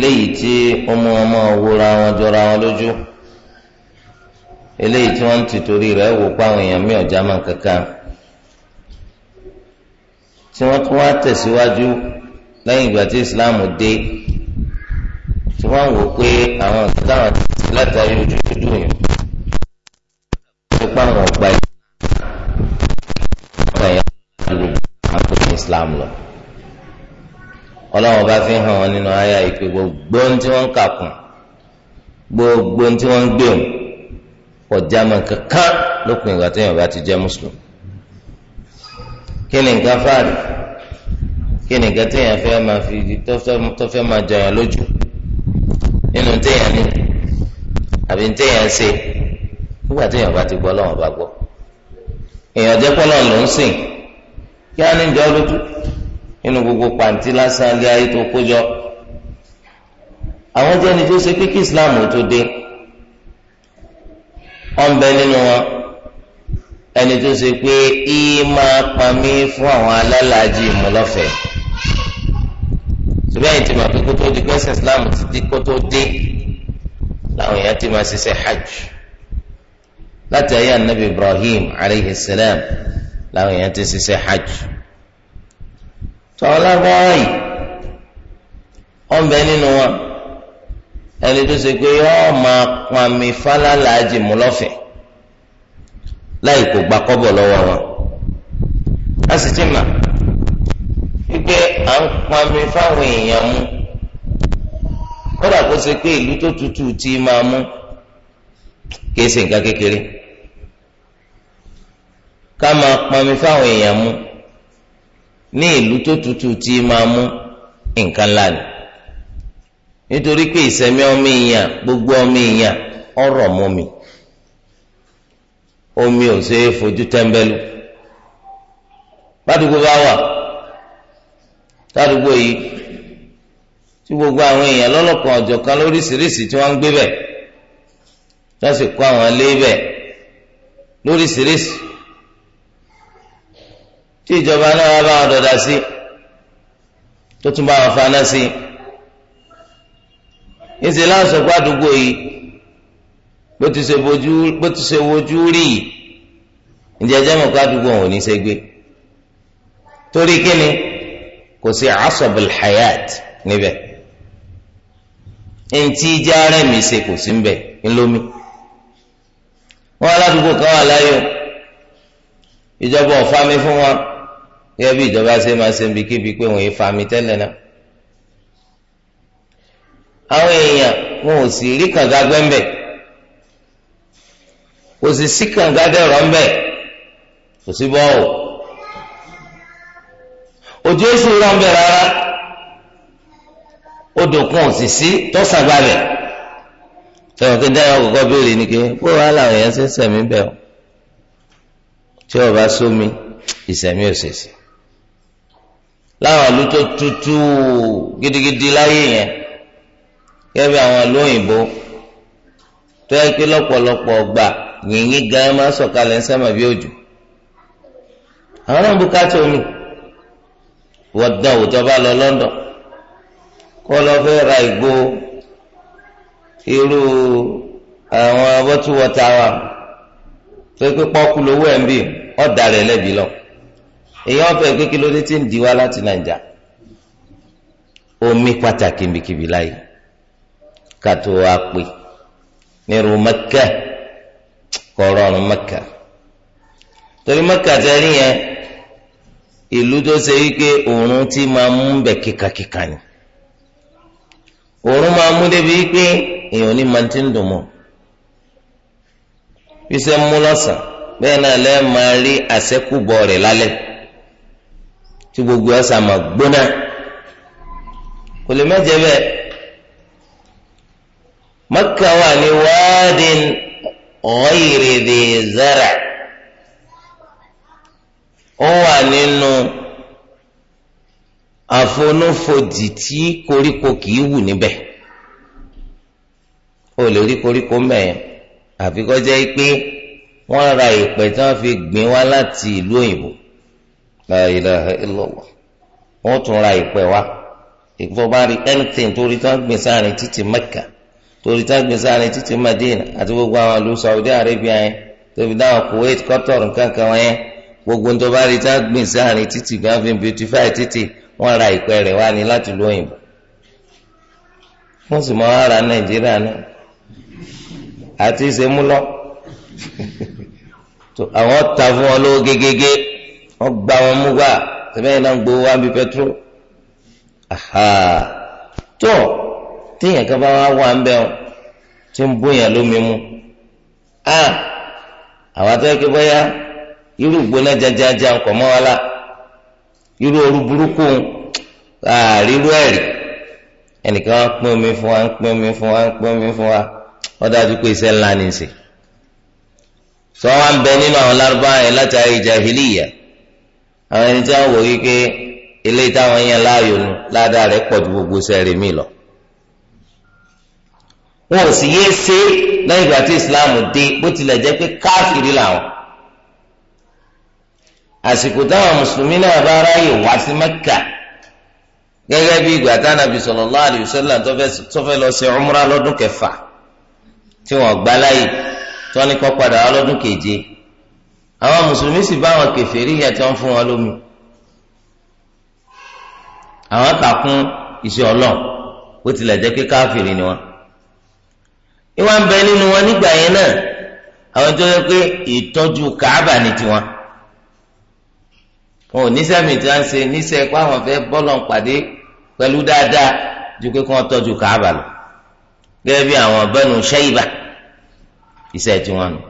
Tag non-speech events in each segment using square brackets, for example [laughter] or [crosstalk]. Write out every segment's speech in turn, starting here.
eléyìí tí ọmọ ọmọ wúra wọn jọra wọn lójú eléyìí tí wọ́n ti torí rẹ̀ wò pa àwọn èèyàn mí ọjà máa kankan tí wọ́n tún wá tẹ̀síwájú lẹ́yìn ìgbà tí islam dé tí wọ́n wò pé àwọn ìdáhùn látàrí ojú dúdú yìí pa àwọn ọgbà ìlú ọlọ́wọ́n bá fi hàn wọn nínú ayé ìpè gbogbo ohun tí wọ́n ń kàkùn gbogbo ohun tí wọ́n ń gbèrò kọjá mọ́ kankan lópin ìgbà téèyàn bá ti jẹ́ mùsùlùm kí ni nǹkan fáàrí kí ni nǹkan téèyàn fẹ́ máa fi tó fẹ́ máa jọyàn lójú nínú téèyàn ní àbí téèyàn ṣe nígbà téèyàn bá ti gbọ́ ọlọ́wọ́n bá gbọ́ èèyàn jẹ́ pọ́lọ́ ló ń sìn kí á ní ìjọ lójú nínú gbogbo pàǹtí lásán ilé ayé tó kójọ àwọn jẹ́ni tó ṣe kíkí islam tó dé wọ́n bẹ nínú wọn ẹni tó ṣe pé ìyí máa pa mí fún àwọn alálàájì ìmúlọ́fẹ̀ẹ́ ṣùgbọ́n ẹ̀yìn tí màá pé kótó di gbẹ́sẹ̀ islam ti di kótó dé làwọn èèyàn ti máa ṣiṣẹ́ hajj láti ayé anabi ibrahim aleyhi salam làwọn èèyàn ti ṣiṣẹ́ hajj. sọ̀rọ̀ lágbára wọ́n bẹ nínú wọn ẹni tó ṣe pé yọ́ọ́ máa pami fálálà jìmú lọ́fẹ̀ẹ́ láì kò gba kọ́bọ̀ lọ́wọ́ wọn a sì ti mà wípé à ń pami fáwọn èèyàn mú kódà kó ṣe pé ìlú tó tutù ti máa mú kìí nǹkan kékeré ká ní ìlú tó tutù tí máa mú nǹkan ńlá ni nítorí pé ìsẹ̀mí ọmọ èèyàn gbogbo ọmọ èèyàn ọ̀rọ̀ mọ́mi omi ò ṣe é fojú tẹ́ḿbẹ́lú bádùúgbò bá wà tádùúgbò yìí tí gbogbo àwọn èèyàn lọ́lọ́kan ọ̀jọ̀kan lóríṣiríṣi tí wọ́n ń gbé bẹ̀ tí wọ́n sì kó àwọn ilé bẹ̀ lóríṣiríṣi tí ìjọba náà wá bá wọn dọ̀dà sí tó tún bá wọn faná sí ìsìn láǹsọ̀ pé àdúgbò yìí bó ti ṣe wojú rí yìí ìjẹjẹ mọ̀ pé àdúgbò wọn ò ní ṣe gbé torí kíni kò sí asọ̀bìl hayat níbẹ̀ ntí jẹ́ ara ṣe kò sí mbẹ̀ ńlómi wọn aládùúgbò kan wà láyò ìjọba ọ̀fà mi fún wọn yẹ bí ìjọba ṣe máa ṣe níbi kíbi pé wọn yìí fa mi tẹ́lẹ̀ náà àwọn èèyàn wọn ò sì rí kànga gbẹ́ńbẹ̀ kò sì sí kànga dẹ̀rọ̀ ńbẹ̀ kò sí bọ́ọ̀ òjò èsì rọ̀ ńbẹ̀ rárá odò kan ò sì sí tọ́sàgbàlẹ̀ sọ̀rọ̀ kí n dáhùn kọ́kọ́ béèrè ni pé bó wàá làwọn èèyàn ṣe ń sẹ̀mí bẹ́ẹ̀ o tí ọba sómi ìsẹ̀mí ò ṣèṣì láwọn ìlú tó tutù gidigidi láyé yẹn gẹ́gẹ́ bí àwọn ìlú òyìnbó tó yẹ pé lọ́pọ̀lọpọ̀ ọgbà yìnyín gan máa ń sọ̀kalẹ̀ ń sẹ́mà bí òjò àwọn náà ń bùkátà omi wọ́n dán òjọba lọ London kó lọ fẹ́ ra ìgò irú àwọn bọ́tú wọ́tà wa tó yẹ pé pọ́kú lówó ẹ̀ ń bì ọ́ dà rẹ̀ lẹ́bi èyí wọn fẹ́ pé kí ló dé tí ń di wá láti nàìjà omi pàtàkì níbikíbi láyé kàtó wa pè nírú mẹkẹ kọrọ ọrùn mẹkẹ torí mẹkẹ tẹrí yẹn ìlú tó ṣe wípé òórùn máa mú bẹ kíkakíka ni òórùn máa mú débi wípé èèyàn ní máa ti ń dùn mọ́ bí tí gbogbo ẹ̀ sàmà gbóná kò lè mẹ́jẹ bẹ́ẹ̀ Makka wà ní wádìn ghayri dhi zara ó wà nínú àfonúfojì tí koríko kìí wù níbẹ̀ ó lè rí koríko mẹ́ẹ̀ àfikọ́jẹ́ pé wọ́n ra ìpẹ́ tí wọ́n fi gbìn wá láti ìlú òyìnbó la ilaha illallah tún ra ìpẹ́ wa ìpò bá rí anything torí tán gbìn sáàrin títí Mẹ́kà torí tán gbìn sáàrin títí Madina àti gbogbo àwọn ìlú Saudi Arabia yẹn tóbi dáhùn Kuwait Qatar nkankan wọn yẹn gbogbo tó bá rí tán gbìn titi títí gavin beautify títí ra ìpẹ́ rẹ̀ wá ní láti ló òyìnbó ara Nàìjíríà náà àti ìsèmúlọ [laughs] àwọn ta fún wọn wọ́n gba wọn mú wá sẹ́fẹ̀yìn náà ń gbowó wá bí pẹ́tró tó téèyàn kan bá wá wà ń bẹ́ ọ tí ń bóyàn lómi mu àwọn bọ́yá irú jajaja ńkọ̀ mọ́ wa la irú ooru burúkú àrírú ẹ̀rí ẹnìkan wá pín omi fún wa ń pín omi fún wa ń pín omi fún wa wọ́n dájú pé iṣẹ́ ńlá ni ń sọ àwọn ẹni tí wọ́n wò wípé ilé táwọn yẹn láàyò nu ládàá rẹ̀ pọ̀ ju gbogbo sẹ́ẹ̀rì mi lọ. wọn ò sì yé ṣe lẹ́yìn ìgbà tí Islam dé bó tilẹ̀ jẹ́ pé káfíìrì làwọn. àsìkò táwọn mùsùlùmí náà bá ráyè wá sí Mẹ́kà gẹ́gẹ́ bí ìgbà tánàbí sallallahu alaihi wasallam tó fẹ́ lọ sí umra lọ́dún kẹfà tí wọ́n gbá láyè tó kọ́ padà wá lọ́dún keje àwọn mùsùlùmí sì bá àwọn kèfèrí yẹn tí wọ́n fún wọn lómi àwọn takùn iṣẹ́ ọlọ́ọ̀ bó tilẹ̀ jẹ́ pé káfìrí ni wọ́n ìwà ń bẹ nínú wọn nígbà yẹn náà àwọn tó yẹ pé ìtọ́jú kàábà ni tiwọn wọn ò níṣẹ́ mi tí wọ́n ń ṣe níṣẹ́ pé àwọn fẹ́ bọ́lọ̀ ń pàdé pẹ̀lú dáadáa ju pé kí wọ́n tọ́jú kàábà lọ gẹ́gẹ́ bí àwọn Banu Shayba iṣẹ́ tiwọn nù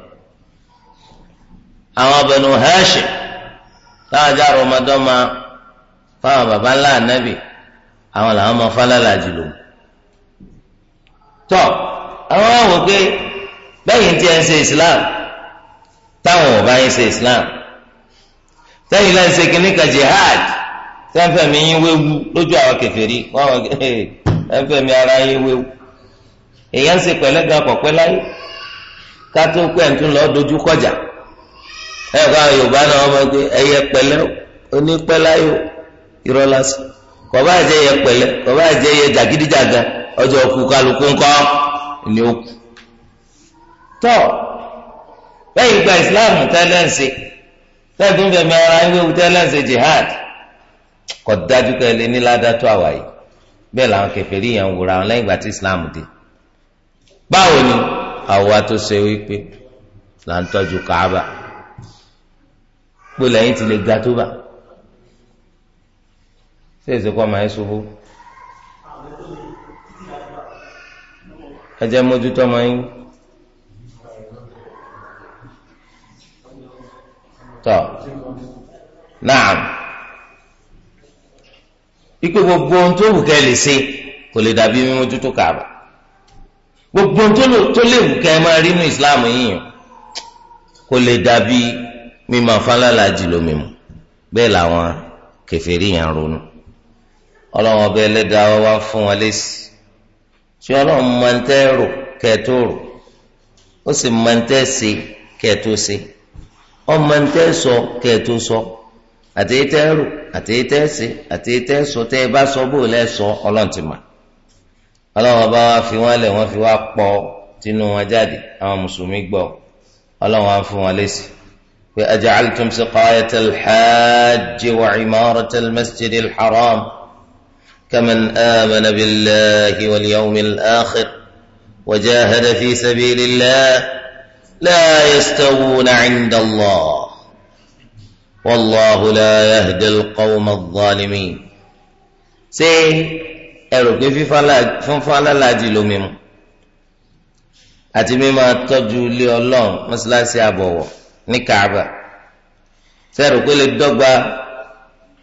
àwọn Banu Hashim táwọn já rọmọdọ́mà fáwọn baba ńlá ànábì àwọn làwọn máa falálà jùlọ. tọ́ àwọn wò pé tí ẹ ń Islam táwọn ò bá yín Islam tẹ́yìn lẹ́yìn ṣe kínní kan jihad tẹ́ǹfẹ̀ mi yín wéwu lójú àwọn kèfèrí wọ́n mi ara yín wéwu ṣe pẹ̀lẹ́gàn láyé ká tó pẹ́ tún lọ́ọ́ ẹ kọ́ àwọn yorùbá náà wọ́n gbé ẹyẹ pẹ̀lẹ́ onípẹ́láyò irọ́ lásán kọ̀ọ̀bá àjẹ́ ẹyẹ pẹ̀lẹ́ kọ̀ọ̀bá àjẹ́ ẹyẹ jàgídíjàga ọjọ́ kú kálukú ńkọ́ ni ó kú. tọ́ ìgbà islam tẹ́lẹ̀nsì lẹ́gbẹ̀ẹ́ ń bẹ̀mẹ̀ ara ń wéwu tẹ́lẹ̀nsì jihad kọ̀ dájú pé ẹlẹ́ni àwàyè bẹ́ẹ̀ làwọn kẹfẹ́rí yẹn ń wura lẹ́yìn islam dé. báwo ni wípé là ń gbọ́dọ̀ yín ti lè ga tó bá ṣé èso kọ́ máa ń ṣubú ẹ jẹ́ mójútó máa ń tọ́ náà ikpe gbogbo ohun tó wù kẹ́ lè ṣe kò lè dàbí mímójútó Kaaba gbogbo ohun tó lè wù kẹ́ máa rí nu Islam yìnyín kò lè dàbí mímọ fálálàjì lómi mu bẹ́ẹ̀ làwọn kẹfẹ́rí yẹn ronú ọlọ́wọ́n ọbẹ̀ ẹlẹ́dàá wa wá fún wọn lẹ́sì tí ọlọ́run máa ń tẹ́ rò kẹ́ẹ̀tó rò ó sì máa ń tẹ́ ṣe kẹ́ẹ̀tó ṣe ó máa ń tẹ́ sọ kẹ́ẹ̀tó sọ àti rò àti tẹ́ ṣe sọ tẹ́ ẹ bá sọ bó lẹ́ sọ ọlọ́run ti mà ọlọ́run ọba wa fi wọ́n lẹ̀ wọ́n fi wá pọ̀ tinú wọn jáde àwọn mùsùlùmí gbọ́ ọlọ́run á fún wọn lẹ́sìn. وأجعلتم سقاية الحاج وعمارة المسجد الحرام كمن آمن بالله واليوم الآخر وجاهد في سبيل الله لا يستوون عند الله والله لا يهدي القوم الظالمين سي ẹrù في فلاج alálàájì ló mímu àti ما تجولي الله Ọlọ́run mọ́ṣáláṣí ní kaaba sẹ́rù pé lè dọ́gba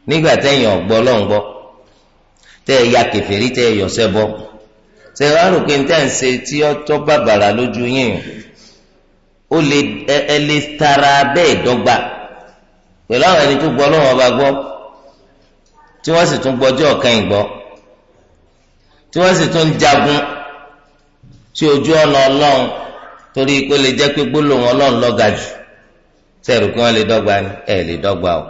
nígbà tẹ̀yìn ọ̀gbọ́ lọ́ngbọ́ tẹ́ ẹ ya kẹfẹ́rí tẹ́ ẹ yọ sẹ́bọ́ sẹ́rù àrùn pé níta ń ṣe tí ó tọ́ bàbàrà lójú yín ó lè ẹ lè tara bẹ́ẹ̀ dọ́gba pẹ̀lú àwọn ẹni tó gbọ́ lọ́wọ́ ọba gbọ́ tí wọ́n sì tún gbọ́jọ́ ọ̀kan ìgbọ́ tí wọ́n sì tún ń jagun tí ojú ọ̀nà ọlọ́run torí pé lè jẹ́ pé gbólóhùn ọlọ́run lọ́ga jù sẹ́ẹ̀rù kí wọ́n lè dọ́gba ni ẹ̀ lè dọ́gba o.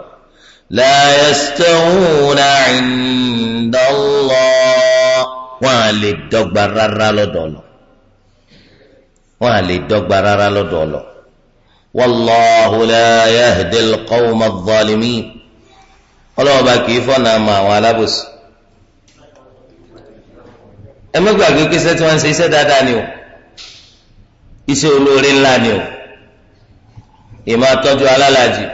la yastawuna inda Allah lè dọ́gba rárá lọ́dọ̀ lọ wọn à lè dọ́gba rárá lọ́dọ̀ lọ. kì í fọ́nà mọ àwọn alábòsí. ẹ mẹ́gbàgbé kí iṣẹ́ wọ́n ń ṣe iṣẹ́ dáadáa ni o iṣẹ́ olóore ńlá ni o ìmọ̀ àtọ́jú alálàájì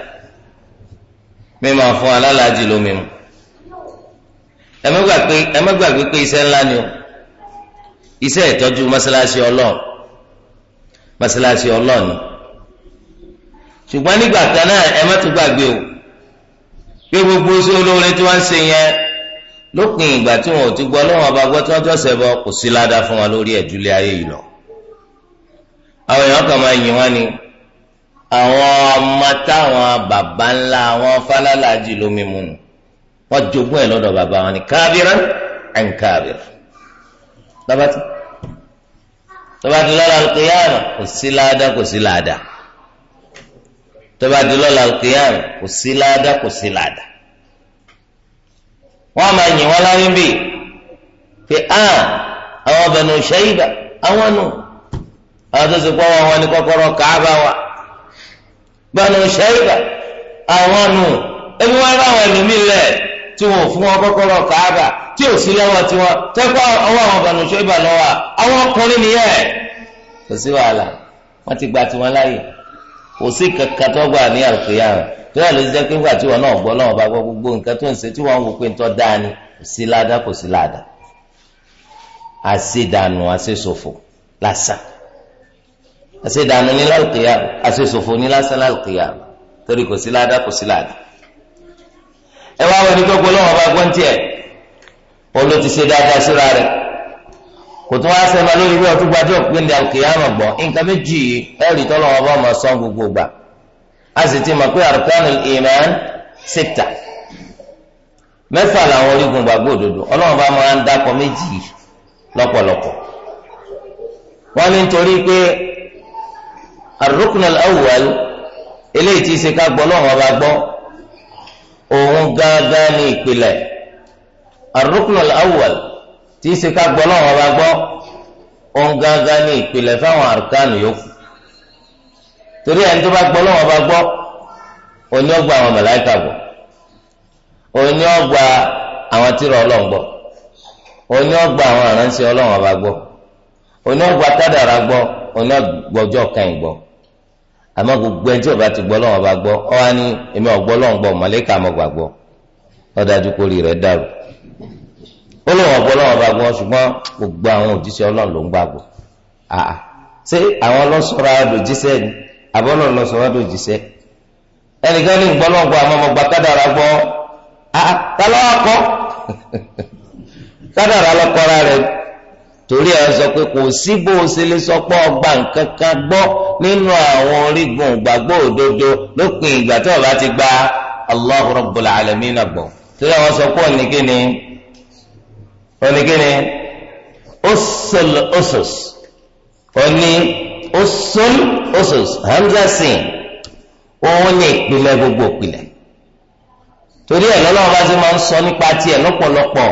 mímọ̀ fún alálàájì lómi mu ẹ má gbàgbé pé iṣẹ́ ńlá ni o iṣẹ́ ìtọ́jú mọ́ṣáláṣí ọlọ́ọ̀ mọ́ṣáláṣí ọlọ́ọ̀ ni ṣùgbọ́n nígbà kan náà ẹ má tún gbàgbé o pé gbogbo oṣù olóore tí wọ́n ń ṣe yẹn lópin ìgbà tí wọn ò ti gbọ́ lọ́wọ́ ọba gbọ́ tí wọ́n jọ́sẹ̀ bọ́ kò sí ládàá fún wọn lórí ẹ̀dúlé àwọn ọmọ táwọn bàbá ńlá àwọn fálálàjì ló mímu nù wọ́n jogún ẹ̀ lọ́dọ̀ bàbá wọn ni kábírán àn kábírán lọ́bàtí tọ́bàtí lọ́la alùkìyàmù kò sí láàdá kò sí láàdá tọ́bàtí lọ́la alùkìyàmù kò sí láàdá kò sí láàdá wọ́n máa yìn wọ́n láyé bíi pé áà àwọn Banu Shayba àwọn nù àwọn tó ti pọ́ wọn wọn ni kọ́kọ́rọ́ Kaaba wa. Banu Shayba àwọn nù ẹbí wọn bá àwọn ẹlòmíì lẹ tí wọn ò fún wọn kọ́kọ́rọ́ Káàbà tí ò sí lọ́wọ́ tiwọn tẹkọ ọwọ́ àwọn Banu Shayba lọ́wọ́ àwọn ọkùnrin nìyẹn kò sí wàhálà wọn ti gba tiwọn láàyè kò sí kankan tó gbà ní rẹ tó yà ló ti jẹ pé gbogbo nǹkan tó ń ṣe tí wọn wò pé ntọ́ dáa ni kò sí ládàá kò sí ládàá àṣìdànù àṣìṣòfò àṣedànù ní lálùkìyà àṣesòfò ní lásán lálùkìyà torí kò sí ládàá kò sí ládàá. ẹ wá wẹni tó gbólóhùn ọba gbọ́n tiẹ̀ olú ti ṣe dáadáa síra rẹ̀ kò tún wá sẹ́nu lórí bí ọtún gbàdúrà pé ní mọ̀ nǹkan méjì ọba ọmọ sọ́n gbogbo gbà á sì ti mọ̀ pé mẹ́fà làwọn orígun òdodo ọlọ́run bá máa ń dákọ méjì arukun alawal eléyìí tí í ṣe ká gbọ́ lọ́wọ́ bá gbọ́ òun gángan ní ìpìlẹ̀ arukun alawal tí í ṣe ká gbọ́ lọ́wọ́ bá gbọ́ òun gángan ní ìpìlẹ̀ fáwọn arkanu yòókù torí ẹni tó bá gbọ́ lọ́wọ́ bá gbọ́ òní ọgbà àwọn màláíkà gbọ́ òní ọgbà àwọn tírà Ọlọ́run gbọ́ òní ọgbà àwọn àránṣẹ́ Ọlọ́run bá gbọ́ òní ọgbà kádàrá gbọ́ òní ọgbọjọ́ kan gbọ́ àmọ́ gbogbo ẹni tí ọba ti gbọ́ lọ́wọ́ bá gbọ́ ọ wá ní èmi ọ̀gbọ́ lọ́wọ́ gbọ́ mọ̀lẹ́kà mọ̀ gbàgbọ́ ọ dájú kó rí rẹ̀ dàrú ó lóun ọ̀gbọ́ lọ́wọ́ bá gbọ́ ṣùgbọ́n gbogbo àwọn òjíṣẹ́ ọlọ́run ló ń gbàgbọ́ àà ṣé àwọn ọlọ́sọ̀rọ̀ àdòjíṣẹ́ ni àbọ̀lọ́ ọlọ́sọ̀rọ̀ àdòjíṣẹ́ ẹnìkan ní gbọ́ lọ́wọ́ àmọ́ mọ̀ gbà kádàrà gbọ́ àà tá lọ́wọ́ kọ́ [laughs] kádàrà lọ́kọ́ra rẹ̀ torí ẹ sọ pé kò sí bó o ṣe lè sọ pé ọgbà nǹkan kan gbọ́ nínú àwọn orígun ìgbàgbọ́ òdodo lópin ìgbà tó o bá ti gba Allahu Rabbul Alamin gbọ́ torí àwọn sọ pé oníkíni oníkíni usul usus oní usul usus hamza sin òun ní ìpìlẹ̀ gbogbo ìpìlẹ̀ torí ẹ lọ́lọ́wọ́ ti máa ń sọ nípa tiẹ̀ lọ́pọ̀lọpọ̀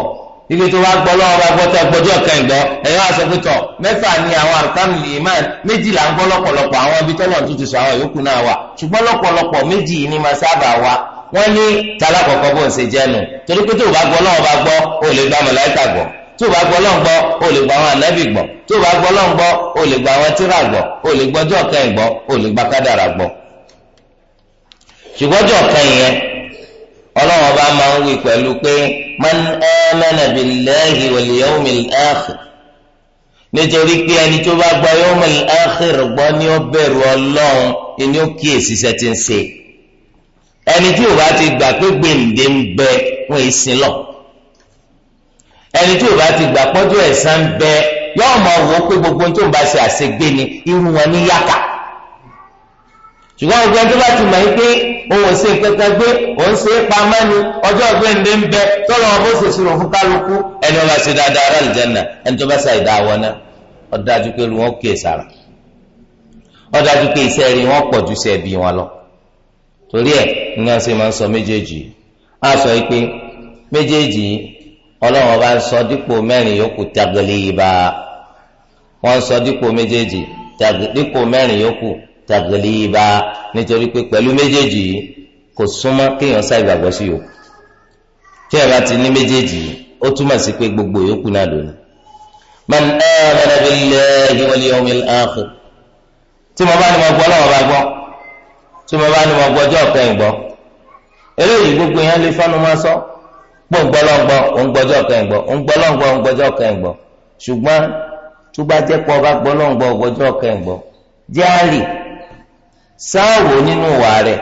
ibi tó wá gbọ́ lọ́wọ́ bá gbọ́ tó gbọ́jọ́ kẹ́ńgbọ́ ẹ̀yọ́ àṣẹkùtọ̀ mẹ́fà ni àwọn àrùkámù ìmán méjìlá ń gbọ́ lọ́pọ̀lọpọ̀ àwọn ibi tọ́lọ̀ tó ti sọ àwọn yòókù náà wà ṣùgbọ́n lọ́pọ̀lọpọ̀ méjì yìí ni máa sábà wà wọ́n ní talakọ̀kọ́ bó ń ṣe jẹ́nu torí pé tó bá gbọ́ lọ́wọ́ bá gbọ́ ó lè gba màláíkà gbọ́ tó bá gbọ́ lọ́n gbọ́ ó lè gba àwọn ànábì gbọ́ tó bá gbọ́ lọ́n gbọ́ ó lè gba àwọn tírà gbọ́ ó lè gbọ́jọ́ kẹ́yìn gbọ́ ó lè gba kádàrà gbọ́ ṣùgbọ́jọ́ kẹ́yìn yẹn ọlọ́run ọba máa ń wí pẹ̀lú pé man amana billahi wal yawmil akhir nítorí pé ẹni tó bá gba yawmil akhir gbọ́ ni ó bẹ̀rù ọlọ́run ẹni ó kíyèsí iṣẹ́ ti ń ṣe ẹni tí ò bá ti gbà pé gbèǹde ń bẹ wọn ì sin lọ ẹni tí ò bá ti gbà pọ́jú ẹ̀san bẹ yọ́ọ̀mọ̀ wò ó pé gbogbo tó ń bá ṣe àṣegbé ni irú wọn ní yàtà. ṣùgbọ́n gbogbo tó bá ti mọ̀ pé òun ṣe gbé òun ṣe pamọ́ ni ọjọ́ gbẹ̀ǹde ń bẹ tọ́lọ̀ ọmọ ó ṣe sùrù fún kálukú ẹni ọba ṣe dáadáa ẹni tó bá ṣe àìdá wọn náà ọ̀dájú pé sára ọ̀dájú pé iṣẹ́ rí pọ̀ ju torí ẹ ṣe máa ń sọ méjèèjì á sọ tàgìlìbà nítorí pé pẹ̀lú méjèèjì kò súnmọ́ kéèyàn sá ìgbàgbọ́ sí yòókù tí ẹ bá ti ní méjèèjì ó túmọ̀ sí pé gbogbo yòókù náà lónìí. man amana billahi wal yawmil akhir tí mo bá ní mo gbọ́ náà mo bá gbọ́ tí mo bá ní mo gbọ́ ọjọ́ kẹyìn gbọ́ eléyìí gbogbo yẹn lè fọ́nù máa sọ pé ń gbọ́ ń gbọ́jọ́ kẹyìn gbọ́ ń gbọ́ ń gbọ́jọ́ kẹyìn gbọ́ ṣùgbọ́n tó bá jẹ́ pọ̀ bá gbọ́ lọ́ngbọ́ ọgbọ́jọ́ kẹyìn gbọ́ jáàrì sáàwò nínú ìwà rẹ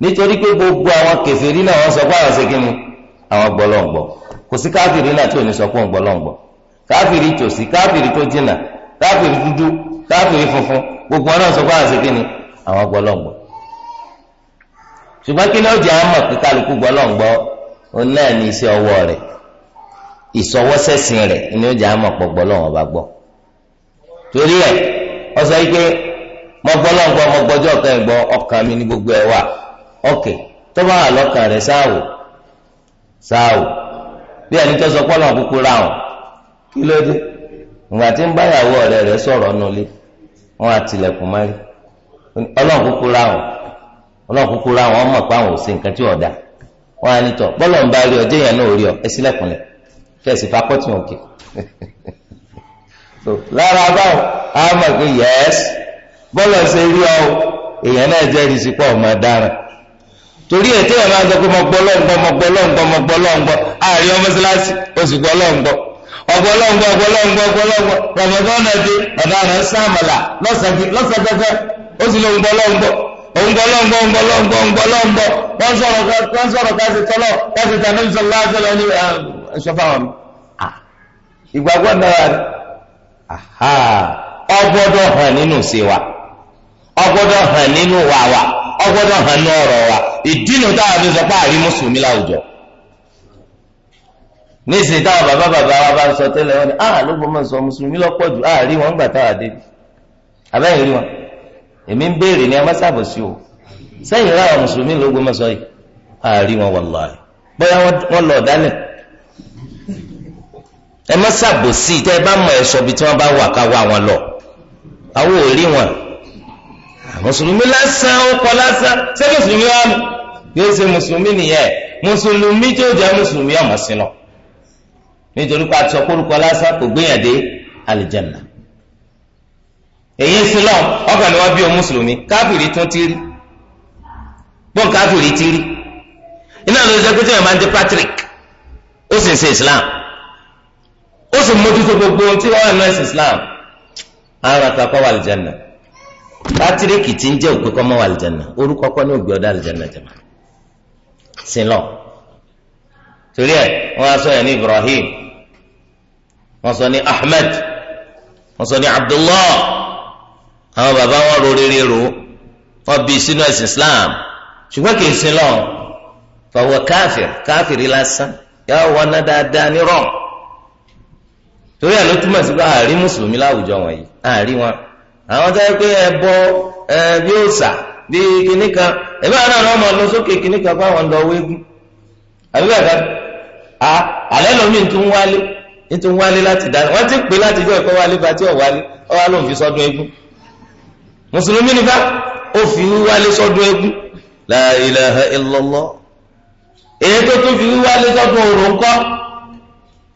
nítorí pé gbogbo àwọn kèfèrí náà wọ́n sọ pé àwọn ṣe kíni àwọn gbọ́lọ́ǹgbọ́ kò sí káfìrí náà tí ò ní sọ pé òun káfìrí tòsí káfìrí tó jìnnà káfìrí dúdú káfìrí funfun gbogbo wọn náà sọ pé àwọn ṣe kíni àwọn ṣùgbọ́n kí ni ó jẹ́ pé kálukú náà ní iṣẹ́ ọwọ́ ni ó jẹ́ pọ̀ mọgbọlọgbọ mọgbọjọ kan ọkàn mi ní gbogbo ẹ ok tó bá wà lọ́kàn rẹ sáàwò sáàwò bí ẹni tó sọ pọlọ kúkú ráhùn kí ló dé ìgbà tí ń báyàwó ọ̀rẹ́ rẹ sọ̀rọ̀ nulẹ wọn mari Ọlọ́run kúkú ráhùn kúkú ráhùn ọmọ pa àwọn òsè nǹkan tí wọn bọlọ ń bá rí náà rí ọ ẹ [laughs] bọ́lọ̀ ṣe rí ọ èèyàn náà jẹ́rìí sí pọ̀ ọmọ dára torí ẹ̀ tí ẹ̀ máa sọ pé mo gbọ́ lọ́ngbọ́ mo gbọ́ lọ́ngbọ́ mo gbọ́ lọ́ngbọ́ àárín ọmọ síláṣí ó sì gbọ́ lọ́ngbọ́ ọgbọ́ lọ́ngbọ́ ọgbọ́ lọ́ngbọ́ ọgbọ́ lọ́ngbọ́ rọ̀mọ̀dọ́nà dé ọ̀daràn sàmàlà lọ́sàgẹ́gẹ́ ó sì lóun gbọ́ lọ́ngbọ́ òun gbọ́ lọ́ngbọ́ ń gbọ́ lọ́ngbọ́ ń gbọ́ lọ́ngbọ́ wọ́n sọ̀rọ̀ káṣí tọ́lọ̀ káṣí tàbí sọ̀rọ̀ láṣẹ̀lẹ̀ ní ṣọ́fàwọn mi. ìgbàgbọ́ náà ọgbọ́dọ̀ hàn nínú sí wa. ọgbọ́dọ̀ hàn nínú wa wa ọgbọ́dọ̀ hàn ní wa ìdínú táwọn fi sọ àrí mùsùlùmí láwùjọ nísìnyí táwọn bàbá bàbá wa bá ń sọ tẹ́lẹ̀ wọn ni ah ló gbọmọ sọ mùsùlùmí lọ́pọ̀ jù ah, rí wọn gbà táwọn abẹ́yìn rí wọn èmi ń béèrè ní sí o sẹ́yìn mùsùlùmí ló sọ yìí rí wọn bóyá lọ dálẹ̀ ẹ má wọn lọ àwọn mùsùlùmí lásán ó kọ lásán ṣé mùsùlùmí wà mú yóò ṣe mùsùlùmí nìyẹn mùsùlùmí tí ó jẹ mùsùlùmí ọmọ sí lọ nítorí pé àti ọkọlùkọ lásán kò gbéyàdé àlìjẹnà èyí sí lọ ọkàn ni wọn bí o mùsùlùmí káfìrí tún ti rí gbọ́n káfìrí ti rí iná ló ṣe pé tí wọn Patrick ó sì ń ṣe Islam ó sì mójútó gbogbo ohun tí wọn wà nínú ẹsìn Islam àwọn àtàkọ́ wà àlìjẹnà pátíríkì tí ń jẹ́ òpè kọ́ mọ́ wà àlìjànnà orúkọ kọ́ ní ògbé ọ̀dà àlìjànnà jẹ̀mọ́ sílọ̀ torí ẹ̀ wọ́n sọ yẹn ní Ibrahim wọ́n sọ ní Ahmed wọ́n sọ ní Abdullah àwọn bàbá wọn ro rere ro bí sínú ẹ̀sìn Islam ṣùgbọ́n kì í sílọ̀ fọwọ́ káfíìr káfíìrì lásán yà wọ́n ná dáadáa ní rọ̀ torí ẹ̀ ló túmọ̀ sí pé àárín mùsùlùmí láwùjọ wọ̀nyí àárín wọn. àwọn tó pé ẹ òòsà di kinní kan ẹbí àwọn ọmọ lọ sókè kinní kan fún àwọn ọ̀dọ́ wéegun àbí bẹ́ẹ̀ a ń tún wálé tún wálé láti dáná wọ́n ti pè láti jẹ́ ẹ̀kọ́ wálé bá tí ò wálé ọ wá lóun fi sọ́dún eégún mùsùlùmí ni bá ó fi sọ́dún èyí tó tún fi sọ́dún òrò ńkọ́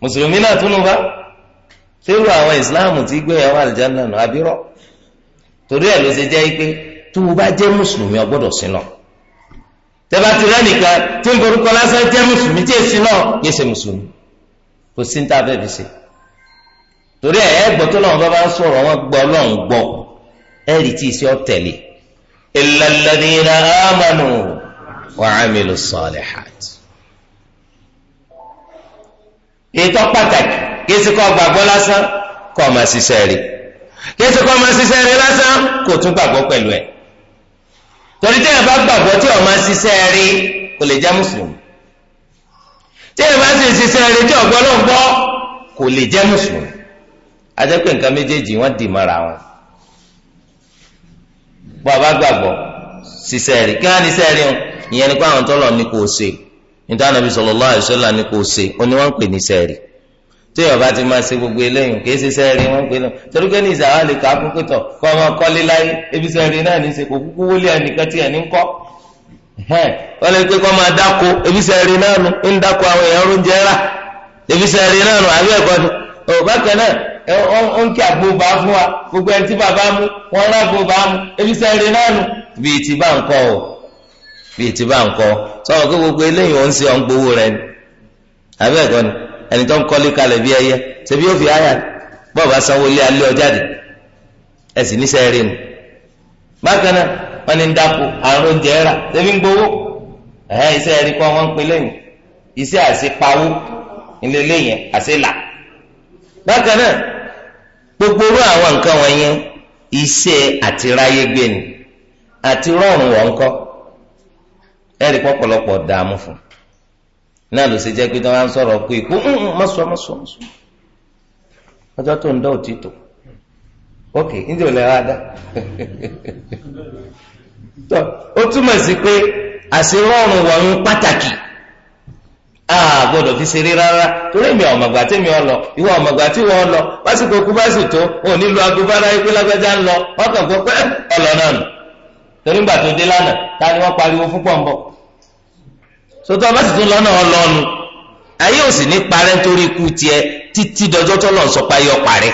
mùsùlùmí náà torí ẹ̀ ló ṣe jẹ́ pé tó o bá jẹ́ mùsùlùmí o gbọ́dọ̀ sí náà tẹ́bá ti rẹ́ nìkan tí ń borúkọ lásán jẹ́ mùsùlùmí tí èsì náà yé ṣe mùsùlùmí kò sí ní tá a fi ṣe torí ẹ̀ ẹ́ gbọ́ tó lọ́wọ́ bá bá ń sọ̀rọ̀ wọn gbọ́ lọ́hùn gbọ́ ẹ̀ rí tí ì ọ tẹ̀lé ìlàlẹ́dínlá àmàlù wàhámìlú sọ̀lẹ̀hàt. ètò pàtàkì kí ẹ sì kọ́ gbàgbọ́ lásán kọ́ ọ kìí ṣe kó máa ṣiṣẹ́ rí lásán kò tún gbàgbọ́ pẹ̀lú ẹ̀ torí téèyàn bá gbàgbọ́ tí ọ̀ máa ṣiṣẹ́ rí kò lè jẹ́ mùsùlùmí bá ṣiṣẹ́ rí tí ọ̀gbọ́n ló ń gbọ́ kò lè jẹ́ mùsùlùmí adẹ́pẹ́ nǹkan méjèèjì wọ́n dì mọ́ra wọn bọ́ ọ bá gbàgbọ́ ṣiṣẹ́ rí kí wọ́n ní ṣiṣẹ́ rí ìyẹn ni pé àwọn tó kò ṣe nítorí tí ọba ti máa ṣe gbogbo eléyìí kì í ṣe sẹ́ẹ̀rì wọn pé lọ ní ìsàwọn àlè ọmọ láyé ebi náà ní í ṣe kò kúkú wọlé ẹnìkan tí ẹni ń lè máa dáko ebi náà ń dáko àwọn èèyàn oúnjẹ rà ebi náà àbí ni náà ń kí fún wa gbogbo ẹni tí bàbá mú wọn rà mú ebi ẹni tó ń kọ́lé kalẹ̀ bí ẹyẹ ṣebí yóò fi àyà bọ́ọ̀bù asanwó ilé alẹ́ ọjáde ẹ̀sìn níṣẹ́ rí nu bákan náà wọ́n ní ń dáko àrùn oúnjẹ rà ṣebí ń gbowó ẹ̀hẹ́ iṣẹ́ rí kọ́ wọ́n ń pin lẹ́yìn iṣẹ́ àṣepawó ilé lẹ́yìn àṣelà bákan náà gbogbo orú àwọn nǹkan wọ̀nyẹn iṣẹ́ àtiráyé gbé ni àti rọrùn wọ̀ ńkọ́ ẹ̀rí pọ̀pọ̀lọpọ̀ dààmú fún un náà ló ṣe jẹ́ pé tí wọ́n á sọ̀rọ̀ kú ikú mọ́sọ̀ mm, mm, mọ́sọ̀ mọ́sọ̀ ọjọ́ tó ń dá òtítọ́ ok níbi ò lè wá dá [laughs] tó ó túmọ̀ sí pé wọ̀nyún pàtàkì gbọ́dọ̀ fi ṣeré rárá torí mi ọ̀mọ̀gbà tí mi ọ lọ ìwọ ọ̀mọ̀gbà tí wọ́n lọ kú ò nílò ikú lágbájá ń lọ wọ́n kàn gbọ́ pé ọ̀lọ́ náà nù torí gbà tó dé lánàá sọtọ́ bá sì tún lọ́nà ọlọ́nu ayé ò sì ní parẹ́ nítorí ikú tiẹ̀ títí dọjọ́ tó lọ́n sọ páyọ̀ parẹ́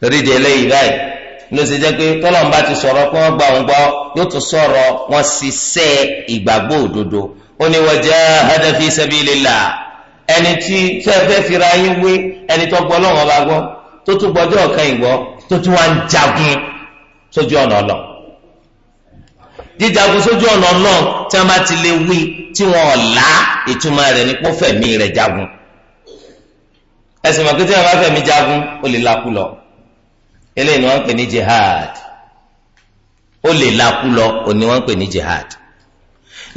torí di eléyìí báyìí ló ṣe jẹ́ pé tọ́lọ́n bá ti sọ̀rọ̀ pé wọ́n gba òun gbọ́ yóò tún sọ̀rọ̀ wọn ṣiṣẹ́ ìgbàgbọ́ òdodo ó ní wajahada fi sabilillah ẹni tí fẹ́ẹ́ fira yín wé ẹni tó gbọ́ lọ́wọ́ bá gbọ́ tó tún gbọ́jọ́ ọ̀kan ìgbọ́ tó tún wá ń jagun sójú ọ̀nà ọlọ́ọ̀ jíjagun sójú ọ̀nà náà tí wọ́n bá ti lè wí tí wọ́n ọ̀la ìtumọ̀ rẹ̀ ní kó fẹ̀mí rẹ̀ jagun ẹ̀sìn mọ̀ pé tí fẹ̀mí jagun ó lè lakú lọ eléyìí ni wọ́n ń pè ní jihad ó lè lakú lọ òní wọ́n ń pè ní jihad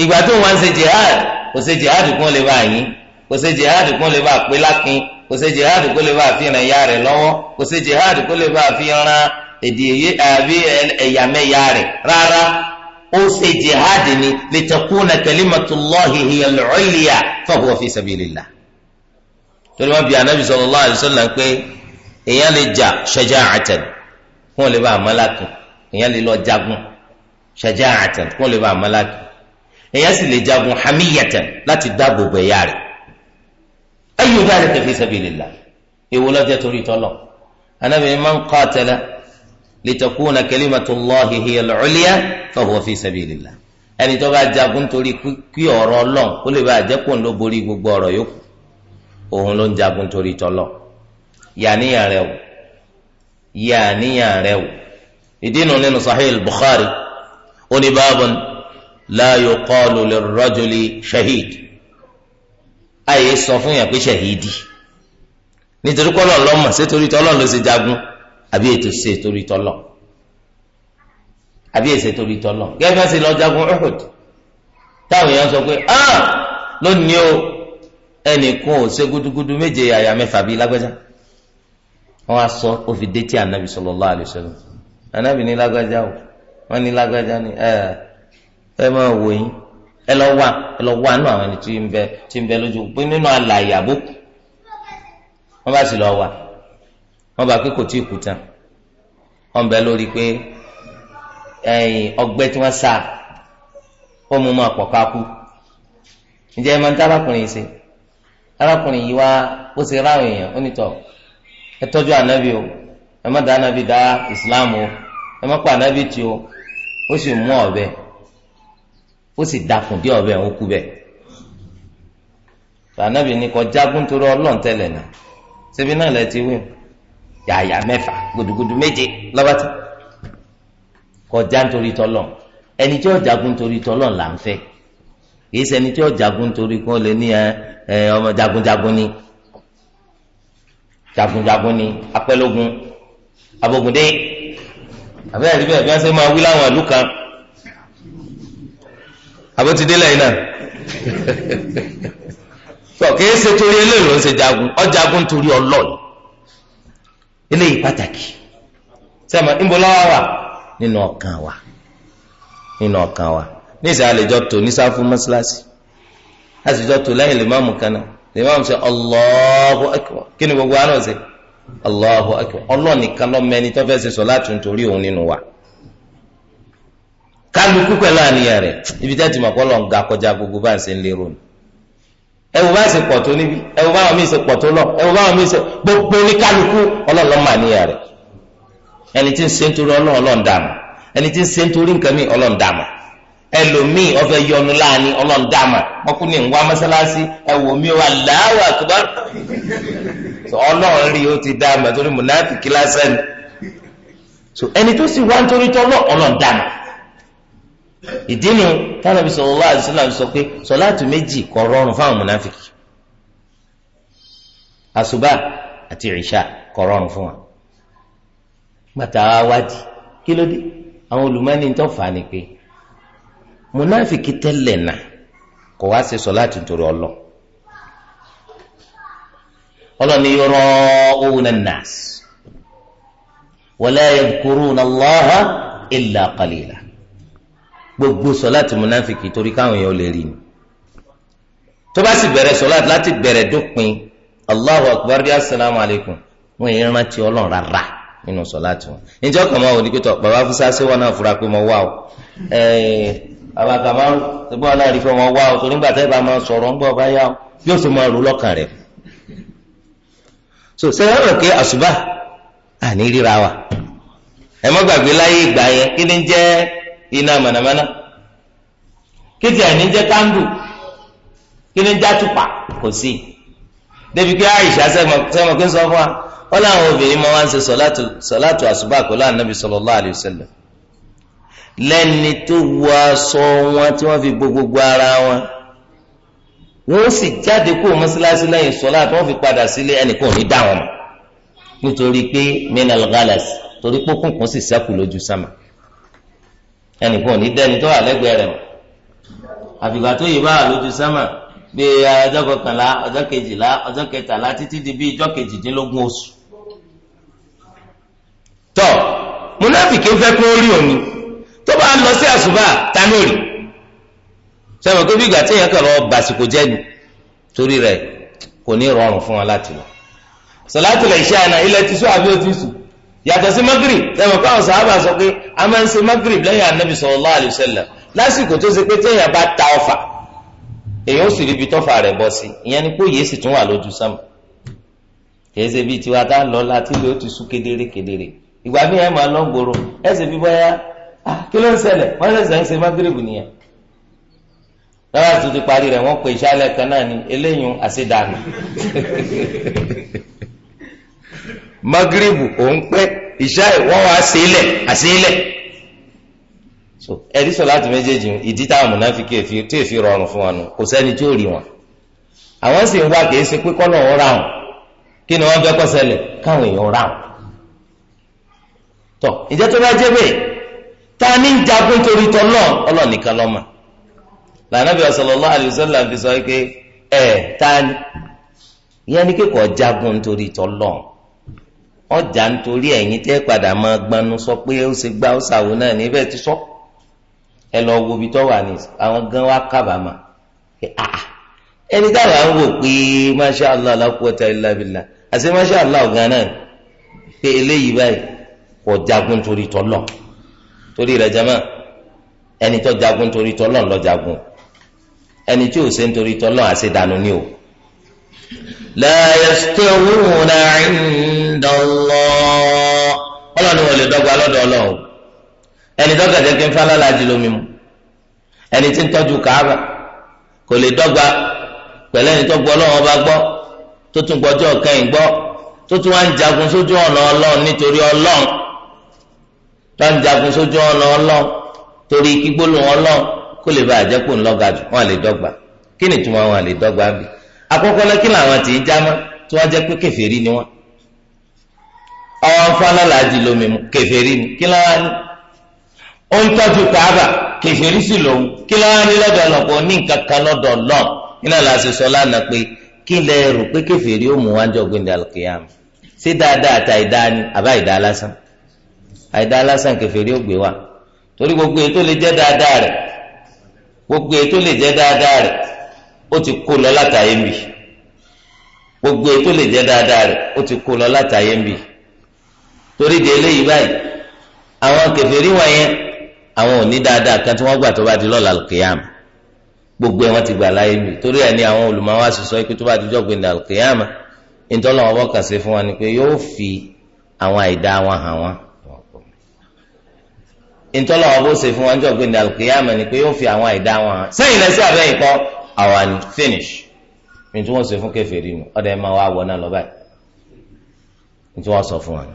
ìgbà tó wọ́n ṣe jihad kò ṣe jihad kún lè bá yín kò ṣe jihad kún lè bá pé lákin kò ṣe jihad kó lè bá fi ràn ya rẹ̀ lọ́wọ́ kò ṣe jihad kó lè bá fi ràn èdè àbí ẹ̀yàmẹ̀yà rárá ó ṣe jihad ni litakuna kalimatullahi hiya al-ulya fahuwa fi sabilillah torí wọn bí anabi sallallahu alaihi wasallam pé èèyàn lè jà shaja'atan kó lè bá àmàlàkì èèyàn lè lọ jagun shaja'atan kó lè bá àmàlàkì èèyàn sì lè jagun hamiyatan láti dáàbò bò ẹ̀yà rẹ̀ ayyu dhalika fi sabilillah èwo lọ́jọ́ torí tọ́lọ̀ anabi man qatala litakuna kalimatullahi hiya al-ulya fahuwa fi sabilillah ẹni tó bá jagun torí kí ọ̀rọ̀ Ọlọ́run kó lè bá àjẹkùn ló borí gbogbo ọ̀rọ̀ yòókù òun ló ń jagun torí tọlọ yàníyàn rẹ o yàníyàn rẹ o ìdí nu nínú Sahih al-Bukhari ó ní babun la yuqalu lirrajuli shahid àyè sọ fún yàn pé shahidi nítorí kọlọ lọmọ sétorí tọlọ ló ṣe jagun àbí ètò ṣe torí tọlọ àbí èsè torí tọlọ gẹ́gẹ́ bá ṣe lọ jagun Uhud táwọn èèyàn sọ pé ah lónìí o ẹnìkan ò ṣe gudugudu méje yàyà mẹ́fà bíi lágbájá wọn á sọ ó fi dé tí anabi sallallahu alaihi wasallam anabi ní lágbájá o wọn ní lágbájá ni ẹ eh, ẹ máa wò yín ẹ lọ wá ẹ lọ wá nù àwọn ẹni tí ń bẹ tí ń bẹ lójú pé nínú àlàyé àbókù wọn bá sì lọ wá. wọ́n bá pé kò tí ì kú bẹ lórí pé tí sá ó mú máa pọ̀ ká ẹ máa ń tá arákùnrin ṣe arákùnrin yìí wá ó ṣe o ẹ má da ànábì o ẹ má pa ànábì o ó sì mú ó sì dakùn dé ó kú ànábì ọlọ́ọ̀tẹ̀lẹ̀ náà náà lẹ yàyà mẹ́fà gudugudu méje lọ́bàtí kọjá nítorí tọ́lọ̀ ẹni tí ó jagun nítorí tọ́lọ̀ là ń fẹ́ kìí ṣe ẹni tí ó jagun nítorí kó lè ní ẹ ọmọ jagunjagun ni jagunjagun ni apẹ́lógun abogunde àbẹ́rẹ́ rí bẹ́ẹ̀ bí wọ́n ṣe máa wí láwọn ìlú kan àbótidé lẹ́yìn náà tọ́ [laughs] kìí ṣe torí eléyìí ló ń ṣe jagun ó jagun torí ọlọ́ọ̀lù. eléyìí pàtàkì sẹ́mi níbo lọ́wọ́ wà nínú ọkàn wa nínú ọkàn wa ní ìsàlẹ̀ àlejò tó ní sáfù mọ́sálásí àtijọ́ tó lẹ́yìn lè kaná sẹ́ kí ni gbogbo àná ọ̀sẹ̀ Allahu akbar ọlọ́ọ̀nìkan lọ́mẹ́ni tó fẹ́ ṣe sọ láti nítorí òun nínú wa kálukú pẹ̀lú àníyàn rẹ̀ ibi tẹ́tì mọ̀kọ́ lọ́n ga kọjá gbogbo bá ń ń lérò ni ẹwù bá ṣe pọ̀ tó níbi ẹwù báwọn míì ṣe pọ̀ tó lọ ẹwù báwọn míì ṣe gbogbo oníkálukú ọlọ́ọ̀lọ́ mà níyà rẹ̀ ẹni tí ń ṣe nítorí ọlọ́ọ̀lọ́ọ̀ dàmú ẹni tí ń ṣe nítorí nǹkan míì ọlọ́ọ̀ dàmú ẹlòmíì ọfẹ yọnu láàánú ọlọ́ọ̀ dàmú ọkùnrin ń wá mọ́sálásí ẹwù mi wà láwà àkùbá ọlọ́ọ̀ rí o ti dàmú torí mùnáfìkí lásán ẹni tó sì wá nítorí tọ́lọ́ ọlọ́ọ̀ dàmú ìdínú tánàbí sallallahu alaihi wasallam sọ pé sọláàtù méjì kò rọrùn fáwọn mùnáfìkì àṣùbà àti ìṣà kò rọrùn fún wa gbàtà wádìí kí ló dé àwọn olùmọ́ni tó fà á ni pé mùnáfìkì tẹ́lẹ̀ náà kò wá ṣe sọláàtù torí ọlọ ọlọ́ni yura'una an-nas wa la yadhkuruna Allaha illa qalila gbogbo sọláàtì múnáfìkì torí káwọn èèyàn lè rí ni tó bá sì bẹ̀rẹ̀ sọláàtì láti bẹ̀rẹ̀ dópin allahu akbar bí asalaamu alaykum wọn èèyàn rántí ọlọ́run rárá nínú sọláàtì wọn níjọ́ kan máa wò ní pẹ́tọ́ bàbá fúnṣá ṣé wọn náà fura pé mo wá o bàbá kàmáà ṣe bọ́ náà rí fún wọn wá o torí nígbà tẹ́ bá máa sọ̀rọ̀ ńgbọ́ bá yá o yóò fi máa rò lọ́kàn rẹ̀ so ṣé wọn rò pé àṣùbà àní ríra wa ẹ má gbàgbé láyé ìgbà yẹn kí ni jẹ́ iná mànàmáná kìtì ẹ̀ ní jẹ́ kándù kí ni já tùpà kò sí débi pé àyíṣà sẹ́mọ̀ kí n sọ fún wa wọ́n láwọn obìnrin máa wá ń ṣe sọ̀látù àṣùbà pẹ̀lú ànábì sallallahu alaihi wasallam lẹ́ni tó wọ aṣọ wọn tí wọ́n fi gbogbogbò ara wọn wọ́n sì jáde kó mọ́sálásí lẹ́yìn sọ́lá tí wọ́n fi padà sílé ẹnìkan ò ní dá nítorí pé minal ghalas torí pókùnkùn sì sẹ́kù lójú sámà ẹnìkan ò ní dẹ́ni tó wà lẹ́gbẹ̀ẹ́ rẹ̀ mọ́ àfìgbà tó yìí bá wà lójú sẹ́mà bí ọjọ́ kọkànlá ọjọ́ kejìlá ọjọ́ kẹtàlá títí di bí ọjọ́ kejìdínlógún oṣù. tọ́ múnáfìkì fẹ́ kó rí òní tó bá lọ sí àṣùbà tánórì sẹ́wọ̀n pé bí ìgbà tí èèyàn kàn lọ bàṣìkò jẹ́ ni torí rẹ̀ kò ní rọrùn fún wọn láti lọ. sọ̀látùl ìṣáà náà ilẹ̀ ti sùn àbí ó ti sùn yàtọ̀ sí magrib sẹ́wọ̀n káwọn sàhábà sọ pé a máa ń ṣe magrib lẹ́yìn anabi sallallahu alayhi wa sallam lásìkò tó ṣe pé téèyàn bá ta ọfà èyàn ó sì ríbi tọ́fà rẹ̀ bọ́ sí ìyẹn ni pé òye sì tún wà lójú sámà kì í ṣe bíi tiwa tá a lọ láti lè ó ti sún kedere kedere ìgbà bí ẹ máa lọ gbòòrò ẹ sì fi bọ́yá kí ló ń ṣẹlẹ̀ wọ́n ṣẹ̀ṣẹ̀ ń ṣe magrib nìyẹn lọ́wọ́ àti tó ti parí rẹ̀ wọ́n pe ìṣálẹ̀ kan náà ni eléyìí àṣedànù [laughs] magiribu òun pẹ́ ìṣá wọn wa sílẹ̀ àsílẹ̀ so ẹ̀rí sọ láti méjèèjì ìdí táwọn mùnáfíkì èfi tí èfi rọrùn fún wọn kò sẹ́ni tí ó rí wọn àwọn sì ń wá kìí ṣe pé kọ́nà wọn kí ni wọ́n fẹ́ tọ ìjẹ́ tó bá jẹ́ bẹ́ẹ̀ ta ní jagun torí tọ́ náà ọjà nítorí ẹ̀yin tẹ́ padà máa gbanu sọ pé ó ṣe gbá ó ṣàwò náà níbẹ̀ ti sọ ẹ lọ wo ibi tó wà ní àwọn gan wa kábàámà ah, ah, ẹni táwọn ń wò pé masha allah la quwwata illa billah àti masha allah ọ̀gá náà pé eléyìí báyìí kò jagun torí tọ́lọ̀ torí rẹ̀ jama ẹni tó jagun torí tọ́lọ̀ lọ jagun ẹni tí ò ṣe ń torí tọ́lọ̀ àṣedànù ni o لا يستوون عند الله ọlọ́run ni wọ́n lè dọ́gba lọ́dọ̀ ọlọ́run ẹni dọ́gba jẹ́ kí n fẹ́ ẹni tí ń tọ́jú kàába kò lè pẹ̀lú ẹni tó gbọ́ ọlọ́run gbọ́ tó tún kẹ́yìn gbọ́ tó tún wá ń jagun sójú ọ̀nà ọlọ́run torí ọlọ́run kó lè àjẹkù ńlọ́gàjù wọ́n lè dọ́gba kí ni tí dọ́gba àkọ́kọ́ náà kí làwọn tí ń tí wọ́n jẹ pé kèfèrí ni wọ́n ọwọ́ ń fọ́n alálàájì mu kèfèrí ni kí làwọn ni ó ń tọ́jú káàbà kèfèrí sì lòun kí làwọn ni lọ́dọ̀ ní nǹkan kan lọ́dọ̀ sọ lánàá pé kí lẹ rò pé ó mú wájú ṣé dáadáa ni àbá lásán lásán ó gbé wa torí gbogbo ètò lè dáadáa gbogbo ètò lè ó ti kó lọ látàyè ń bì gbogbo ètò lè jẹ dáadáa rẹ ti kó lọ látàyè ń bì torí de eléyìí báyìí àwọn kèfèrí wọ̀nyẹn àwọn ò ní dáadáa kan tí wọn gbà tó bá di gbogbo ẹ̀ ti gbà láyé mi torí ẹ̀ ní àwọn sì sọ pé tó bá ìtọ́lọ́ wọn bọ́kà sí fún wọn ni pé yóò fi àwọn àìdá wọn hàn wọn ìtọ́lọ́ wọn bó ṣe fún ni pé yóò fi àwọn àìdá wọn hàn our finish ní tí wọ́n ṣe fún kèfèrí nù ọ̀dọ̀ máa wá wọ náà lọ báyìí wọ́n sọ fún wa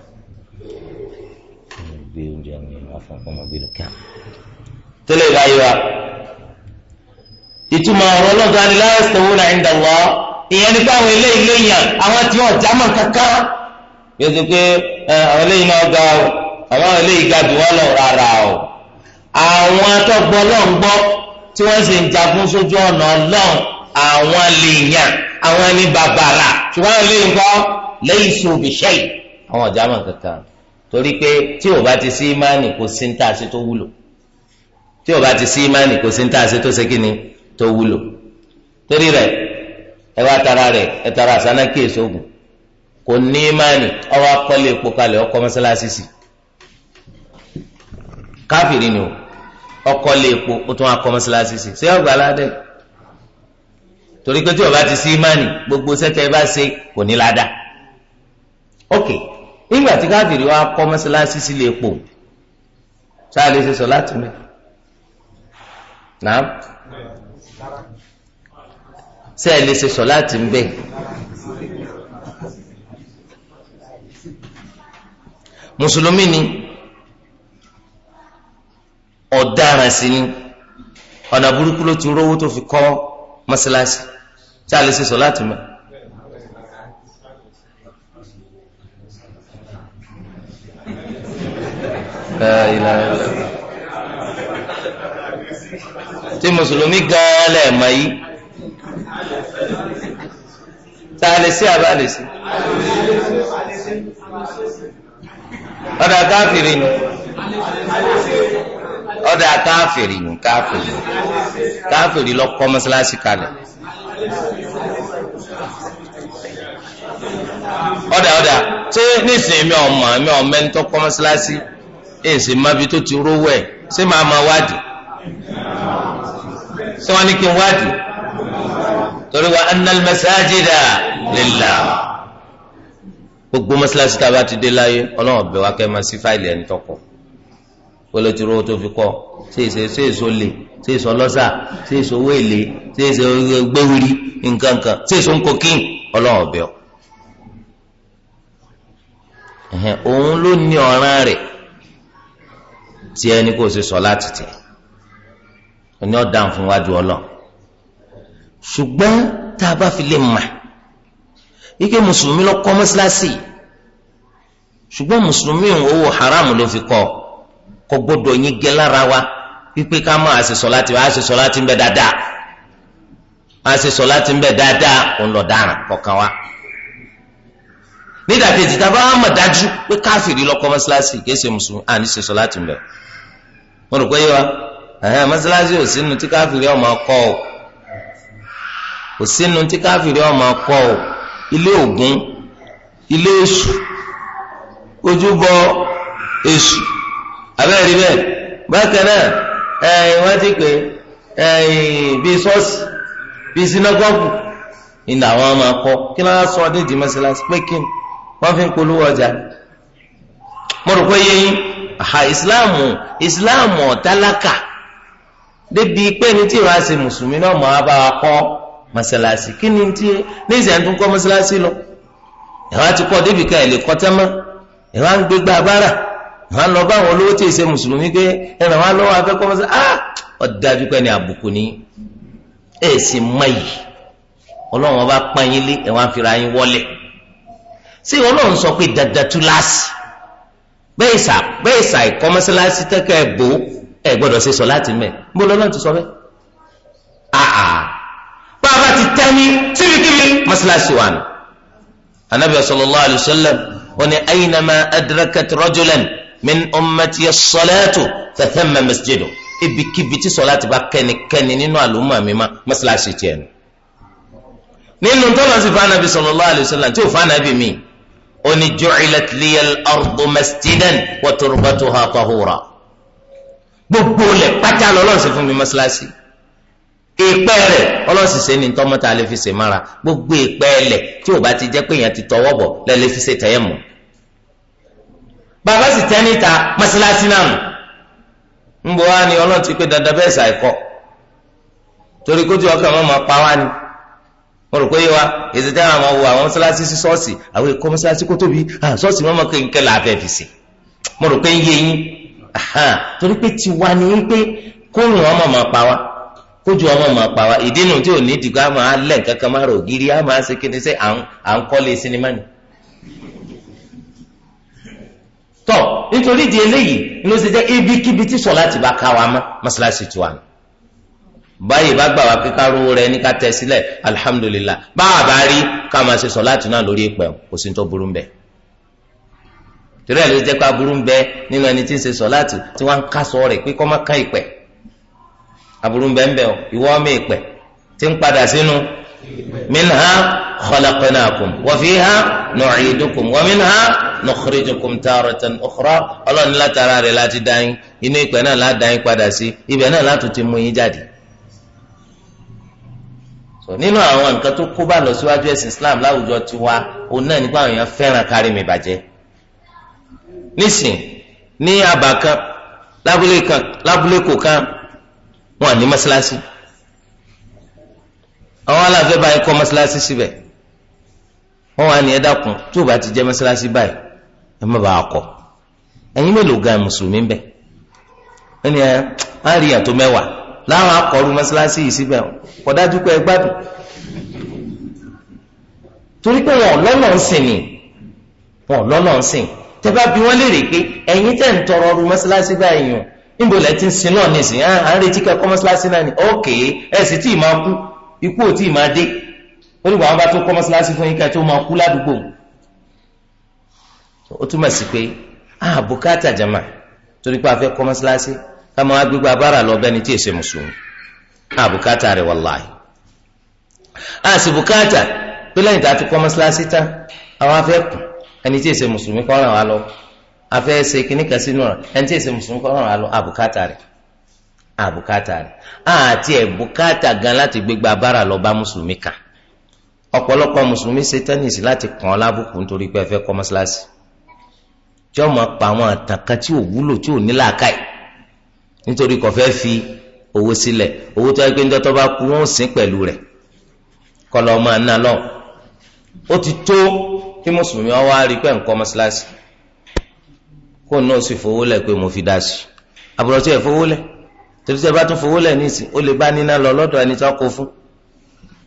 gbé oúnjẹ mi wá fún ọmọ gbé lọ kíá. tẹ́lẹ̀ báyìí wa ìtumọ̀ ọ̀rọ̀ ọlọ́dún aniláyọ̀ sọ̀wọ́ náà ń dàgbọ́ ìyẹn ní káwọn eléyìí léyìn àwọn tí wọ́n já mọ̀ kankan. yóò ṣe pé àwọn eléyìí náà ga o àwọn eléyìí ga jù lọ àwọn náà ń gbọ́ tí wọ́n sì ń jagun sójú ọ̀nà ọlọ́run àwọn lèèyàn àwọn ẹni bàbàrà ṣùgbọ́n ilé ńkọ́ lẹ́yìn sí òbíṣẹ́ yìí àwọn ọ̀já mọ̀ kankan torí pé tí ò bá ti sí ìmánì kò sí ní tàṣí tó wúlò tí ò bá ti sí ìmánì kò sí ní tàṣí tó ṣe kíni tó wúlò torí rẹ̀ ẹ wá tara rẹ̀ ẹ tara àsánákì èso kò ní ìmánì ọwọ́ akọ́lé epo kalẹ̀ ọkọ̀ mọ́sálásí sí káfíìrì ni o. ọkọ lè po ó tún akọ mọ́sálásí sí ṣé ọgbà aládé torí pé tí o ti sí ìmánì gbogbo sẹ́tẹ̀ bá ṣe kò ní ládàá ok nígbà tí káfíìrì wa kọ́ mọ́sálásí sí lè po sáà lè ṣe sọ láti mẹ́ náà ṣé ẹ lè ṣe sọ láti ń bẹ mùsùlùmí ni. ọ̀daràn sí ni ọ̀nà burúkú ló ti rówó tó fi kọ́ mọ́sálásí tí a lè ṣe sọ láti mọ́. tí mùsùlùmí gan-an lẹ́ẹ̀mọ́ yìí tá a lè ṣe àbá lè ṣe ọ̀dà káfíìrì ni ọ̀dà káfìrì nù káfìrì káfìrì lọ kọ́ mọ́sálásí kalẹ̀ ọ̀dà ọ̀dà ṣé nísìnyí mi ọmọ mi ọmọ ẹni tó kọ́ mọ́sálásí èyí sì má bi tó ti rówó ẹ̀ ṣé màá ma wádìí ṣé wọ́n ní kí n wádìí torí wa annal masajida lillah gbogbo mọ́sálásí tá a bá ti dé láyé ọlọ́run bẹ̀ wá kẹ́ máa sí fáìlì ẹni tọkọ̀ wọlé tí ro tó fi kọ ṣe èso ṣe èso lè ṣe èso ọlọ́sà ṣe èso owó èlé ṣe èso gbéwìrì nkankan ṣe èso nkokín ọlọ́run ọ̀bẹ ọ. òun ló ní ọ̀ràn rẹ̀ tí ẹni kò ṣe sọ láti tẹ̀ oní ọ̀daràn fún ọlọ́ ṣùgbọ́n tá a bá fi lè mà ike mùsùlùmí lọ kọ́ mọ́sálásì ṣùgbọ́n mùsùlùmí òun owó haram ló fi kọ́ ọ kò gbọ́dọ̀ yín gẹ lára wa wípé ká máa ṣe sọ̀láàtì wa á ṣe sọ̀láàtì ń bẹ dáadáa á ṣe sọ̀láàtì ń bẹ dáadáa òun lọ dáràn kọ̀ọ̀kan wa. nídàkejì tá a bá mọ̀ dájú pé káfíìrì lọ́kọ́ mọ́ṣáláṣí kìí ṣe mùsùlùmí à ní ṣe sọ̀láàtì ń bẹ. mo rò pé yé wa mọ́ṣáláṣí ò sínú tí káfíìrì ọmọ kọ́ ò kò sínú tí káfíìrì ọmọ kọ́ ò ilé ògún ilé èṣù ojúbọ èṣù abẹ́rẹ́ bẹ́ẹ̀ bákan náà ẹ̀yìn wọ́n ti pè ẹ̀yìn bíi sọ́ọ̀sì bíi sinagogu akọ kí ló wá sọ ọdún ìdí mọ́sálásí pé kí wọ́n fi ń polówó ọjà mo rò pé yẹ́yìn àhà ìsìláàmù ìsìláàmù ọ̀tálákà débi pé ní tí ìwà ṣe mùsùlùmí náà mọ̀ bá wa kọ́ kí ni tí ní ìsìn àti lọ ìwà ti kọ́ débi ká ẹ̀ lè wọn lọ bá àwọn olówó tí èsè mùsùlùmí pé ẹnà wọn lọ́wọ́ afẹ́kọ́ wọn sọ ah ọ̀dájú pé ní àbùkù ni ẹ̀ sì mọ yìí ọlọ́run ọba pààyàn lé ẹ̀wọ̀n àfihàn ayé wọlé sí ọlọ́run sọ pé dandan tú láàsì bẹ́ẹ̀ sà bẹ́ẹ̀ sà ẹ̀kọ́ mọ́sálásí tẹ́kẹ́ ẹ̀ bò ẹ̀ gbọ́dọ̀ ṣe sọ láti mẹ́ bó lọ́lọ́run ti sọ bẹ́ẹ̀ àà bá a ti tẹ́ ní síbikíbi mọ́sálásí wa ni anabi sallallahu alaihi wasallam ó ní aynama adrakat rajulan min ummati as-salatu fatamma masjidu ibikíbi tí sọlá ti bá kẹ́nikẹ́ni nínú àlùmọ́ mi má mọ́sálásí tiẹ̀ nù. nínú tọ́lá sí fún anabi sallallahu alayhi wa sallam tí ò fún anabi mi ó ní ju'ilat liya al-ardu masjidan wa turbatuha tahura gbogbo lẹ̀ pátá lọ́lọ́ sí fún mi mọ́sálásí ìpẹ́ rẹ̀ ọlọ́sì ṣe ni tọ́mọ́ta lè fi ṣe mára gbogbo ìpẹ́ lẹ̀ tí ò bá ti jẹ́ pé èèyàn ti tọwọ́ bọ̀ lẹ́lẹ́ fi ṣe tẹ̀yẹ̀ mọ́ bàbá sì tẹ́ níta mọ́sálásí náà nù ń bọ̀ wá ní ọlọ́run ti pé dandan bẹ́ẹ̀ ṣàìkọ́ torí kójú ọkọ̀ wọn máa pa wá ni mo rò pé yé wa èsì àwọn ọmọ wo àwọn mọ́sálásí sí àwọn èkó mọ́sálásí kó tóbi fi mo rò pé ń yé yín torí pé tiwa ni wípé ọmọ pa wá kójú ọmọ pa wá ìdí tí ò ní dìgbà máa máa á máa ṣe kéde sẹ́ ni. tọ nítorí di eléyìí ló ṣe jẹ́ ibikíbi tí sọlá ti bá ká wa tiwa ni báyìí bá gbà wá pé ká rówó rẹ ní ká tẹ alihamudulilayi bá a bá rí ká máa ṣe sọlá tì náà lórí kò sí tó burú torí ẹ ló nínú ẹni tí ń ṣe منها خلقناكم وفيها نعيدكم ومنها نخرجكم تارة أخرى الله لا ترى لا تدعين إنه يكون لا دعين padà sí لا náà la so nínú àwọn nǹkan tó kó bá lọ síwájú ẹ̀sìn Islam láwùjọ tiwa òun náà nípa àwọn èèyàn fẹ́ràn kárí mi bàjẹ́ nísìn ní abà kan lábúlé kan lábúlé kò kan wọn ní mọ́ṣáláṣí àwọn aláàfẹ́ báyìí kọ́ mọ́ṣáláṣí síbẹ̀ wọ́n wà ní ẹ dákun tí ò bá ti jẹ́ mọ́ṣáláṣí báyìí ẹ má bàa kọ́ ẹ̀yin mélòó ga mùsùlùmí bẹ̀ ẹ ní ẹ á rí ìyàtọ̀ mẹ́wàá láwọn akọ̀rù mọ́ṣáláṣí yìí síbẹ̀ kò pé ẹ gbádùn torí pé wọn lọ́nà ń sìn ni wọn lọ́nà ń sìn tẹ bá bi wọn léèrè pé ẹ̀yin tẹ̀ ń tọrọ ọrù mọ́ṣáláṣí báyìí yàn níbo lẹ ti ń sin náà nísìnyí à ń kẹ́kọ́ mọ́ṣáláṣí náà ni ókè ẹ̀ sì tí ì máa kú ikú ò tí ì máa dé ó dìgbà wọn bá tó kọ́ mọ́ṣáláṣí fún yín ká tó máa kú ládùúgbò ó túmọ̀ sí pé àbùkátà jama torí pé a fẹ́ kọ́ mọ́ṣáláṣí ká máa gbégbá bára lọ bẹ́ni tí èsè mùsùlùmí àbùkátà rẹ̀ wàláì àsìbùkátà pé lẹ́yìn tá a ti kọ́ mọ́ṣáláṣí tán àwọn afẹ́ kù ẹni tí èsè mùsùlùmí kọ́ ràn wá lọ afẹ́ ṣe kíníkà sínú rẹ̀ ẹni tí èsè mùsùlùmí kọ́ ràn wá lọ àbùkátà rẹ̀ àbùkátà ah, rẹ̀ ah, àti ẹ̀bùkátà gan láti gbégbá bára lọ bá mùsùlùmí kan ọ̀pọ̀lọpọ̀ mùsùlùmí ṣe tẹ́nìsì láti kàn án lábùkù nítorí pé ẹ fẹ́ kọ́ mọ́ṣáláṣí tí ọmọ pa àwọn àtàkà tí ò wúlò tí ò ní làákàyè nítorí kò fẹ́ fi owó sílẹ̀ owó tó yẹ pé níjọ́ tó bá kú wọ́n sìn pẹ̀lú rẹ̀ kọ́ lọ́ máa ná lọ. ó ti tó kí mùsùlùmí ọ wá rí pé nǹkan mọ́ṣáláṣí kó náà sì fowó lẹ̀ pé mo fi dá sí àbúrò tí ẹ̀ fowó lẹ̀ tẹ̀físẹ́ bá tún fowó lẹ̀ nísìn ó lè bá níná lọ lọ́dọ̀ ẹni tó kó fún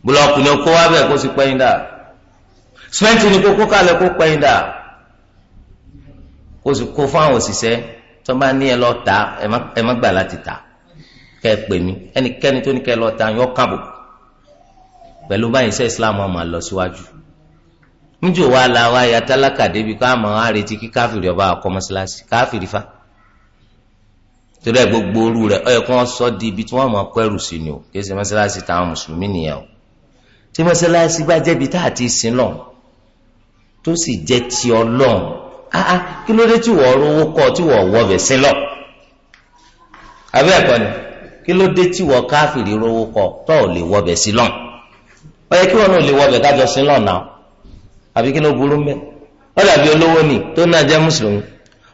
búlọ́ọ̀kù ni ó kó wá bẹ̀ kó sì pẹ́yìn dà sìmẹ́ǹtì ni kó kó kalẹ̀ kó pẹ́yìn dà kó sì kó fún àwọn òṣìṣẹ́ tó bá ní ẹ lọ ta ẹ má gbà láti ta kẹ́ pè mí ẹnikẹ́ni tó ní kẹ́ lọ ta yọ káàbò pẹ̀lú báyìí sẹ́ Islam ọmọ lọ síwájú níjò wa la wa ya tálákà débi ká àmọ́ àrètí kí káfìrí ọba àkọ́mọ́síláṣí káfìrí fa torí ẹ gbogbo orú rẹ ọ yẹ kó wọn sọ di ibi tí wọn mọ pẹrù sí ni o kí ẹsẹ mọ́sálásí táwọn mùsùlùmí nìyẹn o tí mọ́sálásí bá jẹbi tá àti sin lọ tó sì jẹ ti Ọlọ́run áá kí ló dé tí wọ́n rówó kọ tí wọ́n wọbẹ sin lọ àbí ẹ̀kọ́ ni kí ló dé tí wọ́n káfìrí rówó kọ tó ò lè wọbẹ sin lọ ọ yẹ kí wọn ò lè wọbẹ kájọ sin lọ náà àbí kí ló burú mẹ ọ dàbí olówó ni tó náà jẹ mùsùlùmí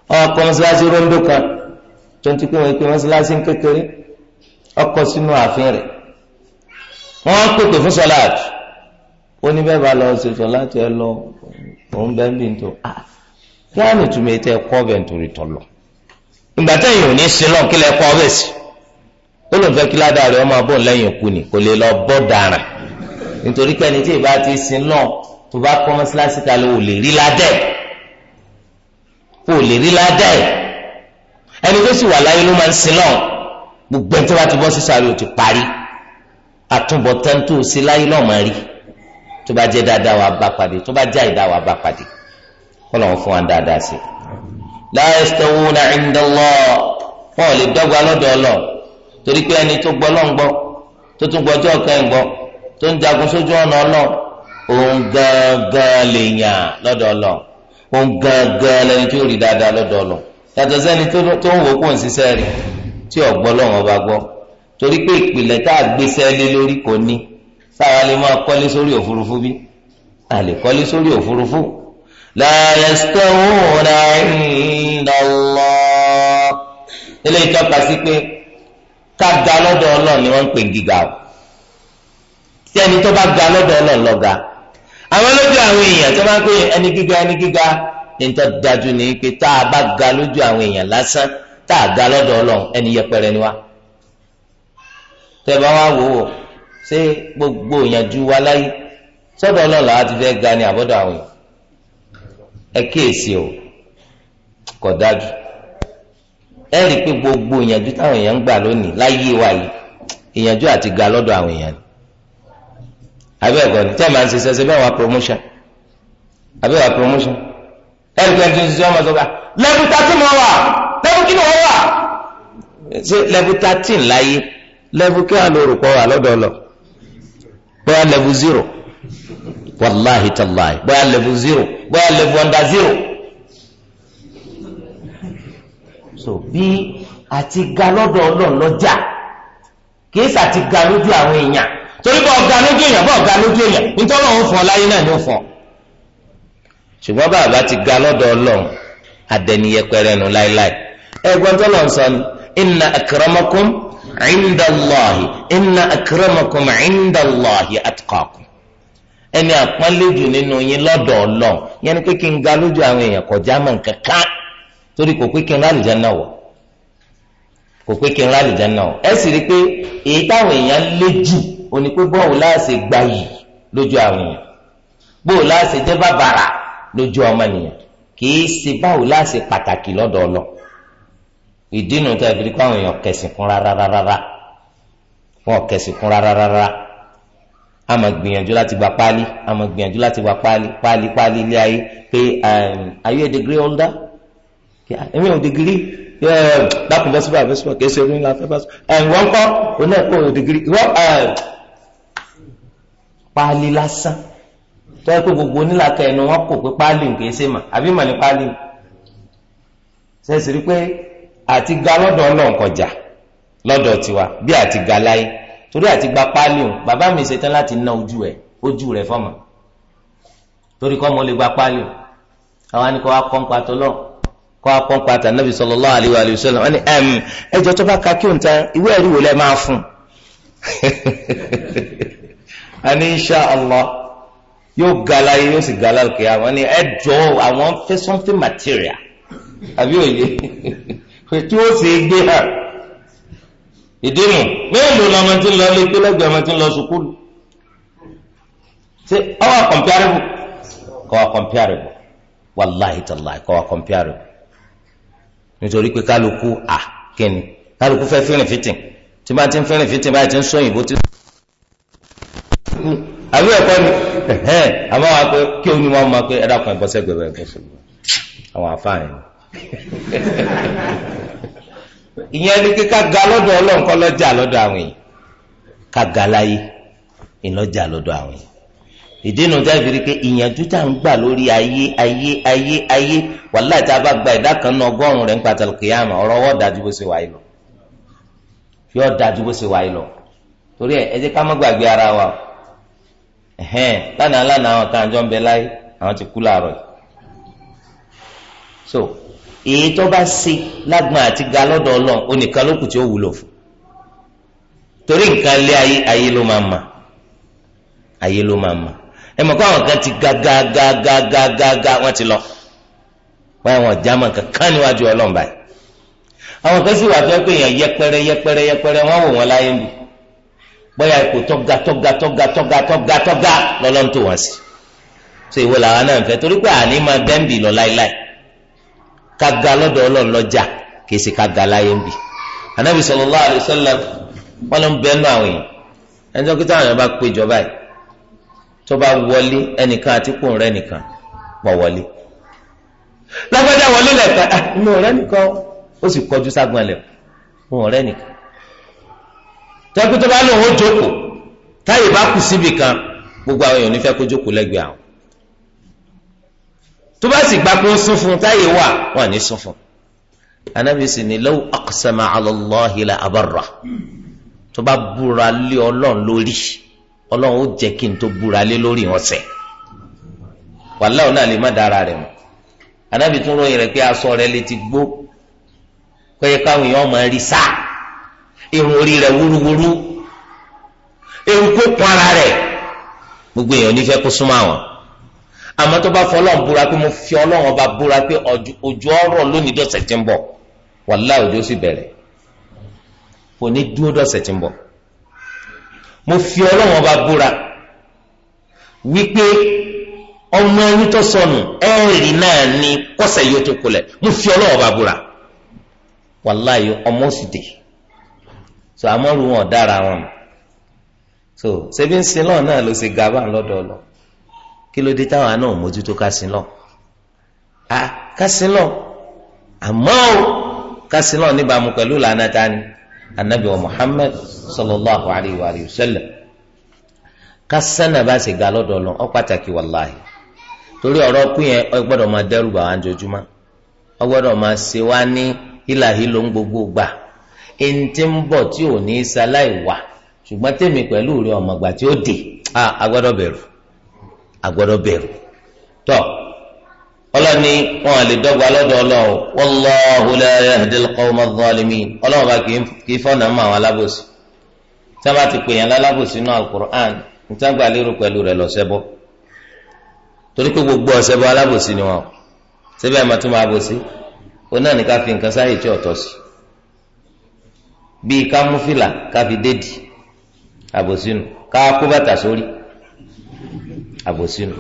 ọkọ mọ́sálásí róńdó kan tó ń ti pé wọn pé mọ́sálásí kékeré ọkọ̀ sínú ààfin rẹ̀ wọ́n pèpè fún sọ́láàtì ó ní bẹ́ẹ̀ bá lọ ṣe sọ́láàtì ẹ lọ òun bẹ́ẹ̀ bí n tó a kí á nì túmọ̀ ètò ẹ̀kọ́ bẹ̀ nítorí tọ̀lọ̀ ìgbà tẹ̀yìn ò ní sin náà kí lẹ kọ́ bẹ̀ sí ó lọ fẹ́ kí ládàá rẹ̀ ọmọ abọ́ lẹ́yìn òkú ni kò lè lọ bọ́ dara nítorí pé ẹni tí ìbá ti sin náà tó bá kọ́ mọ́sálásí kalẹ̀ ò lè rí ládẹ́ ò lè rí ládẹ́ ẹni tó sì wà láyé ló máa ń sin náà gbogbo ẹni tó bá ti bọ́ sí sàárè ó ti parí àtúbọ̀tán tó sí láyé náà máa rí tó bá jẹ́ dáadáa wàá bá pàdé tó bá jẹ́ àìdáa wàá bá pàdé kọ́ lọ́wọ́ fún wa dáadáa sí i. la yastawuna inda Allah wọn ò lè dọ́gba lọ́dọ̀ ọlọ́ torí pé ẹni tó gbọ́ lọ́n gbọ́ tó tún gbọ́jọ́ kan gbọ́ tó ń jagun sójú ọ̀nà ọlọ́ òun gangan lè yàn lọ́dọ̀ rí dáadáa lọ́dọ̀ yàtọ̀ sẹ́ni tó ń wò kó ń ṣiṣẹ́ rẹ̀ tí ọ̀gbọ́ lọ́wọ́ bá gbọ́ torí pé ìpìlẹ̀ tá a gbéṣẹ́ lé lórí kò ní sára lè máa kọ́lé sórí òfurufú bí a lè kọ́lé sórí òfurufú. la yastawuna inda Allah eléyìí tọ́ka sí pé ká ga lọ́dọ̀ ọlọ́ọ̀ ni wọ́n ń pè gíga o tí ẹni tó bá ga lọ́dọ̀ ọlọ́ọ̀ lọ́ga àwọn lójú àwọn èèyàn tó máa ń pè ẹni gíga ẹni gíga níta dájú ní pé tá a bá ga lójú àwọn èèyàn lásán tá a ga lọ́dọ̀ ọlọ́run ẹni yẹpẹrẹ ni wa tẹ́ bá wá wò ó ṣé gbogbo ìyànjú wa láyé sọ́dọ̀ ọlọ́run làwọn ti fẹ́ ga ni àbọ̀dọ̀ àwọn èèyàn ẹ kíyèsí o kò dájú ẹ rí i pé gbogbo ìyànjú táwọn èèyàn ń gbà lónìí láyé wa yìí ìyànjú àti ga lọ́dọ̀ àwọn èèyàn ni àbẹ́ ẹ̀kọ́ ni tẹ́ máa ń ṣe ṣẹṣẹ bẹ́ẹ̀ wá promotion àbẹ́ wá promotion ẹ̀rùkẹ́ tó ń sisi ọmọ sọ́gbà lẹ́bù tàtí mọ́ wà lẹ́bù kí ni wọ́n wà. ṣé lẹ́bù tàtí láyé lẹ́bù kí wọ́n lò rò pọ̀ wà lọ́dọ̀ bóyá lẹ́bù zero wàláhi tàláhi bóyá lẹ́bù zero bóyá lẹ́bù ọ̀ndà zero. so bí àti ga lọ́dọ̀ ọlọ́run lọ́jà kìí sàti ga lójú àwọn èèyàn torí bọ́ọ̀ ga lójú èèyàn bọ́ọ̀ ga lójú èèyàn nítorí òun fọ́ láyé náà ni ó fọ́ ṣùgbọ́n bàbá ti ga lọ́dọ̀ ọlọ́run àdẹniyẹpẹrẹ nù láíláí ẹgbọn tó lọ sọ ni inna akramakum indallahi inna akramakum indallahi atqakum ẹni àpọ́nlẹ́jù nínú yín lọ́dọ̀ ọlọ́run yẹn ni pé kí n ga lójú àwọn èèyàn kọjá mọ́ nǹkan torí kò pé kí n rálì jẹ́ náà wọ̀ kò pé kí n rálì náà wọ̀ ẹ sì rí pé bàbàrà lójú ọmọnìyàn kìí ṣe báwo láṣẹ pàtàkì lọ́dọ̀ ọlọ ìdínú tó ẹbí kó àwọn èèyàn kẹsìn kún rárá rárá wọn kẹsìn kún rárá a máa gbìyànjú láti gba páálí a máa gbìyànjú láti gba páálí páálí páálí ilé ayé pé um, are you a degree holder èmi ò degree dákun bá síbà bá síbà kìí ṣe orí ńlá fẹ́ bá síbà um, wọ́n kọ́ onáà kó o degree wọ́n um, páálí lásán. tọ́ pé gbogbo onílàkà ẹnu wọn kò pé páálí nǹkan ṣe mà àbí mà ní páálí ṣẹ́sì pé àti ga lọ́dọ̀ ọlọ́nkọjà lọ́dọ̀ tiwa bí àti ga láyé torí àti gba páálí bàbá mi ṣetán láti ná ojú ẹ̀ ojú rẹ̀ fọ́mọ torí kọ́ mo lè gba páálí o àwọn ni kọ́ wa pa kọ́ pa tànàbí ẹjọ́ tó bá ka kí òun ani [laughs] Allah yóò ga láyé yóò sì ga lálùkẹ́ àwọn ni ẹ jọ àwọn fẹ́ something material àbí òye tí ó sì gbé hàn ìdínú mélòó lọmọ tí ń lọ lé pé lẹ́gbẹ̀ẹ́ ọmọ tí lọ sùkúlù ṣe ọwọ́ comparable kọ́ wa comparable wàláhì tàláhì kọ́ wa comparable nítorí pé kálukú à kíni kálukú fẹ́ fẹ́rìn fìtìn tí bá ti ń fẹ́rìn fìtìn báyìí ti ń sọ òyìnbó ti sọ àbí ẹ̀kọ́ ni ẹ̀hẹ́n àmọ́ wa pé kí o ní pé ẹ̀dá ni [laughs] kíkà ga lọ́dọ̀ ọlọ́nkọ́ lọ́jà lọ́dọ̀ àwọn ká ga láyé ìlọ́jà lọ́dọ̀ àwọn ìdínà jáde rí pé ẹhẹn lánàá lánàá àwọn kan àjọ ń bẹ láyé àwọn ti kú yìí so èyí tó bá lágbọn àti ga lọ́dọ̀ Ọlọ́run onìkan ló tí ó wúlò torí nǹkan lé ayé ayé ló máa ma. ayé ló máa ma. ẹ àwọn kan ti ga ga ga ga ga ga ga wọ́n ti lọ wọ́n jámọ̀ kankan níwájú Ọlọ́run báyìí àwọn kan sì wà fẹ́ pé èèyàn yẹpẹrẹ yẹpẹrẹ yẹpẹrẹ wọ́n wò bóyá ipò tọ́ga tọ́ga tọ́ga tọ́ga tọ́ga tọ́ga lọ́lọ́run tó wọ́n sí so ìwé làwọn náà ń fẹ́ torí pé àní máa bẹ́ńbì lọ láíláí ká ga lọ́dọ̀ ọlọ́run lọ́jà kì í sì ká ga láyé ń bì anabi sallallahu alaihi wasallam wọn ló ń bẹnu àwọn èèyàn ẹni tó kí táwọn èèyàn bá péjọ báyìí tó bá wọlé ẹnìkan àti kò ń rẹ nìkan pọ̀ wọlé lágbájá wọlé lẹ̀ka ah, inú ọ̀rẹ́ nìkan tẹ́kù tó bá lò ó jókòó táyì bá kù síbi kan gbogbo àwọn èèyàn nífẹ̀ẹ́ kó jókòó lẹ́gbẹ̀ẹ́ àwọn tó bá sì gbà pé ó sún fún táyì wà wà ní sún fún anabi sì ní law aqsama ala Allahi la tó bá búra lé ọlọ́run lórí ọlọ́run ó jẹ́ kí n tó búra lé lórí wọn sẹ́ wàláhùn náà lè má dára rẹ̀ mọ́ anabi tún ròyìn rẹ̀ pé aṣọ rẹ̀ lè ti gbó kọ́yẹ káwọn èèyàn máa rí sáà irun orí rẹ̀ wúruwúru eruku kún ara rẹ̀ gbogbo èèyàn nífẹ̀ẹ́ kó súnmọ́ àwọn àmọ́ tó bá fọ ọlọ́run búra pé mo fi ọlọ́run ọba búra pé ojú ọ̀rọ̀ lónìí dọ̀sẹ̀ tí ń bọ̀ wàláhì òjò sì bẹ̀rẹ̀ kò ní dúró dọ̀sẹ̀ tí ń bọ̀ mo fi ọlọ́run ọba búra wípé ọmọ ẹni tó sọnù ẹ̀rì náà ni kọ́sẹ̀ yóò tó kulẹ̀ mo fi ọlọ́run ọba búra wàláhì ọmọ sì dé. so àmọ́rù wọn ọ̀dára wọn so ṣebí ń sin lo náà ló ṣe gaba lọ́dọ̀ lọ kí ló dé táwọn náà mójútó ká sin a ká sin lọ àmọ́ o ká sin lọ níbàámu pẹ̀lú anabi wa sallallahu alayhi wa sallam ká sánà bá ṣe ga lọ́dọ̀ lọ ọ pàtàkì wàláhì torí ọ̀rọ̀ kú yẹn ọ ẹni n ń bọ̀ tí ò ní sáláì wà ṣùgbọ́n tèmi pẹ̀lú rẹ ọmọgbà tí ó dé agbọ́dọ̀ bẹ̀rù agbọ́dọ̀ bẹ̀rù tọ́ ọlọ́ni wọn lè dọ́gba lọ́dọ̀ ọlọ́wọ́ ọlọ́wọ́ bá kì í fọ́nà mọ́ àwọn alábòsí tí bá ti pè yàn lálábòsí náà alukur'an níta gba lérò pẹ̀lú torí pé gbogbo alábòsí ni wọn ṣẹ́bẹ̀ ẹ̀ máa tún máa ní ká fi nǹkan sáyè tí ọ̀tọ̀ sí i bíi ká mú fìlà ká fi dédì àbòsínú ká kó bàtà sórí àbòsínú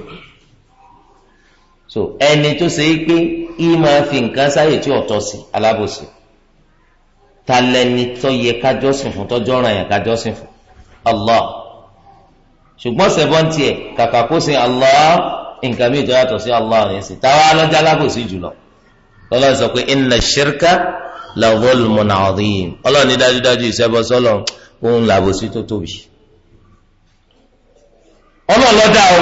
so ẹni tó ṣe é pé yìí máa fi nǹkan sáyè tí ọ̀tọ̀ sí alábòsí ta lẹni tó yẹ kájọ́sìn fún tọ́jọ́ ọ̀ràn yẹn kájọ́sìn fún Allah ṣùgbọ́n sẹ́fọ́n tiẹ̀ kàkà kó sin Allah nǹkan mi ìjọ yàtọ̀ sí Allah ọ̀rìn sí táwa lọ́jà alábòsí jùlọ lọ́lọ́ sọ pé inna shirka la zulmun adhim ọlọ́run ní dájúdájú ìṣẹ́bọ sọ́lọ̀ òun làbòsí tó tóbi ọlọ́run ló dá o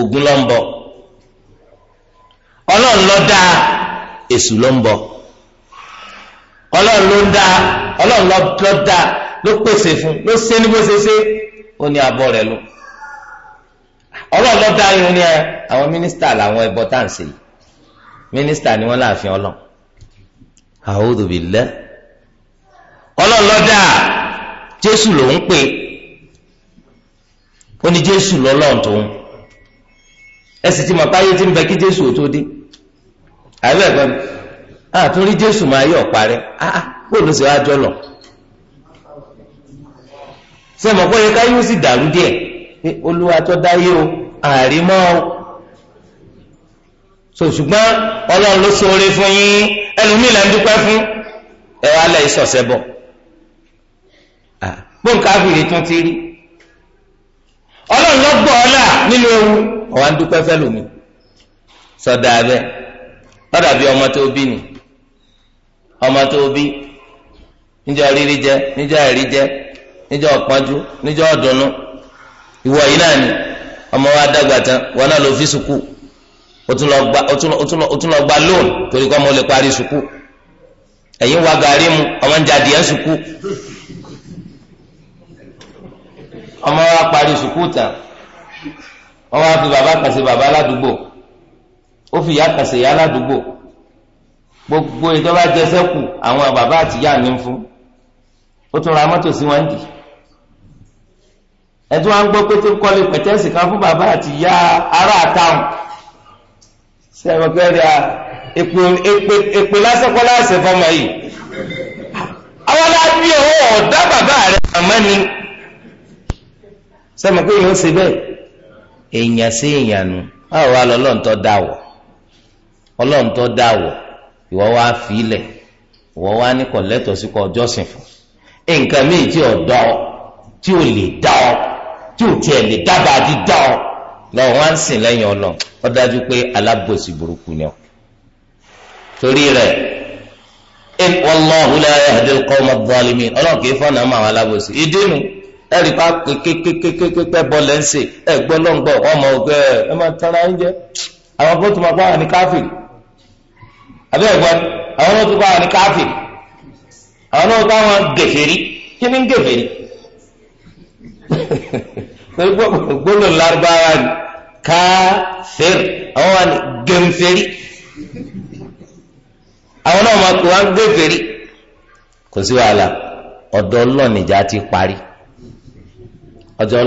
ògùn ló ń bọ ọlọ́run ló dá èṣù ló ń bọ ọlọ́run ló ń dá ọlọ́run ló dá ló pèsè fún ló ṣe ní bó ṣe ṣe ó ní abọ́ rẹ̀ lọ ọlọ́run ló dá irun ní àwọn mínísítà làwọn ẹbọ tá mínísítà ni wọ́n láàfin ọlọ́run àwòdù bìlẹ ọlọ́lọ́dà jésù ló ń pè ó ní jésù lọ́lọ́run tó ń ẹ sì ti mọ̀ táyé tí ń bẹ kí jésù ò tó dé àbẹ ẹgbẹ mi àtúrí jésù máa yọ parẹ́ áá bóòlù sì wá jọlọ sẹmọ pé ká yóò sì dàrú so ṣùgbọ́n ọlọ́run ló ṣoore fún yín ẹlòmíì là ń dúpẹ́ fún ẹ wá lẹ́yìn sọ̀sẹ̀ bọ̀ gbóǹkàfìrì tún ti rí ọlọ́run ló gbọ́ ọ́ là nínú ewu ọ̀wá ń dúpẹ́ fẹ́ lómi sọ̀dà abẹ́ ọmọ tó bí ni ọmọ tó bí níjọ́ rírí jẹ jẹ níjọ́ ọ̀pọ̀njú níjọ́ ọ̀dùnnú ìwọ yìí náà ni ọmọ wa dàgbà tán wọn náà o tún lọ gba o tún lọ o tún lọ o tún lọ gba loan torí kọ́ mo lè parí sukú ẹ̀yin wa gàrí mu ọmọ ń jáde ẹ̀ sukú ọmọ wa parí sukú tán wọ́n wá fi bàbá kàṣe bàbá aládùúgbò ó fi ìyá kàṣe ìyá aládùúgbò gbogbo ìjọba jẹsẹ́ kù àwọn bàbá àtìyá ní fún ó tún ra mọ́tò sí wọn dì ẹ̀tún wa ń gbọ́ pé tó kọ́lé pẹ̀tẹ́sì kan fún bàbá àtìyá ará àtàwọn. a pé ẹ̀dá èpè lásìkọ́lá ẹ̀sẹ̀ fọmọ yìí. àwọn aláàbí bàbá rẹ màmá ni sẹ́wọ̀n pé èèyàn ṣe bẹ́ẹ̀ èèyàn sí èèyàn báwo wá lọ ọlọ́ọ̀tọ́ dáwọ̀ ọlọ́ọ̀tọ́ dáwọ̀ ìwọ́ wá ìwọ́ wá ní kọ̀lẹ́tọ̀ sí kọ fún nǹkan míì ọ tí ò ọ tí ò tiẹ̀ lè ọ. lọ wá ń sìn lẹ́yìn ọ̀nà ó dájú pé alábòsí burúkú ni ọ. torí rẹ̀ in wallahu la yahdi al-qawma adh-dhalimin ọlọ́run kì í fọ́nà mọ́ àwọn alábòsí ìdínú ẹ̀rí pa kékékékékéké [laughs] káfíìr àwọn wà ní gẹ̀mfẹ̀rí àwọn náà máa pè wá ń gẹ̀fẹ̀rí kò sí wàhálà ọ̀dọ̀ ọlọ́ọ̀nìjà ti parí ọ̀dọ̀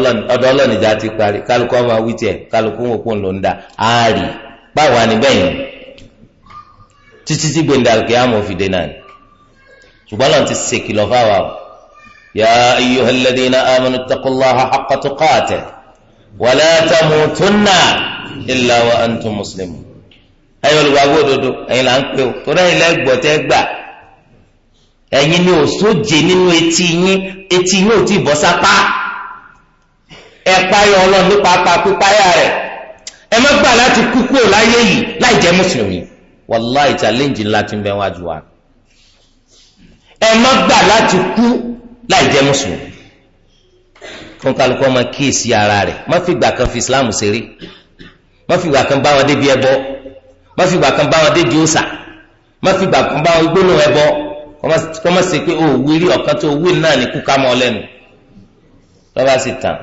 ọlọ́ọ̀nìjà ti parí kálukú ọmọ wí tiẹ̀ kálukú ń wòpó ńlò ń da àárì báwa ni bẹ́ẹ̀ yẹn títí tí gbẹ̀ndà kìámù fi dé náà ṣùgbọ́n lọ́n ti ṣèkìlọ̀ fáwa o yà ayyuhalladhina amanu ittaqullaha haqqa tuqatihi. wala tamutunna illa wa antum muslimun ẹ̀yin olùgbàgbọ́ òdodo ẹ̀yin là ń pè ó torí ẹ̀yin lẹgbọtẹ gbà ẹ̀yin ni òsóje nínú etí yín etí yín ò tí bọ́ sápá ẹ páyọ Ọlọ́run nípa apá pípáyà ẹ má gbà láti láyé yìí láì jẹ́ mùsùlùmí wa ẹ má gbà láti kú láì fún kálukú ọmọ kíyèsí ara rẹ̀ má fi gbà kan fi islam ṣeré má fi gbà kan bá wọn débi ẹbọ má fi gbà kan bá wọn débi òòṣà má fi gbà kan bá wọn gbóná ẹbọ kọ́ má ṣe pé o oh, wí rí ọ̀kan tó wí náà ní kú ká mọ́ lẹ́nu lọ́ba sì tàn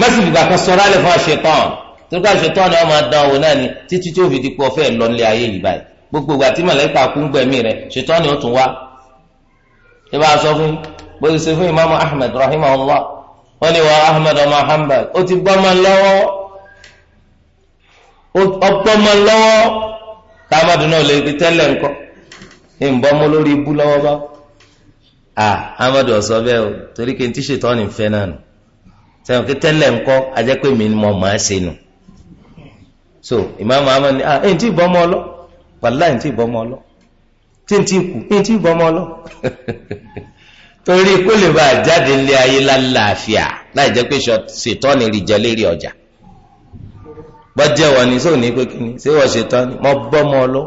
má fi gbà kan sọ̀rọ̀ alẹ́ fún àṣetán tó ká àṣetán ni wọ́n máa dán owó náà ní títí tí ó fi di pé ọ̀fẹ́ lọ́nlé ayé yìí báyìí gbogbo ìgbà tí màlẹ́kà a sọ bó ti ṣe fún imaamu ahmed rahimahullah wọ́n ní wà ahmed ọmọ hanbal ó ti gbọ́ ọmọ lọ́wọ́ ọgbọ́ ọmọ náà lè fi tẹ́lẹ̀ ńkọ́ ní nbọ́ lórí ibú bá Ah ahmed ọsọ o torí kí n ti fẹ́ náà nù sẹ́wọ̀n kí tẹ́lẹ̀ ajẹ́ pé mi so imaamu ahmed ni ah ẹ̀ ń tí wàlá ẹ̀ ń tí [laughs] torí kó lè bá jáde lé ayé lálàáfíà láì jẹ́ pé ṣètọ́ni rí jẹ lérí ọjà bọ́jẹ́ wọ ni sóòní pé kíni ṣé wọ́n ṣètọ́ni mọ́ bọ́mọ lọ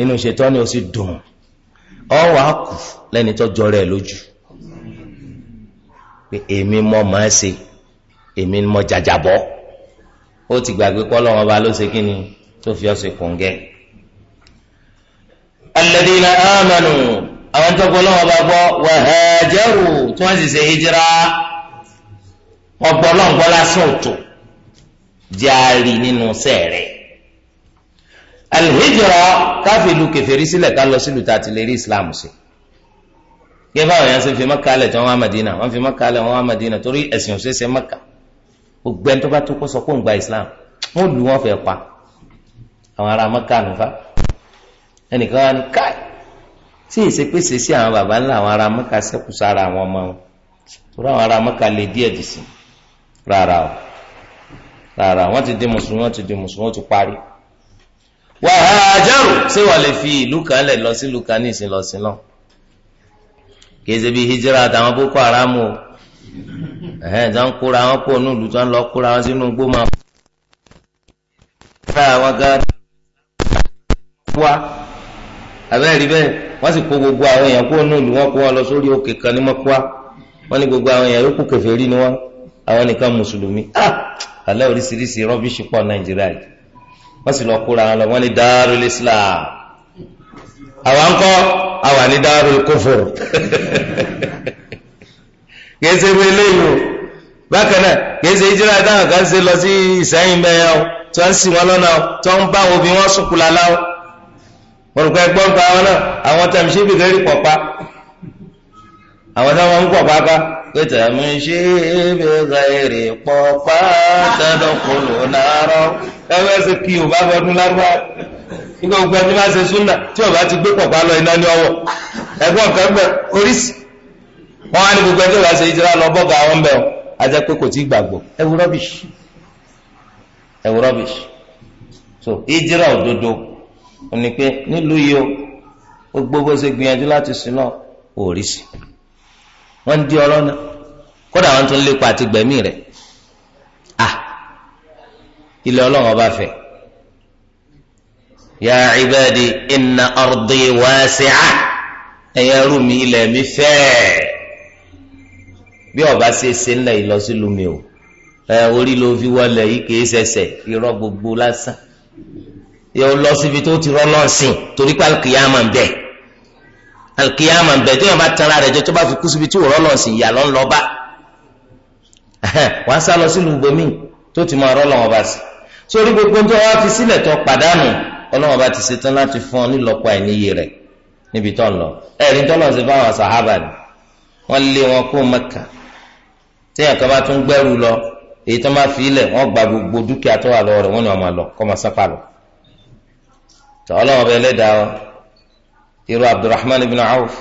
inú ṣètọ́ni ó sì dùn ọwọ́ àkù lẹ́ni tó jọrọ ẹ̀ lójú pé èmi mọ́ máa ṣe èmi mọ́ jàjàbọ́ ó ti gbàgbé pọ́ lọ́wọ́ bá ló ṣe kíni tó fi ọ́ ṣe kòǹgẹ́. alladhina amanu àwọn tó gbọ́ lọ́wọ́ bá gbọ́ wa hajaru tí wọ́n sì ṣe hijira ọgbọ́ lọ́ngbọ́ lásán òtò jaari nínú sẹ́ẹ̀rẹ̀ alihijira káfíìlú kẹfẹ́rí sílẹ̀ ká lọ sílùú tá a ti lè rí islam sí gẹ́gẹ́ báwọn yẹn ṣe fi mọ́kà alẹ̀ tí wọ́n wá madina wọ́n fi mọ́kà alẹ̀ wọ́n wá madina torí ẹ̀sìn òṣèṣe mọ́kà gbogbo ẹni tó bá tó kó sọ pé ń gba islam wọ́n lù wọ́n fẹ́ pa àwọn ará mọ́kà nù fa ẹnìkan wá ní káì tí ìṣepèsè sí àwọn baba ńlá àwọn ará mọ́ka sẹ́kù sára àwọn ọmọ wọn torí àwọn ará mọ́ka lè díẹ̀ dì sí rárá o rárá wọ́n ti di mùsùlùmí wọ́n ti di mùsùlùmí wọ́n ti parí. wà á hajaru ṣé wàá lè fi ìlú kan lẹ̀ lọ sí ìlú kan ní ìsìn lọ sí náà kì í hijira àtàwọn boko haram o ẹ̀hẹ́n tó ń kóra wọn kó inú ìlú tó ń lọ kóra wọn sínú igbó máa abẹ́rẹ́ rí bẹ́ẹ̀ wọ́n sì kó gbogbo àwọn èèyàn kúrò ní ìlú wọn kó wọn lọ sórí òkè kan ní mọ́kúá wọ́n ní gbogbo àwọn èèyàn yòókù kèfèrí ni wọ́n àwọn nìkan mùsùlùmí ah àlẹ́ oríṣiríṣi rọ́bìṣì pọ̀ nàìjíríà yìí wọ́n sì lọ kóra wọn lọ wọ́n ní Darul Islam àwa ń kọ́ àwa ní Darul Kufur [laughs] kìí bí eléyìí o bákan náà kìí ìjírà táwọn kan ṣe lọ sí ìsẹ́yìn bẹ́ẹ̀ o tí wọ́n ń sìn wọn lọ́nà o tí wọ́n ń bá wọn wọn sùkúlà láwọn. mọ̀rùkọ ẹgbọ́n pa àwọn náà àwọn tàbí ṣé ibi gẹ́rì pọ̀ pa àwọn táwọn pọ̀ pé pọ̀ pa tẹ́lẹ̀ nàárọ̀ ẹgbẹ́ ṣe kí o bá bọ́dún lárúbá nígbà gbogbo ẹni bá ṣe súnà tí o bá ti gbé pọ̀ pa lọ iná ní ọwọ́ ẹgbọ́n kan gbẹ oríṣi wọn á ní gbogbo bá ṣe lọ so òdodo. ó ní pé nílùú yìí o gbogbo bó ṣe gbìyànjú láti sìn náà ò rí sí wọ́n ń di ọ̀rọ̀ náà kódà wọ́n tún lépa àti gbẹ̀mí rẹ̀ à ilé ọlọ́run ọba fẹ́ ya ibadi inna ardi wasi'a ẹ̀yẹ rú mi ilẹ̀ mi fẹ́ bí ọba ṣe ṣe ńlẹ̀ ìlọsílùmí o ẹ orí ló fi wọlé yìí kì í ṣẹṣẹ irọ́ gbogbo lásán yóò lọ síbi tó ti rọ́ lọ́n sìn torí pé alkiyama ń bẹ alkiyama ń bẹ tó yàn bá tanra rẹ̀ jẹ tó bá fi kú síbi tí òrọ́ lọ́n sìn ìyá lọ́n lọ́ba [laughs] wàá sá lọ sílùú gbomi tó ti máa rọ́ lọ́wọ́ bá sí sórí gbogbo tó wá fi sílẹ̀ tó pàdánù ọlọ́wọ́ bá ti ṣetán láti fún ọ nílọ́pọ̀ àìníye rẹ̀ níbi tó ń lọ ẹ̀rín tó lọ sí fáwọn sàhábà ni wọ́n lé wọn kó Mẹ́kà téèyàn kan bá tún gbẹ́rù lọ èyí tó má fi ilẹ̀ wọ́n gba gbogbo dúkìá tó wà lọ́wọ́ rẹ̀ kọ́ tọ́lọ́wọ́ bẹ lẹ́dàá wa irú abdulrahman ibn awf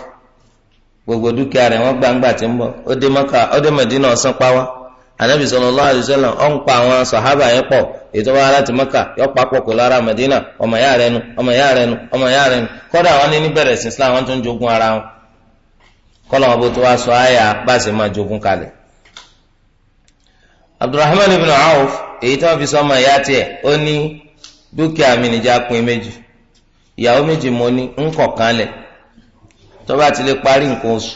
gbogbo dúkìá rẹ wọ́n gbangba ti ń bọ̀ ó dé mọ́kà ó dé mẹ́dínà ọ̀sán páwá anabi sallallahu alaihi wasallam ọ̀ ń pa àwọn sàhábà yẹn pọ̀ ètò wa láti mọ́kà yọ papọ̀ kò ya rẹ̀ nu ọmọ ya rẹ̀ nu ọmọ ya nu sí islam wọn ara wọn kọ́lọ̀ wọn bó tó wá sọ àyà bá sì máa kalẹ̀. abdulrahman ibn awf èyí fi sọ ọmọ ìyá tiẹ̀ ó ní ìyàwó méjì mo ní ń kọ̀kan lẹ̀ tó bá ti lè parí nǹkan oṣù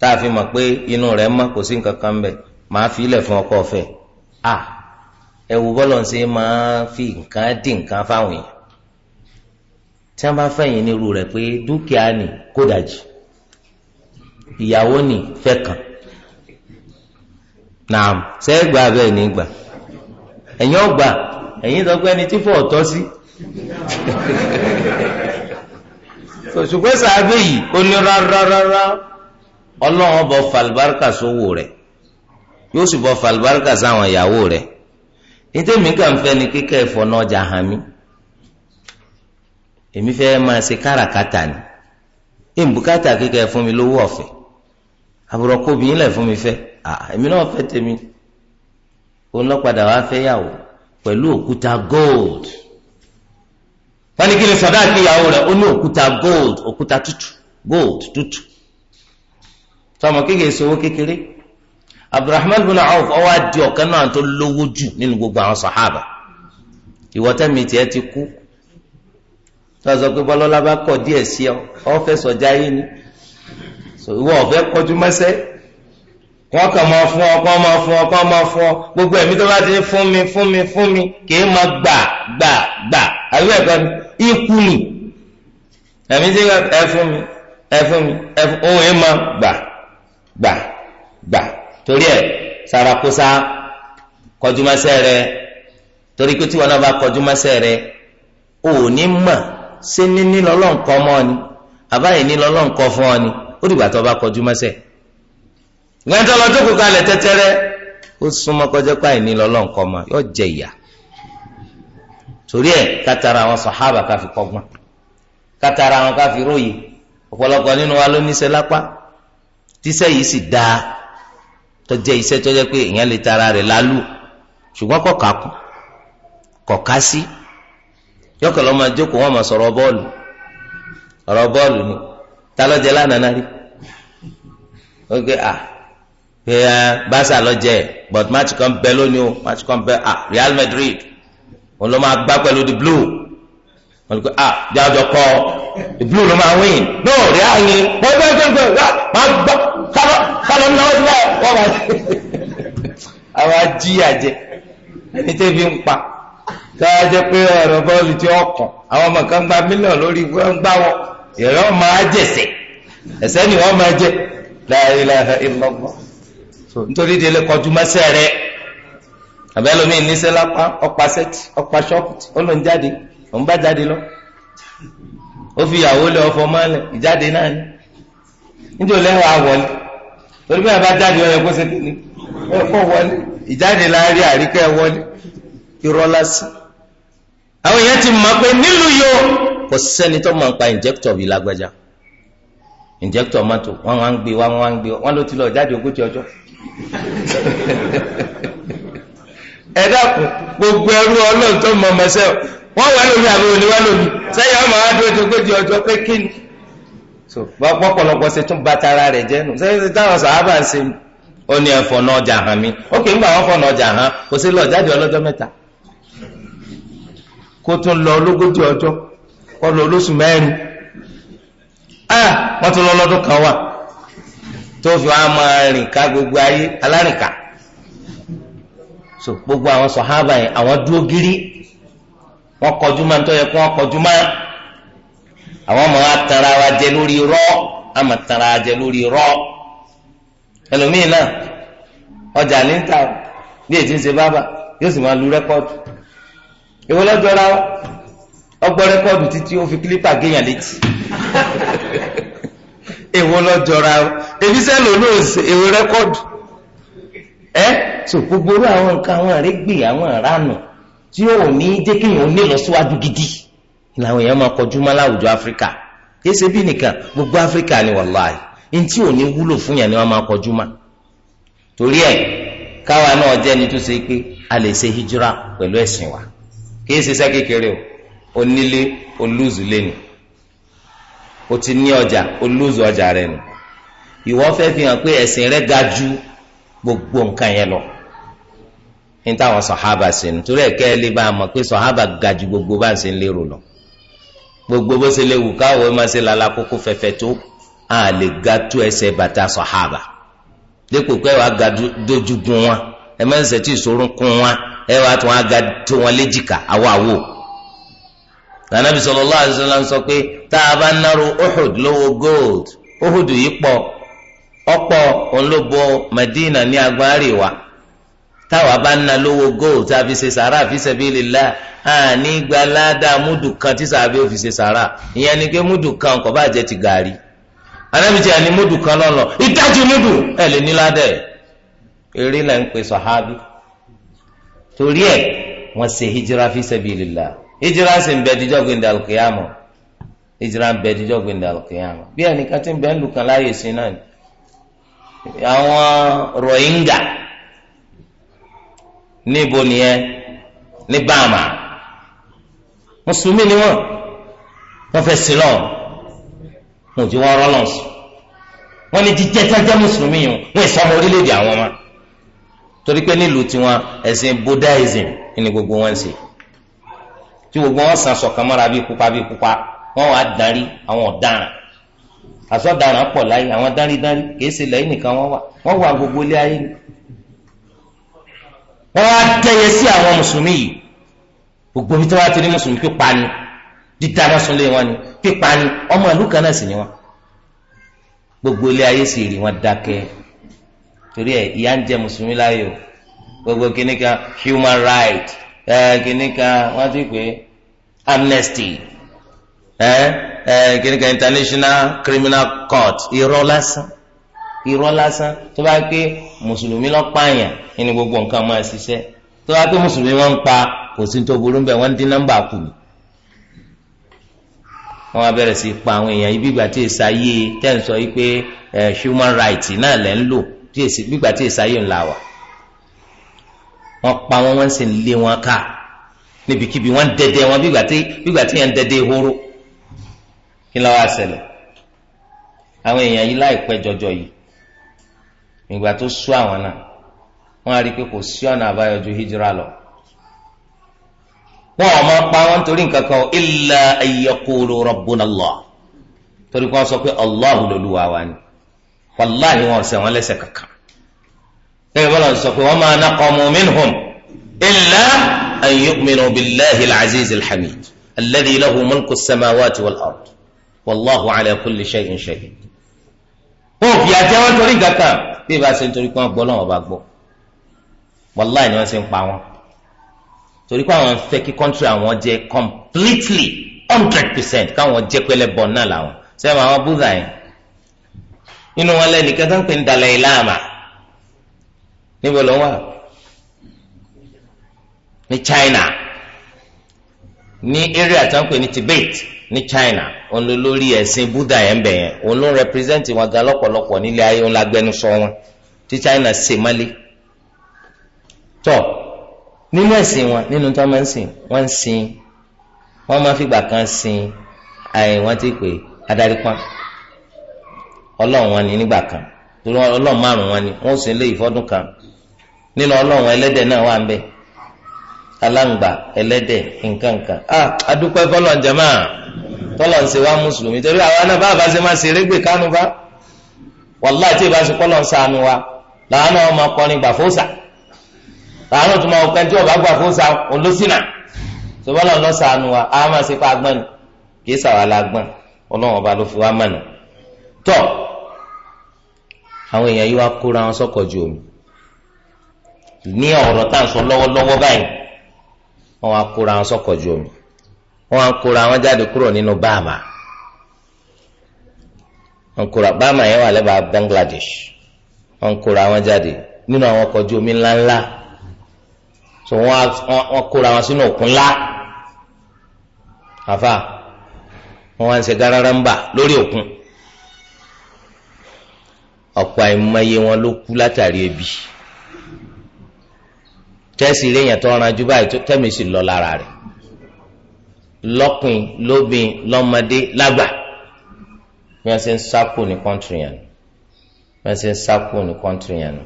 a fi mọ̀ pé inú rẹ̀ mọ́ kò sí nǹkan kan bẹ̀ màá fi ilẹ̀ fún ọkọ ọ̀fẹ́ à ẹ̀wù bọ́lọ̀ ṣe máa fi nǹkan dín nǹkan fáwọn èèyàn tí wọ́n bá fẹ̀yìn nírú rẹ̀ pé dúkìá ni kó dàjì ìyàwó ni fẹ́ kàn sẹ́gbàá bẹ́ẹ̀ ní gbà ọgbà tí fọ́ Si [laughs] ṣùgbọ́n sàbẹ̀ yìí ó ní rárára ọlọ́run bọ̀ falbarka sówó rẹ̀ yóò sì bọ̀ falbarka sáwọn ìyàwó rẹ̀ nítèmi kàn fẹ́ ni kíkẹ́ ìfọ̀nà ọjà hàn mí èmi fẹ́ máa ṣe káràkátà ni ìbùkátà kíkẹ́ fun mi lówó ọ̀fẹ́ àbúrọ̀kọ́ obìnrin lẹ̀ fún mi fẹ́ èmi náà fẹ́ tèmi òun lọ́padà wá fẹ́ yàwó pẹ̀lú òkúta gold. wọ́n ní kí ni sọ̀dá àti ìyàwó rẹ̀ ó ní òkúta gold òkúta tútù gold tútù sọmọ kékeré sowó kékeré Abdurrahman bin Auf ọwọ́ adi ọ̀kan náà tó lówó jù nínú gbogbo àwọn sàhábà ìwọ́tẹ́mi tiẹ̀ ti kú sọ pé bọ́lọ́lá bá kọ̀ díẹ̀ sí ọ ọ fẹ́ sọ̀já yé ni ìwọ ọ̀fẹ́ kọjú mẹ́sẹ́ wọ́n kàn máa fún ọ kọ́ máa fún ọ kọ́ máa fún ọ gbogbo ẹ̀mí tó bá ti fún mi fún mi fún mi kì í máa gbà gbà gbà àbí ẹ̀kọ́ ni ikuli ẹ̀mí tí ẹ fún mi ẹ fún mi ẹ fún ohun ẹ̀ máa gbà gbà gbà torí ẹ̀ sàràkóso kọjúmọ́sẹ́ rẹ torí pé tí wọn náà bá kọjúmọ́sẹ́ rẹ ò ní mọ̀ níní lọ́lọ́ǹkọ́ mọ́ ni àbáyé ní lọ́lọ́ǹkọ́ fún ọ ni ó dìgbà tó bá kọjúmọ́sẹ́ ìgbà tó lọ jókòó kalẹ̀ tẹ́tẹ́rẹ́ ó súnmọ́ kọjá pàì ní lọ́lọ́ǹkọ́ mọ́ yóò jẹ ìyà torí ẹ̀ kátàrà àwọn sàhábà káfi kọ́gbọ́n kátàrà àwọn káfi róye ọ̀pọ̀lọpọ̀ nínú wa ló níṣẹ́ lápá tíṣẹ́ yìí sì dáa tó jẹ́ iṣẹ́ tó jẹ́ pé èèyàn lè tara rẹ̀ lálù ṣùgbọ́n kọ̀ọ̀ká kú kọ̀ọ̀ká sí yọkọ̀lọ́ máa jókòó wọn máa sọ̀rọ̀ bọ́ọ̀lù ọ̀rọ̀ bọ́ọ̀lù ni ta ló jẹ lánàá náà rí ok ah bẹ́ẹ̀ bá sà ló jẹ but match kan bẹ lónìí o match kan bẹ ah Real Madrid òun ló máa gbá pẹ̀lú the blue wọ́n ti ah bí a jọ kọ́ the blue ló máa win no rí àyè wọ́n gbé gbé gbé máa gbá kálọ̀ kálọ̀ náà wọ́n ti bá wọ́n máa [laughs] àwọn ajíyà jẹ ẹni tẹ́ fi ń pa káyà jẹ pé ọ̀rọ̀ bọ́ọ̀lù tí ó kàn àwọn ọmọ kan gba mílíọ̀nù lórí wọ́n gbá wọn ìrọ̀ máa jẹ̀sẹ̀ ẹ̀sẹ̀ ni wọ́n máa jẹ la ilaha illallah nítorí délé kọjú mọ́sẹ̀ rẹ̀ àbẹ́lómi níṣẹ́ lápá ọ̀pá sẹ́tì ọ̀pá ṣọ́ọ̀pù ó ló ń jáde ó ń bá jáde lọ ó fi ìyàwó lé ọfọ mọ́lẹ̀ ìjáde náà ni níjẹ́ olẹ́wọ̀ àwọ̀lẹ̀ torí bẹ́ẹ̀ bá jáde ọ̀yọ́ kó sẹ́kì ni ẹ̀kọ́ wọlé ìjáde láàárín àríkẹ́ wọlé irọ́ lásán àwọn èèyàn ti mọ̀ pé nílùú yóò kò sẹ́ni tó máa ń pa injector bíi lágbájá injector mọ́tò wọ́n wá ń gbé wọ́n wá ń gbé wọ́n ló ti lọ jáde ogójì ọjọ́ [laughs] ẹ gbogbo ẹrú ọlọ́run tó mọ ọ wọ́n wà lómi àbí òní wà lómi sẹ́yìn ọmọ wa dúró dógójì ọjọ́ pé kí ni. so pọ́pọ́lọpọ́ ṣe tún bàtà ara rẹ̀ jẹ́ sẹ́yìn tí táwọn sàábà ń ṣe ó ní ẹ̀fọ́ náà ọjà hàn mí ó kì í gbà wọ́n fọ́ náà ọjà hàn kò sí lọ jáde ọlọ́jọ́ mẹ́ta kó tún lọ ológójì ọjọ́ ah wọ́n tún lọ lọ́dún kan wà tó fi máa rìn gbogbo ayé so gbogbo àwọn sọ̀hábà yẹn àwọn dúró gírí kọjú máa ń tọ́ yẹ kọjú máa àwọn ọmọ tara wa jẹ lórí rọ́ àmọ́ tara wa jẹ lórí rọ́ ẹlòmíín náà ọjà ní bí ètí ń ṣe bábà sì máa lu rẹ́kọ́ọ̀dù ìwọ ra títí ó fi kílípà létí ìwọ [laughs] ra ẹ so gbogbo orú àwọn nǹkan àwọn àrégbè àwọn àránù tí yóò ní jẹ́ kéèyàn ní ìlọsíwájú gidi làwọn èèyàn máa kọjú mọ́ láwùjọ áfíríkà gbogbo áfíríkà ni wàláì ní tí ò ní wúlò fún yàn ni wọ́n máa kọjú mọ́ torí ẹ̀ káwa náà jẹ́ ni tó ṣe pé a lè ṣe hijira pẹ̀lú ẹ̀sìn wa kìí ṣe kékeré o onílé olóòzù lẹ́nu o ti ní ọjà olóòzù ọjà rẹ nù fẹ́ fi hàn pé ẹ̀sìn ga ju gbogbo nǹkan yẹn lọ ní táwọn sọ̀hábà sí ni torí ẹ̀kẹ́ lè bá a mọ̀ pé sọ̀hábà ga ju gbogbo bá ń ṣe ń lérò lọ gbogbo bó ṣe lè wù káwọ́ máa ṣe lala kókó fẹ́fẹ́ tó a lè ga tó ẹsẹ̀ bàtà sọ̀hábà dípò pé wàá ga dojúgun wọn ẹ máa ń ṣètì ìsorúnkún wọn ẹ wàá tún wàá ga tó wọn léjìká àwọ àwò nànàbì sallallahu alaihi wasallam sọ pé tá a bá náró Uhud lówó gold Uhud yìí pọ̀ ọ̀pọ̀ olóbo Medina ní agbárí wa táwa bá ń na lówó tá a fi ṣe sàrà fi sabilillah àní gbalada múdù kan tí sàbí ò fi ṣe sàrà ìyẹn ni pé múdù kan kò bá jẹ ti gàrí anábìtì àní múdù kan lọ́nà ìdájú múdù ẹ̀ lè ní eré ń pè torí ẹ̀ wọ́n ṣe hijira fi sabilillah hijira sì ń bẹ díjọ́ gbẹ̀ndà al hijira ń bẹ díjọ́ gbẹ̀ndà bí ẹnìkan ti ń bẹ ń àwọn Rohingya níbo nìyẹn ní Burma mùsùlùmí ni wọn wọn fẹẹ sí lọ wọn ò ti wọn rọ lọ sùn wọn ní jíjẹ tájá mùsùlùmí yìí wọn ìsọ ọmọ orílẹ̀-èdè àwọn ọmọ torí pé nílùú tiwọn ẹ̀sìn Buddhism ni gbogbo wọn ń ṣe tí gbogbo wọn sàn sọkàn mọ́ra bíi pupa bíi pupa wọn wà á darí àwọn ọ̀daràn àsọdaràn pọ̀ láyé àwọn dáridári kìí ṣe nìkan wọ́n wà wọ́n wà gbogbo ilé ayé ni wọ́n á tẹ́yẹ sí àwọn mùsùlùmí yìí gbogbo ibi tí wọ́n á ti rí mùsùlùmí pípa ni dídá mọ́sùlùmí wọn ni pípa ni ọmọ ìlú kan náà sì ni wọn gbogbo ilé ayé sì rí wọn dákẹ́ torí ẹ ìyà ń jẹ mùsùlùmí láyé o gbogbo kìnnìkan human right kìnnìkan wọ́n ti pè amnesty. Eh? ẹ kìnìkan international criminal court irọ́ lásán irọ́ lásán tó bá pé mùsùlùmí ló pààyàn ní gbogbo nǹkan máa ṣiṣẹ́ tó bá pé mùsùlùmí wọ́n ń pa kò sí tó burú bẹ́ẹ̀ wọ́n ń dín nọ́mbà kù wọ́n á bẹ̀rẹ̀ sí pa àwọn èèyàn ibi ìgbà tí èsì ayé tẹ̀ ń sọ yìí pé human rights náà lẹ́ ń lò bí ìgbà tí èsì ayé ń la wà wọ́n pa wọn wọ́n sì ń lé wọn ká níbikíbi wọ́n ń dẹdẹ wọn bí ìgbà tí yẹn ń dẹdẹ ehoro kí ló wá ṣẹlẹ̀ àwọn èèyàn yìí láìpẹ́ jọjọ yìí ìgbà tó sú àwọn náà wọ́n á rí i pé kò sí ọ̀nà àbáyọ ju hijira lọ wọn ò máa pa wọn torí nǹkan kan illa an yaqulu rabbuna torí kí wọ́n sọ pé Allahu lolúwa wa ni wàláhì wọn ọ̀sẹ̀ wọn lẹ́sẹ̀ kankan gẹ́gẹ́ bọ́lá sọ pé wọ́n máa naqamu minhum illa an yu'minu billahi aziz al-hamid alladhi lahu mulku as-samawati wal wallahu ala kulli shay'in shahid. wọn ò fìyà jẹ wọn torí nǹkan kan bí ìbá ṣe ń torí pé wọn gbọ́ lọ́wọ́ bá gbọ́ wàláì ni wọ́n ṣe ń pa wọn torí pé àwọn fẹ́ kí country àwọn jẹ completely hundred percent káwọn jẹ pẹlẹbọ náà làwọn sẹ́wọ̀n àwọn búdà yẹn nínú wọn lẹ́nu kẹta ń pè ní Dalai Lama níbo ló wà ní China ní area tó pè ní Tibet ní China. òun ló lórí ẹ̀sìn buddha yẹn bẹ̀ yẹn òun ló ń represent wọn gan lọ́pọ̀lọpọ̀ nílé ayé lágbẹnusọ wọn China ṣe mali. tọ nínú ẹ̀sìn wọn nínú tí wọ́n máa ń sìn wọ́n ń sìn wọ́n máa fìgbà kan sìn ti pè adarí pọ́n ọlọ́run wọn ni nígbà kan torí márùn wọn ni wọ́n sì kan nínú náà wà ń tọ́lọ̀ ń ṣe wá mùsùlùmí torí àwa náà bá àbáṣe máa ṣe régbè kánú bá wàláì tí ìbáṣe kọ́lọ̀ ń sànù wa làwọn náà máa kọrin gbà fóòsà làwọn náà tún máa kọrin tí ọba gbà fóòsà olóṣìnà ṣùgbọ́n náà lọ sànù wa a máa ṣe pa agbọ́n ni kì í sàwà la gbọ́n ọba ló fi wá mọ̀nà tọ́ àwọn èèyàn yìí wá kóra wọn sọ́kọ̀ ju omi ní ọ̀rọ̀ tá à ń sọ lọ́wọ́lọ́wọ́ báyìí wọ́n wá kóra wọn sọ́kọ̀ ju omi wọ́n á kóra wọn jáde kúrò nínú báàmà wọ́n kóra báàmà yẹn wà lẹ́bàá Bangladesh wọ́n kóra wọn jáde nínú àwọn ọkọ̀ ojú omi ńláńlá so wọ́n kóra wọn sínú òkun ńlá àfa wọ́n wá ń ṣe gararamba lórí òkun ọ̀pọ̀ àìmọye wọn ló kú látàrí ebi tẹ́sí ilé yẹn tó ọ̀ràn jù báyìí tẹ́mi sì lọ lára rẹ̀ lọ́kùnrin lóbìn lọ́mọdé lágbà bí wọ́n ṣe ń sákò ní kọ́ńtìrì yẹn bí wọ́n ṣe ń sákò ní kọ́ńtìrì yẹn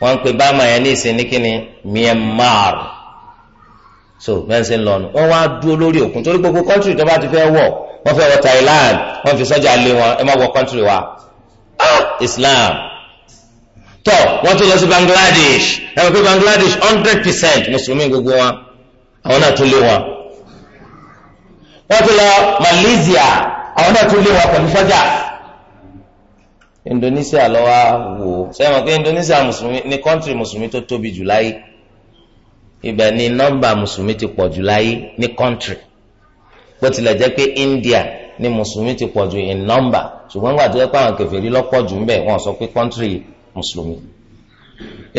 wọ́n ń pè báàmà yẹn ní ìsìn ní kíni Myanmar so bí wọ́n ṣe ń lọ́nu wọ́n wá dúró lórí òkun torí gbogbo kọ́ńtìrì tó bá ti fẹ́ wọ̀ wọ́n fẹ́ wọ Thailand wọ́n fi sọ́jà lé wọn ẹ má wọ kọ́ńtìrì wa ah! Islam tọ wọ́n tún lọ sí Bangladesh ẹ mọ̀ pé Bangladesh hundred percent mùsùlùmí gbogbo wọn àwọn náà tún lé wọn wọ́n ti lọ Malaysia àwọn náà tún lé wọn pẹ̀lú sọ́jà Indonesia lọ wá wò ó sẹ́wọ̀n pé Indonesia mùsùlùmí ni kọ́ńtìrì mùsùlùmí tó tóbi jù láyé ibẹ̀ ni nọ́mbà mùsùlùmí ti pọ̀ jù láyé ní kọ́ńtìrì bó tilẹ̀ jẹ́ pé India ni mùsùlùmí ti pọ̀ jù in nọ́mbà ṣùgbọ́n gbà tó yẹ pé àwọn kèfèrí lọ́pọ̀ jù ń bẹ̀ wọ́n sọ pé kọ́ńtìrì mùsùlùmí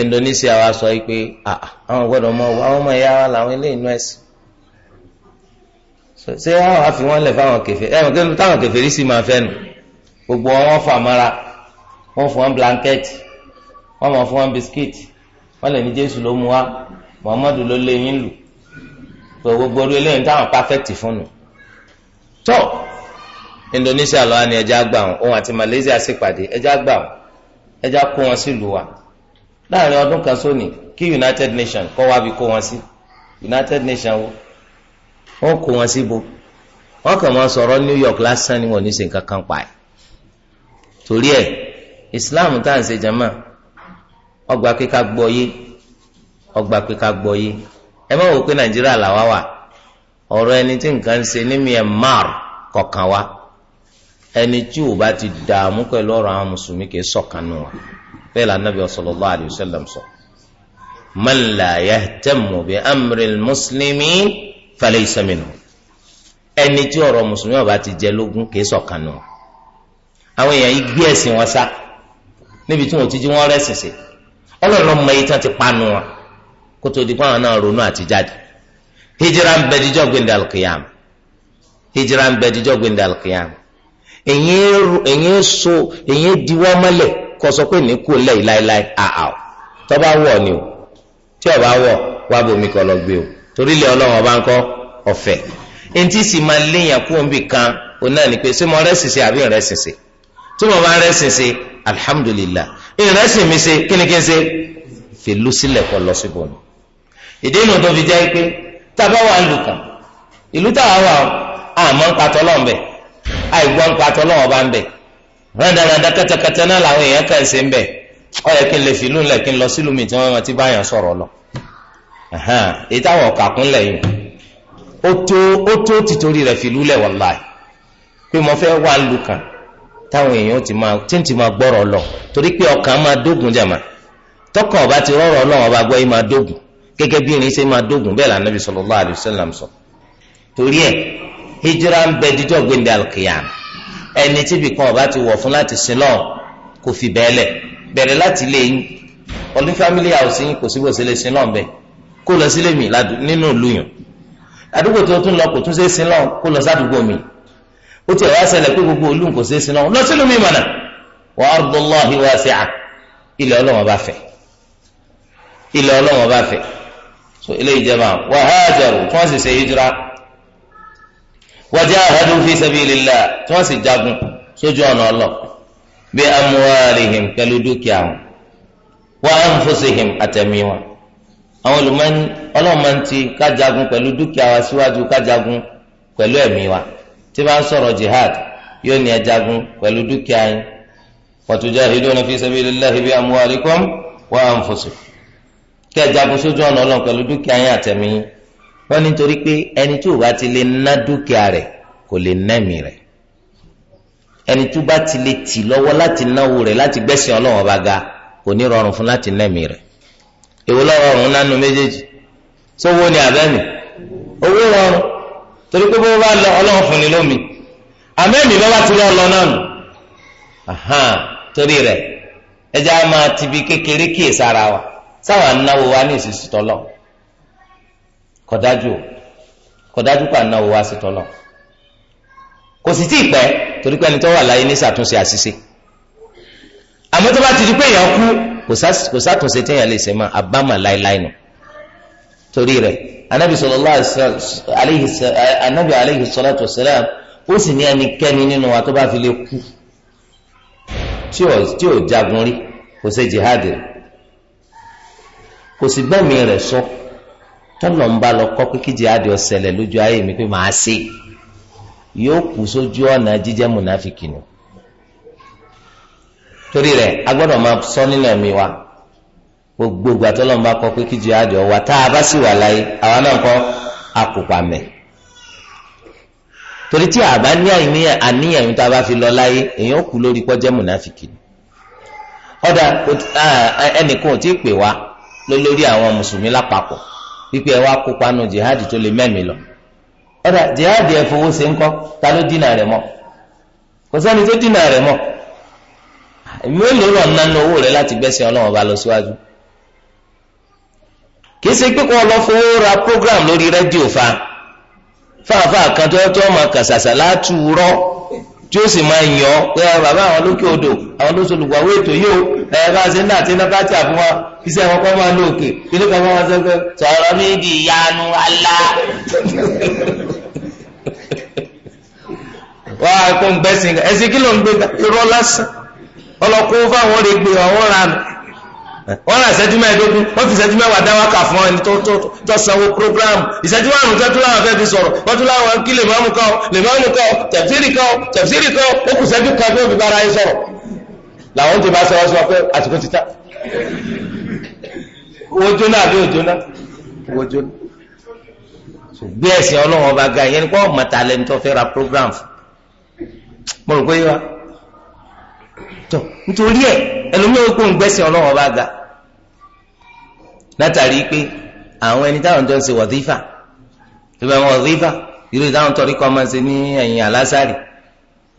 Indonesia wa sọ pé ah, ah, àwọn gbọ́dọ̀ mọ àwọn ọmọ ìyá wa làwọn ilé ṣé wọn wá fi wọn lẹ fáwọn kẹfẹ ẹ wọn kẹfẹ táwọn kẹfẹ rí sí máa fẹ nu gbogbo wọn fà mọ́ra wọn fún wọn blanket wọn mọ fún wọn biscuit wọn lè ní jésù ló mú wa muhammadu ló lé yín lù tó gbogbo orí eléyìí táwọn perfect fún nu tó Indonesia lọ́wọ́ ni ẹja gbà wọn òun àti Malaysia sì pàdé ẹja gbà wọn ẹja kó wọn sí lù wa láàrin ọdún kan sóni kí United Nations kọ́ wá bí kó wọn sí United Nations wo. wọ́n kó wọn síbo wọ́n kàn máa sọ̀rọ̀ New York lásán ni wọ́n ní ṣe nǹkan pa ẹ̀ torí ẹ̀ Islam tá à ń ṣe jama ọgbà kíkà gbọ́ yé ọgbà kíkà gbọ́ yé ẹ má wò pé Nàìjíríà làwa wà ọ̀rọ̀ ẹni tí nǹkan ń ṣe ní Myanmar wa ẹni tí ò bá ti dààmú pẹ̀lú ọ̀rọ̀ àwọn mùsùlùmí kì í nù bẹ́ẹ̀ la sọ amri falaysa minhu ẹni tí ọ̀rọ̀ mùsùlùmí ọba ti jẹ lógún kìí sọ̀kan nù àwọn èèyàn yìí gbé ẹ̀sìn wọn sá níbi tí wọn ti jí wọn rẹ́sìn sí ọlọ́run mọ èyí tí wọ́n ti panu wọn kó tó di pàwọn náà ronú àti jáde hijira ń bẹ díjọ́ gbẹ̀ndẹ̀ alkiyam hijira ń bẹ díjọ́ gbẹ̀ndẹ̀ alkiyam èyí so èyí diwọ́ mọ́lẹ̀ kó sọ pé ní kú lẹ́yìn láéláé àá tọ́ bá wọ̀ ni o tí ọba wọ̀ wá bomi kọ́ lọ gbé o torí ilé ọlọ́run ọba ń kọ́ ọ̀fẹ́ ntí sì máa léèyàn kú òǹbì kan òun náà ni pé ṣé mo rẹ́sìn sí àbí ìrẹ́sìn sí tí mo bá rẹ́sìn sí alihamudulilayi ìrẹ́sìn mi ṣe kínníkín ṣe fèlú sílẹ̀ kọ́ lọ síbò ni ìdí inú tó fi jẹ́ pé tábà wà lù kàn ìlú táwa wà àmọ́ ń patọ́ lọ́n bẹ̀ àìgbọ́n ń patọ́ lọ́wọ́ bá ń bẹ̀ rádaràdà kẹtẹkẹtẹ náà làwọn èèyàn kàn ṣe ń bẹ̀ ó kí n lè fìlú ńlẹ̀ kí n lọ sílùmí tí wọ́n ti báyàn sọ̀rọ̀ lọ. èyí táwọn yìí ó tó ó tó tìtorí rẹ̀ pé mo fẹ́ wá lu táwọn èèyàn ti máa tí ń ti máa gbọ́rọ̀ lọ torí pé ọkàn máa dógùn jàmà ọba ti rọrọ Ọlọ́run ọba gbọ́ yìí máa dógùn gẹ́gẹ́ bí irin ṣe máa dógùn bẹ́ẹ̀ lànà bíi alaihi sọ torí hijira ń bẹ dídọ́ alkiyam ẹni tíbi kan ọba ti wọ̀ fún láti sin lọ́ọ̀ kò fi bẹ́ẹ̀ lẹ̀ bẹ̀rẹ̀ láti yín ọdún kó lọ sílé mi nínú ìlú yàn àdúgbò tó tún lọ kò tún ṣe é sin lọ́wọ́ kó lọ sádùúgbò mi ó ti ẹ̀wá ṣẹlẹ̀ pé gbogbo olú kò ṣe é sin lọ́wọ́ lọ sílùú mi mọ̀nà wa ardullahi wasi'a ilẹ̀ ọlọ́wọ́n bá fẹ̀ ilẹ̀ ọlọ́wọ́n bá fẹ̀ so ilé ìjẹba wa hajaru tí wọ́n sì ṣe hijira wa jahadu fi sabilillah tí wọ́n sì jagun sójú ọ̀nà ọlọ́ bi amwalihim pẹ̀lú dúkìá wọn wa anfusihim àtẹ̀mí wọn. àwọn olùmọ̀ẹ́ni ọlọ́run máa ń ti kájagun pẹ̀lú dúkìá wa síwájú kájagun pẹ̀lú ẹ̀mí wa tí bá ń sọ̀rọ̀ jihad yóò ní ẹjagun pẹ̀lú dúkìá yín fi wa sójú ọ̀nà ọlọ́run pẹ̀lú dúkìá yín àtẹ̀mí yín wọ́n ní torí pé ẹni tí ò bá ti lè ná dúkìá tì lọ́wọ́ láti náwó rẹ̀ láti ọlọ́run ọba ga kò ní rọrùn fún láti rẹ̀ èwo lọ́wọ́ ọ̀run nánú méjèèjì sówó ni àbẹ́mi owó rọrùn torí pé bó bá lọ ọlọ́run fún ni lómi àmẹ́mi bá bá ti lọ lọ náà nù torí ti bi kékeré wa sawa anáwó wa ní ìsìsì tọ́lọ̀ kọ̀dájú kọ̀dájú kó anáwó wa sí tọ́lọ̀ kò sì tí ì pẹ́ torí pé ẹni tó wà láyé ní sàtúnṣe àṣìṣe àmọ́ tó kò sátúnṣe téèyàn lè ṣe mọ́ àbámọ̀ láéláé nù torí rẹ̀ anabi sọlọ alayhi anabi alayhi salatu wasalam ó sì ní nínú wa tó bá fi lè kú tí ò jagun rí kò ṣe jihad rẹ̀ kò sì gbẹ́mí rẹ̀ sọ tọ́lọ̀ ń bá lọ kọ́ pé kí jihad lójú ayé mi pé màá ṣe yóò kù sójú torí rẹ̀ a máa sọ nínú wa gbogbo ìgbà kọ pé kí jihad tá a bá sì wà láyé àwa náà kọ́ akópa mẹ́ torí tí a bá ní àníyàn yìí tá a bá fi lọ láyé èèyàn kú lórí pọ́jẹ́ mùnáfìkì ọ̀dà ẹnìkan ò tí lọ ọ̀dà jihad ẹ fowó ṣe ń kọ́ ta ló dínà mélòó lọ nánú owó rẹ láti bẹ́sẹ̀ ọlọ́run bá lọ síwájú kìí ṣe pé kó o lọ fowó ra program lórí rédíò fa fáfá kan tó tó ọmọ kàṣàṣà látúrọ tí ó sì máa yàn ọ pé bàbá àwọn lókè odò àwọn lóṣù olùgbàwé ètò yìí ó ẹ bá ṣe náà tí náà tí àfihàn iṣẹ́ wọn kọ́ máa lóòkè kí ló kọ́ máa sọ pé sọ̀rọ̀ mi di ìyanu alá [laughs] wàá kó ń gbẹ́sìn ẹ̀sìn kí ló ń gbé irọ́ lásán ọlọ́kú fáwọn ọ̀rẹ́ gbé ọ̀hún ránù wọ́n rà ìṣẹ́jú mẹ́ẹ̀ẹ́dógún wọ́n fi ìṣẹ́jú mẹ́wàá dá wákà fún ẹni tó sanwó programu ìṣẹ́jú márùn tó tún láwọn fẹ́ fi sọ̀rọ̀ wọ́n tún láwọn kí lè mọ́mú kan lè mọ́mú kan tẹ̀fsírì kan tẹ̀fsírì kan ó kù ìṣẹ́jú kan tó fi bára yín sọ̀rọ̀ làwọn tó bá sọ̀rọ̀ sọ pé àsìkò ti ta owó jóná àbí òjóná owó jóná bí ẹ̀sìn ọlọ́wọ́n bá ga ìyẹn ni pé ọ̀ tó nítorí ẹ ẹlòmíràn kò ń gbẹ́sìn ọlọ́wọ́ bá ga látàrí pé àwọn ẹni táwọn jọ ń ṣe wọ̀dífà tó bá wọn wọ̀dífà irú táwọn tọrí kọ́ máa ń ṣe ní ẹ̀yìn àlásàrì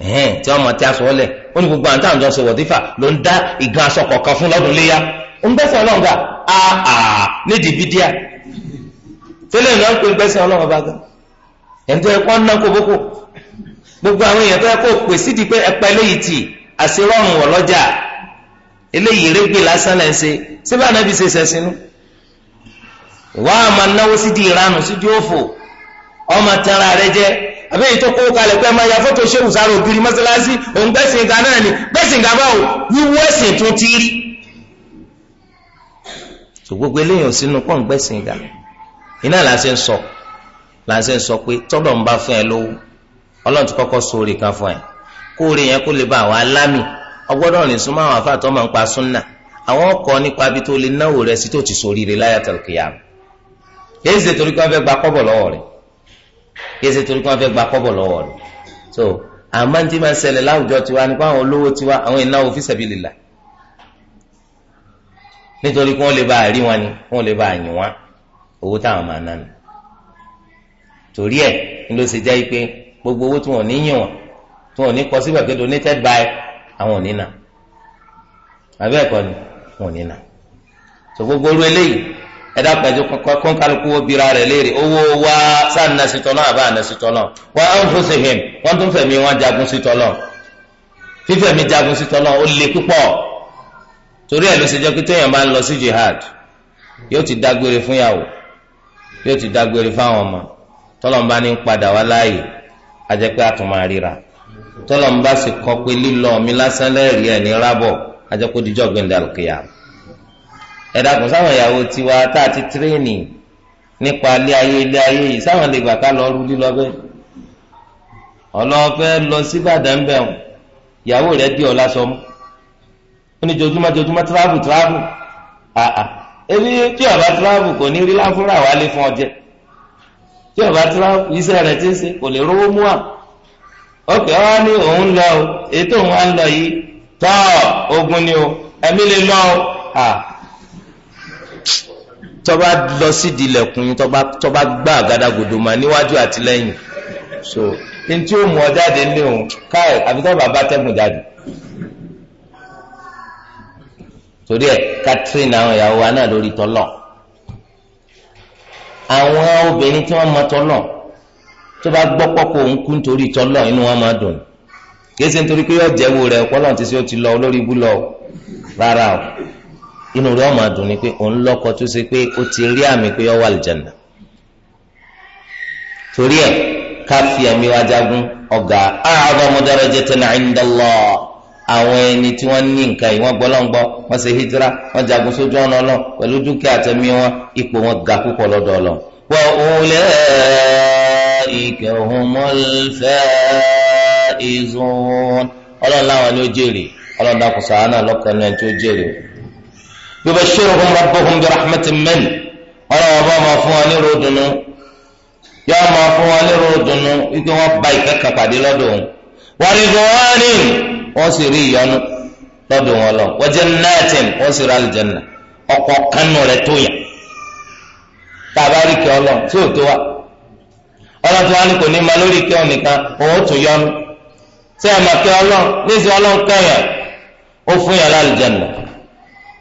ẹ̀hẹ́n tí wọ́n mọ̀ tí a sọ ọ́ lẹ̀ ó ní gbogbo àwọn táwọn jọ ń ṣe wọ̀dífà ló ń dá ìgbọ̀n aṣọ kọ̀ọ̀kan fún lọ́dún léyà ó ń gbẹ́sìn ọlọ́wọ́ ga ẹ̀ ń tẹ́ ẹ kọ́ ń ná kóbókó kó pèsè di àṣírọ́rùn wọ̀ lọ́jà eléyìí régbè lásán lẹ́ ń ṣe síbẹ̀ ànábì ṣe sẹ́sínú ìwà àmà náwó sídìí ìranù sídìí òfò ọmọ tẹnra rẹ jẹ àbí èyí tó kó kalẹ̀ pé máa ya fọ́tò ṣé òsàrò ògiri mọ́sálásí òun gbẹ́sìn ga náà ni gbẹ́sìn ga báwo wíwú ẹ̀sìn tó ti rí. tó gbogbo eléyìí ò sínú pọ́ǹ gbẹ́sìn ga iná là ń sọ là ń sọ pé tọ́lọ̀ ń bá fún ẹ lówó ọlọ́run ti kọ́kọ́ sóore kan fún ẹ kóore yẹn kó lè bá àwọn alámì ọgbọ́dọ̀ rìn súnmọ́ àwọn afáàtọ́ máa ń pa súnà àwọn ọkọ̀ nípa bí tó lè náwó rẹ sí tó ti sòríire láyà tẹ̀lùkìyà yéé ṣe torí kí fẹ́ gba kọ́bọ̀ lọ́wọ́ rẹ̀ yéé ṣe torí kí fẹ́ gba kọ́bọ̀ lọ́wọ́ rẹ̀ so àmọ́ tí máa ń ṣẹlẹ̀ láwùjọ tiwa nípa àwọn olówó tiwa àwọn ìnáwó fi sabilillah nítorí kí wọ́n lè bá rí wọn ni kí wọ́n lè bá yìn wọn owó táwọn máa ná nù torí ẹ̀ ń jẹ́ pé gbogbo owó tí wọ́n ní yìn wọn tí wọn si ní kọ síbẹ̀ pé donated by àwọn ò nà àbẹ́ ẹ̀kọ́ ni wọn ò nà tó gbogbo orú eléyìí bira léèrè owó wa sáà sí àbá sí wọn á ń fún sí him wọn tún fẹ̀mí jagun sí na fífẹ̀mí jagun sí ó le púpọ̀ torí ẹ̀ ló ṣe jẹ́ pé jihad yóò ti dágbére fún yóò ti dágbére fáwọn ọmọ tọ́lọ́mbá ní padà wá láàyè tọ́lọ́mbà sì kọ́ pé lílọ mi lásán lẹ́rìí ẹ̀ ní rábọ̀ ajẹ́kó dijọ́ gbẹ̀ndàlùkìyà ẹ dákun sáwọn ìyàwó tiwa tá a ti tírẹ́ẹ̀nì nípa ilé ayé ilé ayé yìí sáwọn lè gbà ká lọ rú lílọ bẹ́ẹ̀ ọlọ́ọ̀fẹ́ lọ síbàdàn bẹ́ẹ̀ ìyàwó rẹ̀ di ọ̀la sọmú ó ní jojúmọ́ jojúmọ́ tíráàbù tíráàbù àà ebi tí ọba tíráàbù kò ní rí láfúrà wálé fún ọjẹ tí ọba tíráàbù iṣẹ́ rẹ̀ ti ń ṣe kò lè rówó mú à ọkẹ ọ ní òun lọ o ètò òun á ń lọ yìí tọ ogun ni o ẹmí lè lọ o à tọba lọ sídìí ilẹ̀kùn yín tọba tọba gbá àgádágodo mà níwájú àti lẹ́yìn so ntí ó mú ọ jáde ní òun káì àfi tọ́ bàbá tẹ́gùn jáde torí ẹ Catherine àwọn ìyàwó wa náà lórí tọ́lọ̀ àwọn obìnrin tí wọ́n mọ tọ́lọ̀ tó bá gbọ́ pọ́pọ́ òun kú nítorí inú wọn máa dùn kéésì nítorí pé rẹ rẹ̀ ọ̀pọ̀lọ́ ti ti lọ olórí ibú lọ rárá o inú dùn ni pé òun lọ́kọ tó ṣe pé ó ti rí àmì pé ó wà àlùjànnà torí ẹ̀ ká fi ẹ̀mí wa jagun ọ̀gá a'zamu darajatan 'inda Allah àwọn ẹni tí wọ́n ní nǹkan yìí wọ́n gbọ́lọ́ngbọ́ wọ́n ṣe hijira wọ́n jagun sójú ọ̀nà Ọlọ́run pẹ̀lú dúkìá àtẹ̀mí wọn أولئك هم الفائزون ọlọ́run láwọn ni ó jèrè ọlọ́run náà kò sàánà lọ́kàn náà tí ó jèrè yubashshiruhum rabbuhum bi rahmatin min ọlọ́run bá máa fún wọn ní ròdùnú yóò máa fún wọn ní ròdùnú wípé wọ́n bá ìkẹ́kẹ́ pàdé lọ́dọ̀ wọn wa ridwanin wọ́n sì rí ìyọnu lọ́dọ̀ wọn lọ wa jannatin wọ́n sì rí aljanna ọkọ̀ kanú rẹ̀ tó yà tàbá rí kẹ́ ọlọ́run tí ò tó wa. ọlọ́tún wa ni kò ní ma lórí kí ọ nìkan òun tún yọnu tí a máa kí ọlọ́n níṣẹ́ ọlọ́n kẹyàn ó fún yàrá àlùjẹ̀nà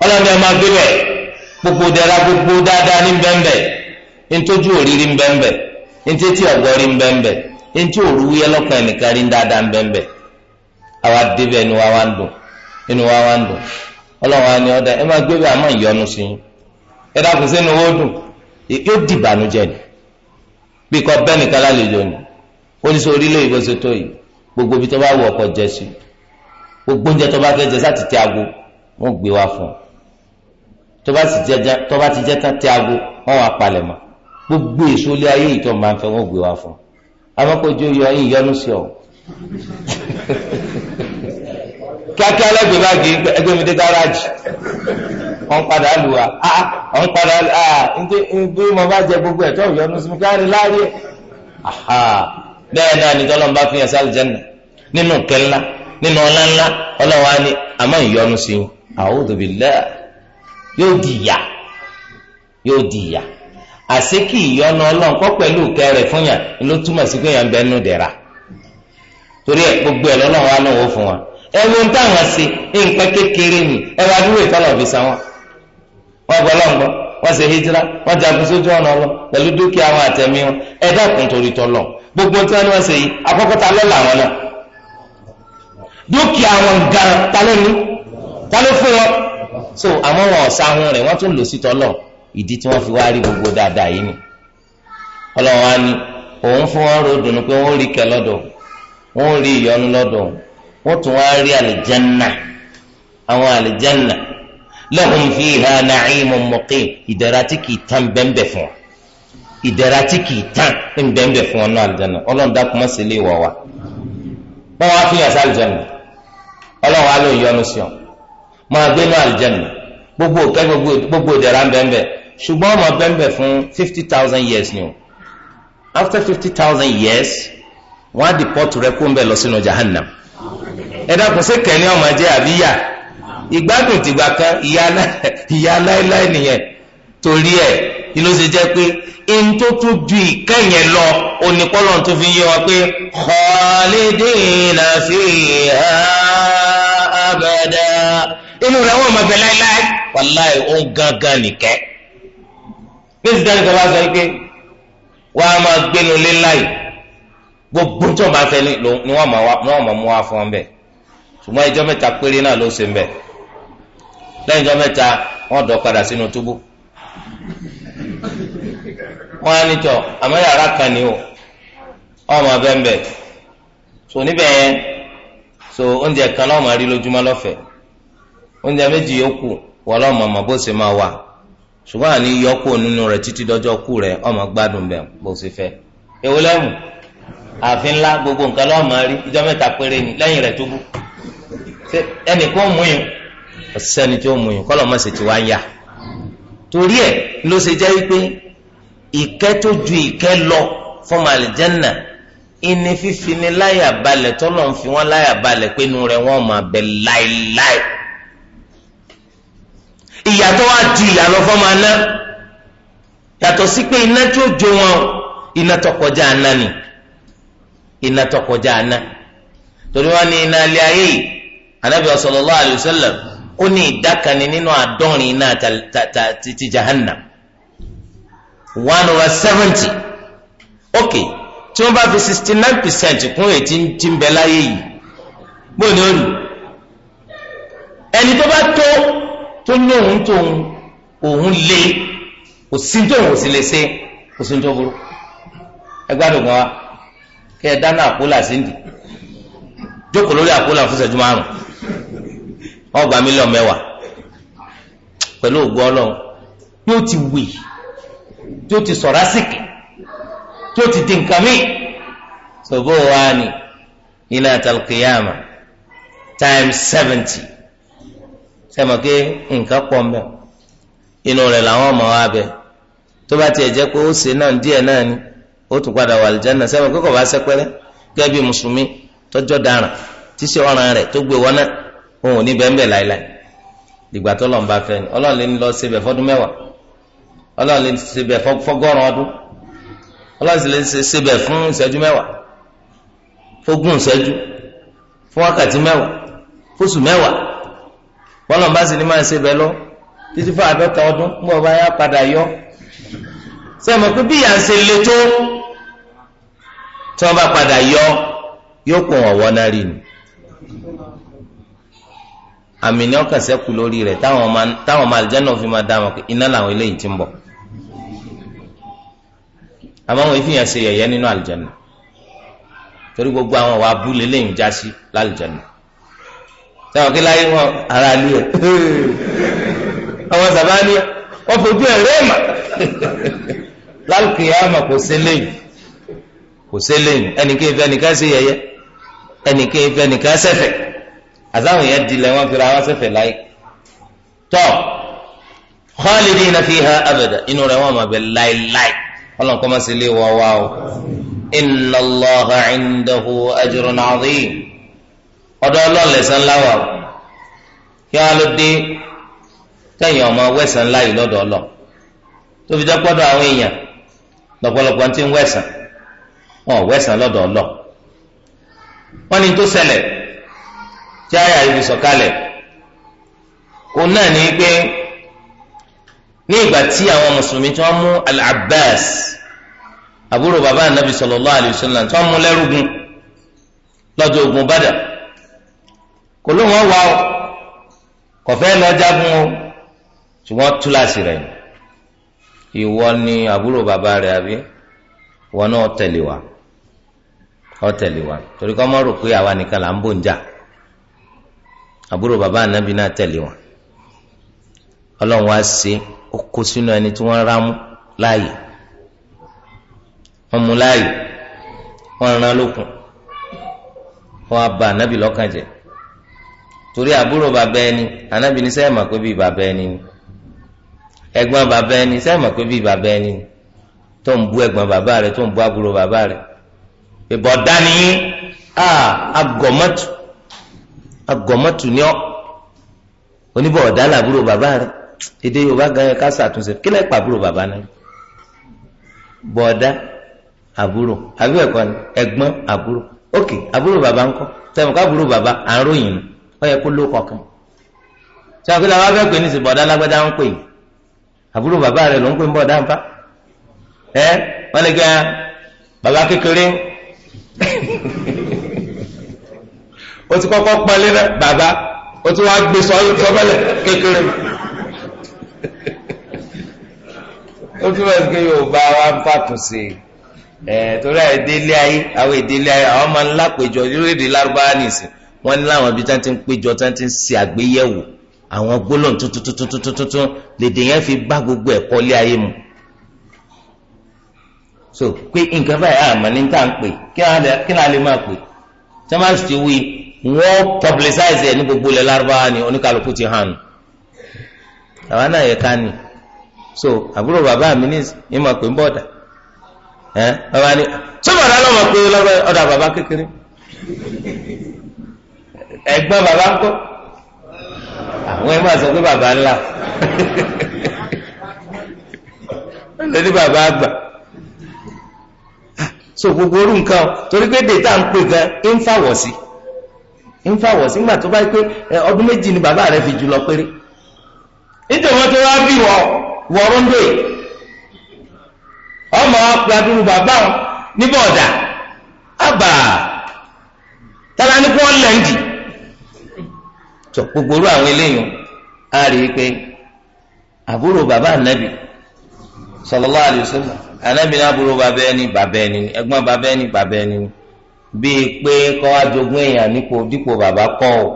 ọlọ́n bẹ́ẹ̀ máa bíbẹ̀ gbogbo dẹ́ra gbogbo dáadáa ní bẹ́ẹ̀nbẹ́ ntójú òrírí ń bẹ́ẹ̀nbẹ́ ntétí ọ̀gọ́rí ń bẹ́ẹ̀nbẹ́ ntí òruwú yẹ lọ́kàn ẹnìkan rí dáadáa ń bẹ́ẹ̀nbẹ́ àwa débẹ̀ inú wa wá ń dùn inú wa wá ń dùn bí kò bẹ́ẹ̀ nìkan lálejò ni ó ní sọ orílẹ̀ èdè ṣe tó yìí gbogbo ibi tó bá wù ọkọ̀ jẹ sí gbogbo oúnjẹ tó bá fẹ́ jẹ sáà ti tẹ aago wọn gbé wá fún un tó bá ti jẹ tán tẹ aago wọn wà palẹ̀ mọ́ gbogbo èso ilé ayé ìtọ́ máa ń fẹ́ wọn gbé wá fún un amákojú yọ ìyọnu sí ọ [laughs] kíákíá lẹ́gbẹ̀ẹ́ báàgì ẹgbẹ́ mi dé gáràjì. ọ̀n padà a, wá ọ̀n padà lù wá ah, ah, ah, mo bá jẹ gbogbo ẹ̀tọ́ chọọ ní sinmi káàrin láàrin bẹ́ẹ̀ náà ni tọ́lọ́n bá fi hàn sálì jẹ́nà nínú kẹ́lá nínú ọ̀la ńlá ọlọ́wà ni àmọ́ ìyọnu sí i a'udhu yóò di ìyà yóò di ìyà àṣé kí ìyọnu ọlọ́run pẹ̀lú fún yàn ló túmọ̀ sí pé yàn bẹ́ẹ̀ nù dẹ̀ra torí gbogbo lọ́lọ́run wa náà wò fún wa táwọn ṣe kékeré ìtọ́lọ̀ fi wọ́n gbọ́ lọ́ngbọ́ wọ́n ṣe hijira wọ́n jagun sójú ọ̀nà lọ pẹ̀lú dúkìá wọn àtẹ̀mí wọn ẹ dákun torí tọ́lọ̀ gbogbo tí wọ́n ṣe yìí àkọ́kọ́ ta lọ́la wọn náà dúkìá wọn gan ta ló ní ta ló fún wọn so àmọ́ wọn ọ̀sá wọn rẹ̀ wọ́n tún lò sí tọ́lọ̀ ìdí tí wọ́n fi wá rí gbogbo dáadáa yìí ni ọlọ́wọ́n á ní òun fún wọn ro dùnú pé wọ́n rí kẹ lọ́dọ̀ wọ́n rí ìyọnu lọ́dọ̀ wọ́n tún wá rí àlìjẹ́nà àwọn àlìjẹ́nà lahum fiha na'imun muqim ìdẹ̀ra tí kì í tán bẹ́ẹ̀ fún wa ìdẹ̀ra tí kì í tán bẹ́ẹ̀ fún wa náà àlùjáná ọlọ́run dákun má ṣe lè wọ̀ wá wọ́n wá fi hàn sí àlùjáná ọlọ́run á lóun sí ọ máa gbé ní àlùjáná gbogbo òkè gbogbo ìdẹ̀ra bẹ́ẹ̀ ṣùgbọ́n ọmọ bẹ́ẹ̀ fún fifty thousand years ni o after fifty thousand years wọ́n á dìpọ́tù rẹ kó ń bẹ̀ lọ sínú jahannam ìgbádùn tìgbà kan [laughs] ìyá láéláé nìyẹn torí ẹ̀ ni ló ṣe jẹ́ pé in tó tún ju ìkẹyìn lọ onípọ́lọ́ tó fi yé wa pé khalidina fiha abada inú rẹ̀ wọ́n mọ̀ bẹ́ láéláé wàláì ó gángan nìkẹ́ bí ti dáríkà bá sọ pé wọ́n á máa gbénu lé láì gbogbo tó bá fẹ́ ni wọ́n mọ̀ mú wa fún ọ bẹ́ẹ̀ ṣùgbọ́n ìjọ mẹ́ta péré náà ló ṣe ń lẹ́yìn ìjọ mẹ́ta wọ́n dọ̀ padà sínú túbú wọ́n á nítọ̀ àmọ́ yàrá kan ni o ọmọ bẹ́ẹ̀ so níbẹ̀ yẹn so oúnjẹ kan lọ́mọ rí lójúmọ́ lọ́fẹ̀ẹ́ oúnjẹ méjì yòókù wọ́n lọ́mọ mọ̀ bó ṣe máa wà ṣùgbọ́n àní yọkù nínú títí dọ́jọ́ ọmọ gbádùn bẹ̀ bó ṣe fẹ́ ewu àfi ńlá gbogbo nǹkan rí ìjọ mẹ́ta péré ni lẹ́yìn rẹ̀ ẹnì kan mú yín. sẹ́ni tí ó mú yín kọ́lọ́ mọ̀sẹ̀ tí wá ń yà torí ẹ̀ ló ṣe jẹ́ wípé ìkẹ́ tó ju ìkẹ́ lọ fọmọ àlìjẹ́nà ìní fífini láyà balẹ̀ tọ́lọ̀ ń fi wọ́n láyà balẹ̀ pé inú rẹ̀ wọ́n máa bẹ láéláé ìyàtọ̀ wa ju ìyàlọ́ fọmọ aná yàtọ̀ sí pé iná tí ó jó wọn iná tọkọjá aná ni iná tọkọjá aná torí wọn ní iná ilé ayé anábìyà sallallahu alayhi ó ní ìdákanni nínú àádọ́rin iná ti jahannam one over seventy ok tí wọ́n bá fi sixty nine percent kún ètí tí ń bẹ láyé yìí bó ni ó lù ẹni tó bá tó tó ní òun tó òun lé kò sí tó òun sì lè ṣe kò sí tó burú ẹ gbádùn kan wa kí ẹ dáná àpòlà sí jókòó lórí àpòlà fún ìṣẹ́jú márùn wọ́n gba mílíọ̀n mẹ́wàá pẹ̀lú ògbó ọlọ́run yóò ti wì yóò ti sọ̀rọ̀ àsìkì yóò ti di nǹkan mí sọ̀bọ̀ wa ni iná àtàlùkìyàmà times seventy sẹ́mi pé nǹkan pọ̀ mọ́ inú rẹ̀ làwọn ọmọ wa bẹ tó bá tiẹ̀ jẹ́ pé ó ṣe náà díẹ̀ náà ni ó tún padà wà lìjánà sẹ́mi pé kò bá sẹ́pẹ́rẹ́ gẹ́gẹ́ bí mùsùlùmí tọ́jọ́ dáràn tíṣe ọ̀ràn rẹ̀ tó gbé wọn náà òun ò ní bẹ́ẹ̀ láéláé dìgbà tó lọ́nba fẹ́ ni ọlọ́run lè ní lọ síbẹ̀ fọ́dún mẹ́wàá ọlọ́run lè ní síbẹ̀ fọ́gọ́rùn ọdún ọlọ́run lè ní síbẹ̀ fún ìṣẹ́jú mẹ́wàá fógún ìṣẹ́jú fún wákàtí mẹ́wàá fóṣù mẹ́wàá bọ́lọ̀n bá sì ní máa síbẹ̀ lọ títí fún àádọ́ta ọdún mbọ̀ bá yá padà yọ sẹ́mi pé bí ìyá ṣe le tó tí wọ́n bá padà yọ yóò pọ̀ wọ́n náà rí ni àmì ni ọkàn sẹ́kù lórí rẹ̀ táwọn ọmọ àlìjẹ́nà fi máa dáhùn pé iná làwọn eléyìí ti ń bọ̀ àmọ́ wọn fi hàn ṣe yẹ̀yẹ́ nínú àlìjẹ́nà torí gbogbo àwọn wàá bú lélẹ́yìn já sí lálìjẹ́nà táwọn kí láyé wọn ara lé ẹ àwọn sábà ní wọn fojú ẹ rẹ́ẹ̀mà lálùkìyàmà kò sí lẹ́yìn kò sí lẹ́yìn ẹnìkan ìfẹ́ nìkan ṣe yẹ̀yẹ́ ẹnìkan ìfẹ́ nìkan ṣẹ̀fẹ̀ àtàwọn èèyàn dilẹ̀ wọn fira wọn sẹ̀fẹ̀ láyé tọ́ khalidina fiha abada inú rẹ̀ wọn máa bẹ láéláé ọlọ́run kọ́ máa ṣe lé wá wá o inna Allaha indahu ajrun azim ọ̀dọ̀ ọlọ́run lẹ̀san láwà o kí wọn ló dé tẹ̀yìn ọmọ wẹ̀sán láyé lọ́dọ̀ ọlọ́ tó fi dọ́gbọ́dọ̀ àwọn èèyàn lọ́pọ̀lọpọ̀ ń wẹ̀sán wọn ò wẹ̀sán lọ́dọ̀ ọlọ́ wọn ni tó ṣẹlẹ̀ tí àyà yìí fi sọ̀kalẹ̀ òun náà ní pé ní ìgbà tí àwọn mùsùlùmí tí wọ́n mú al-Abbas àbúrò bàbá anabi sallallahu alayhi wa sallam tí wọ́n mú lẹ́rùgùn lọ́jọ́ ogun Badr kò ló wọn wá o kò fẹ́ lọ jagun o ṣùgbọ́n túláàsì rẹ̀ ìwọ ni àbúrò bàbá rẹ̀ àbí wọn náà tẹ̀lé wa ọ tẹ̀lé wa torí kọ́ mọ́ rò pé àwa nìkan là ń bò ń jà àbúrò bàbá ànábì náà tẹ̀lé wọn ọlọ́run wá ṣe ó kó sínú ẹni tí wọ́n rá mú láàyè wọ́n mú láàyè wọ́n rán lókun wọ́n á ba ànábì lọ́kàn jẹ́ torí àbúrò bàbá ẹni ànábì ní sẹ́yìn mọ̀ pé bíi bàbá ẹni ni ẹ̀gbọ́n bàbá ẹni sẹ́yìn mọ̀ bíi bàbá ẹni ni tó ń bú ẹ̀gbọ́n bàbá rẹ̀ tó ń bú àbúrò bàbá rẹ̀ ìbọ̀dá ni agọ̀mọ́tò. Ah, agọ̀mọ́tù ni ọ́ oníbọ̀ ọ̀dá làbúrò bàbá rẹ̀ èdè yorùbá gan yẹn ká ṣàtúnṣe kílẹ̀ pàbúrò bàbá náà bọ̀ọ̀dá àbúrò àbí ẹ̀kọ́ ni ẹ̀gbọ́n àbúrò ókè àbúrò bàbá ńkọ́ tẹ̀mọ̀ káàbúrò bàbá àròyìn ó yẹ kó ló kọ̀ọ̀kan tí wọn kí làwọn abẹ́ pè ní sí bọ̀ọ̀dá lágbádá ń pè àbúrò bàbá rẹ̀ ló ń pè ń bọ̀ọ̀dá ń bá ẹ wọn lè gẹ bàbá kékeré o ti kọ́kọ́ pọ́nlé dada o ti wá gbé sọ́bẹ̀lẹ̀ kekere o tún bá o ba wa nfa fàtún sí i torí àwọn ìdílé ayé àwọn ìdílé ayé àwọn máa ń lápèjọ wọn ní láwọn wọn ń péjọ tí ń ṣe àgbéyẹ̀wò àwọn gbólóhùn lèdè yẹn fi bá gbogbo ayé mu wọ́n publicize ẹ̀ ní gbogbo ilẹ̀ lárúbáwá ni oníkàlùkù ti hàn àwa náà yẹ ká ni so àbúrò bàbá mi ní ìmọ̀ pé ń bọ̀ dà ẹ bàbá ni sọ́bàdà lọ́mọ pé ọ̀dà bàbá kékeré ẹ̀gbọ́n bàbá ń kọ́ àwọn ẹ̀gbọ́n sọ pé bàbá ńlá bàbá àgbà so gbogbo nǹkan torí pé dèta ń pè gan ń fàwọ̀ sí i. ń fàwọ̀ sígbà tó bá yí pé ọdún méjì ni bàbá rẹ fi jùlọ péré nítorí wọn tó wá bí wọ wọrọńdò yìí ọmọ akpadúró bàbá wọn níbọ̀ ọ̀dà àbà tala ní kó lẹ́ǹdì tó gbogbo ru àwọn eléyìí a rí i pé àbúrò bàbá ànábì sallallahu alaihi ànábì ní àbúrò bàbá ẹni bàbá ẹni ẹ̀gbọ́n bàbá ẹni bàbá ẹni ni. bíi pé kọ́ wá jogún èèyàn nípò dípò bàbá kọ́ ò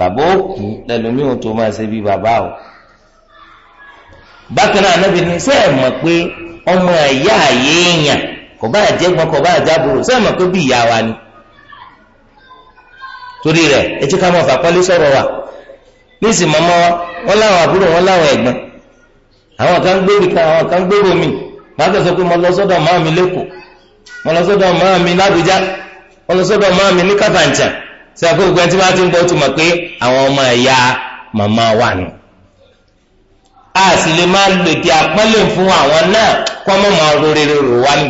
bàbá ó kú lẹ́lòmíì tó máa ṣe bàbá ò. bákan náà anábì ní sẹ́ẹ̀ mọ̀ pé ọmọ ẹ̀yà àyè èèyàn kò bá àjẹgbọ́n kò bá sẹ́ẹ̀ ni. torí rẹ̀ ẹ ká mọ̀ sọ̀rọ̀ wa níìsì mọ́mọ́ wọn láwọn àbúrò wọn àwọn kan a wọn lọ sọ́dọ̀ màmá mi làbújá wọn lọ sọ́dọ̀ mi ní ṣe tí wọn ti ń gbọ́ tó pé àwọn ọmọ ẹ̀yà màmá wà nù. a sì lè máa lòdì àpọ́nlé fún àwọn náà kọ́